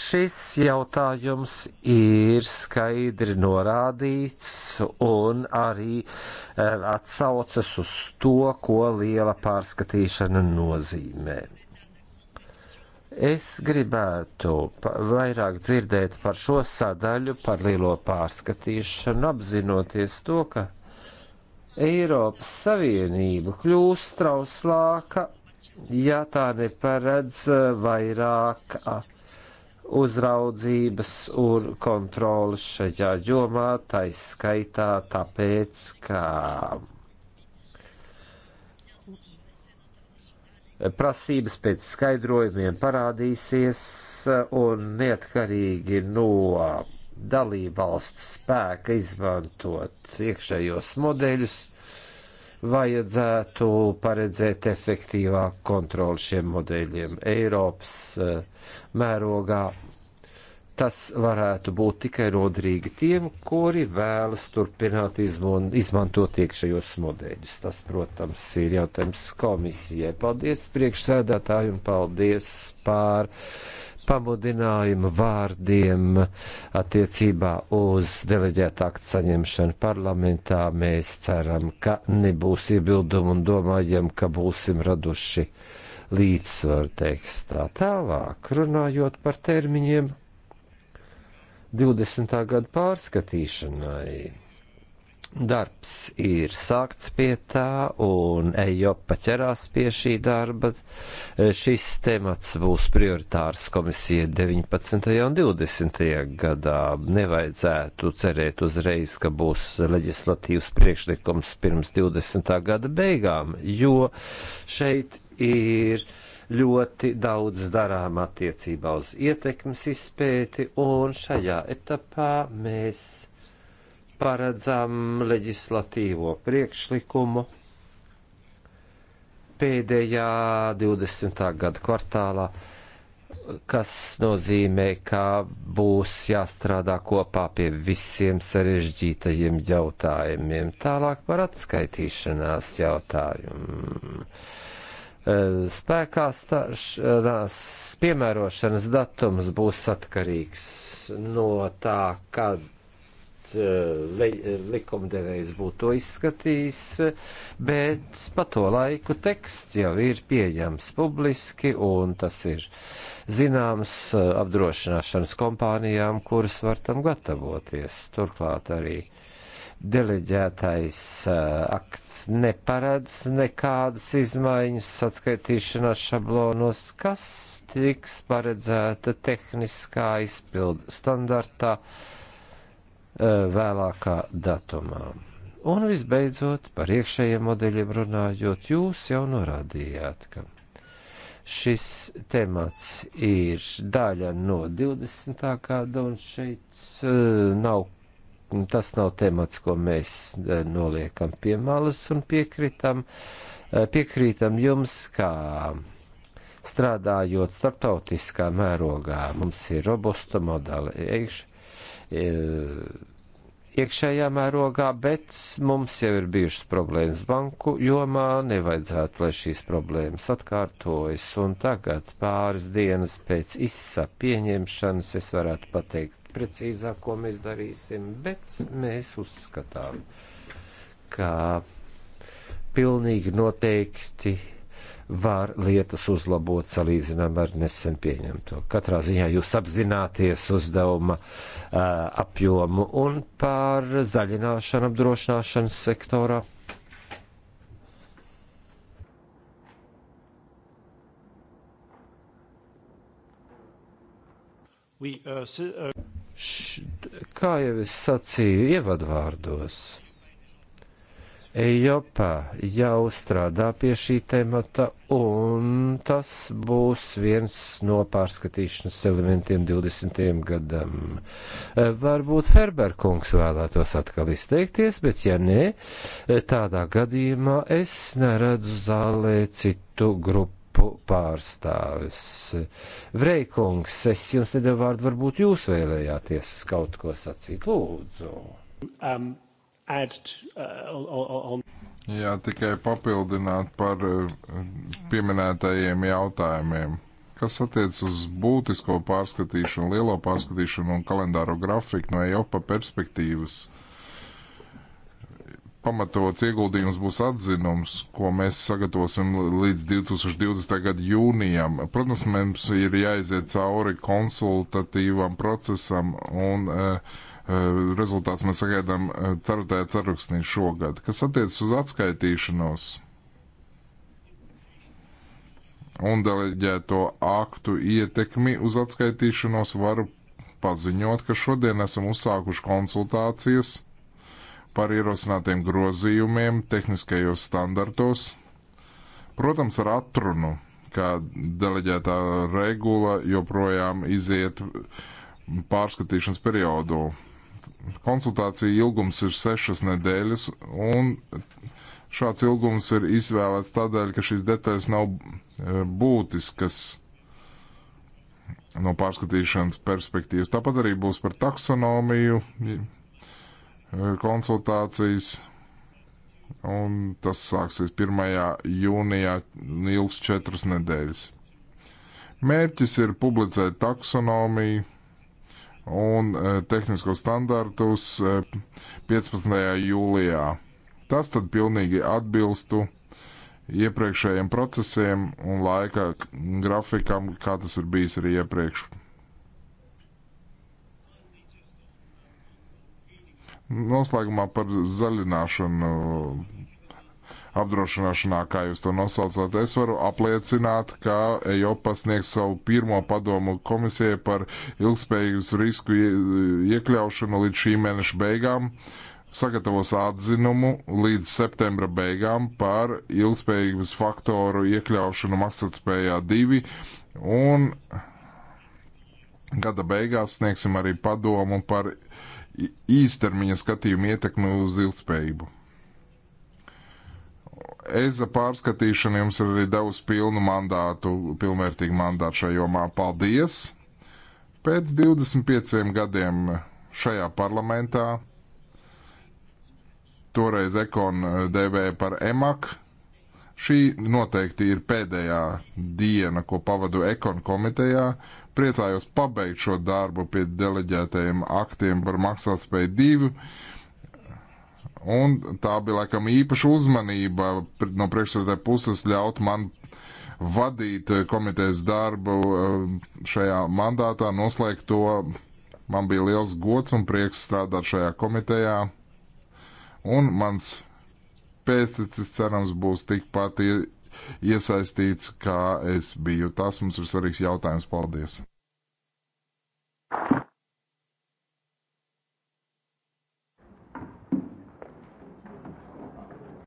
Šis jautājums ir skaidri norādīts un arī eh, atsaucas uz to, ko liela pārskatīšana nozīmē. Es gribētu vairāk dzirdēt par šo sadaļu, par lielo pārskatīšanu, apzinoties to, ka Eiropas Savienība kļūst trauslāka, ja tā neparedz eh, vairāk uzraudzības un kontrolas šajā jomā, taiskaitā tāpēc, ka Eh, prasības pēc skaidrojumiem parādīsies eh, un neatkarīgi no dalībvalstu spēka izmantot iekšējos modeļus, vajadzētu paredzēt efektīvāku kontroli šiem modeļiem Eiropas eh, mērogā Tas varētu būt tikai rodrīgi tiem, kuri vēlas turpināt izmon, izmantot iekšējos modeļus. Tas, protams, ir jautājums komisijai. Paldies priekšsēdētāju un paldies pār pamudinājumu vārdiem attiecībā uz deleģēta aktu saņemšanu parlamentā. Mēs ceram, ka nebūs iebildumu un domājam, ka būsim raduši līdzsvaru tekstā. Tālāk runājot par termiņiem. 20. gada pārskatīšanai. Darbs ir sākts pie tā, un Ejopa ķerās pie šī darba. E, šis temats būs prioritārs komisija 19. un 20. gadā. Nevajadzētu cerēt uzreiz, ka būs leģislatīvs priekšlikums pirms 20. gada beigām, jo šeit ir. Uh, ļoti daudz darām attiecībā uz ietekmes izpēti, un šajā etapā mēs paredzam leģislatīvo priekšlikumu pēdējā 20. gada kvartālā, kas nozīmē, ka būs jāstrādā kopā pie visiem sarežģītajiem jautājumiem. Tālāk par atskaitīšanās jautājumu. Eh, spēkā stāšanās piemērošanas datums būs atkarīgs no tā, kad eh, likumdevējs būtu to izskatījis, bet pa to laiku teksts jau ir pieejams publiski, un tas ir zināms eh, apdrošināšanas kompānijām, kuras var tam gatavoties. Turklāt arī deleģētais eh, akts neparedz nekādas izmaiņas atskaitīšanās šablonos, kas tiks paredzēta tehniskā izpildu standartā eh, vēlākā datumā. Un visbeidzot, par iekšējiem modeļiem runājot, jūs jau norādījāt, ka šis temats ir daļa no 20. gada, un šeit uh, nav tas nav temats, ko mēs e, noliekam pie malas un piekritam, e, piekrītam jums, kā strādājot starptautiskā mērogā. Mums ir robusta modeli iekš, e, iekšējā mērogā, bet mums jau ir bijušas problēmas banku jomā, nevajadzētu, lai šīs problēmas atkārtojas. Un tagad pāris dienas pēc izsa pieņemšanas es varētu pateikt precīzāk, ko mēs darīsim, bet mēs uzskatām, ka pilnīgi noteikti var lietas uzlabot salīdzinām ar nesen pieņemto. Katrā ziņā jūs apzināties uzdevuma uh, apjomu un par zaļināšanu apdrošināšanas sektorā. Oui, euh, kā jau es sacīju ievadvārdos, Ejopā jau strādā pie šī temata, un tas būs viens no pārskatīšanas elementiem 20. gadam. E, varbūt Ferberkungs vēlētos atkal izteikties, bet ja nē, e, tādā gadījumā es neredzu zālē citu grupu grupu pārstāvis. Vreikungs, es jums nedevu vārdu, varbūt jūs vēlējāties kaut ko sacīt. Lūdzu. Um, add, uh, on, on. Jā, tikai papildināt par uh, pieminētajiem jautājumiem. Kas attiec uz būtisko pārskatīšanu, lielo pārskatīšanu un kalendāro grafiku no EOPA perspektīvas, pamatots ieguldījums būs atzinums, ko mēs sagatavosim līdz 2020. gada jūnijam. Protams, mums ir jāiziet cauri konsultatīvam procesam un uh, uh, rezultāts mēs sagaidām uh, e, cerutajā ceruksnī šogad. Kas attiecas uz atskaitīšanos un deleģēto aktu ietekmi uz atskaitīšanos, varu paziņot, ka šodien esam uzsākuši konsultācijas par ierosinātiem grozījumiem tehniskajos standartos. Protams, ar atrunu, ka deleģētā regula joprojām iziet pārskatīšanas periodu. Konsultācija ilgums ir sešas nedēļas, un šāds ilgums ir izvēlēts tādēļ, ka šīs detaļas nav e, būtiskas no pārskatīšanas perspektīvas. Tāpat arī būs par taksonomiju konsultācijas, un tas sāksies 1. jūnijā, ilgs četras nedēļas. Mērķis ir publicēt taksonomiju un tehnisko standartus 15. jūlijā. Tas tad pilnīgi atbilstu iepriekšējiem procesiem un laika grafikam, kā tas ir bijis arī iepriekš. Noslēgumā par zaļināšanu, apdrošināšanā, kā jūs to nosaucat, es varu apliecināt, ka EIOPA sniegs savu pirmo padomu komisijai par ilgspējīgas risku iekļaušanu līdz šī mēneša beigām. Sagatavos atzinumu līdz septembra beigām par ilgspējības faktoru iekļaušanu maksātspējā divi un gada beigās sniegsim arī padomu par īstermiņa skatījumu ietekmi uz ilgspējību. EZA pārskatīšana jums ir arī devusi pilnu mandātu, pilnvērtīgu mandātu šajā jomā. Paldies! Pēc 25 gadiem šajā parlamentā toreiz Ekon devēja par EMAK. Šī noteikti ir pēdējā diena, ko pavadu Ekon komitejā, priecājos pabeigt šo darbu pie deleģētajiem aktiem par maksātspēju divu. Un tā bija laikam īpaša uzmanība no priekšsēdētāja puses ļaut man vadīt eh, komitejas darbu eh, šajā mandātā, noslēgt to. Man bija liels gods un prieks strādāt šajā komitejā. Un mans pēctecis cerams būs tikpat iesaistīts, kā es biju. Tas mums ir svarīgs jautājums. Paldies!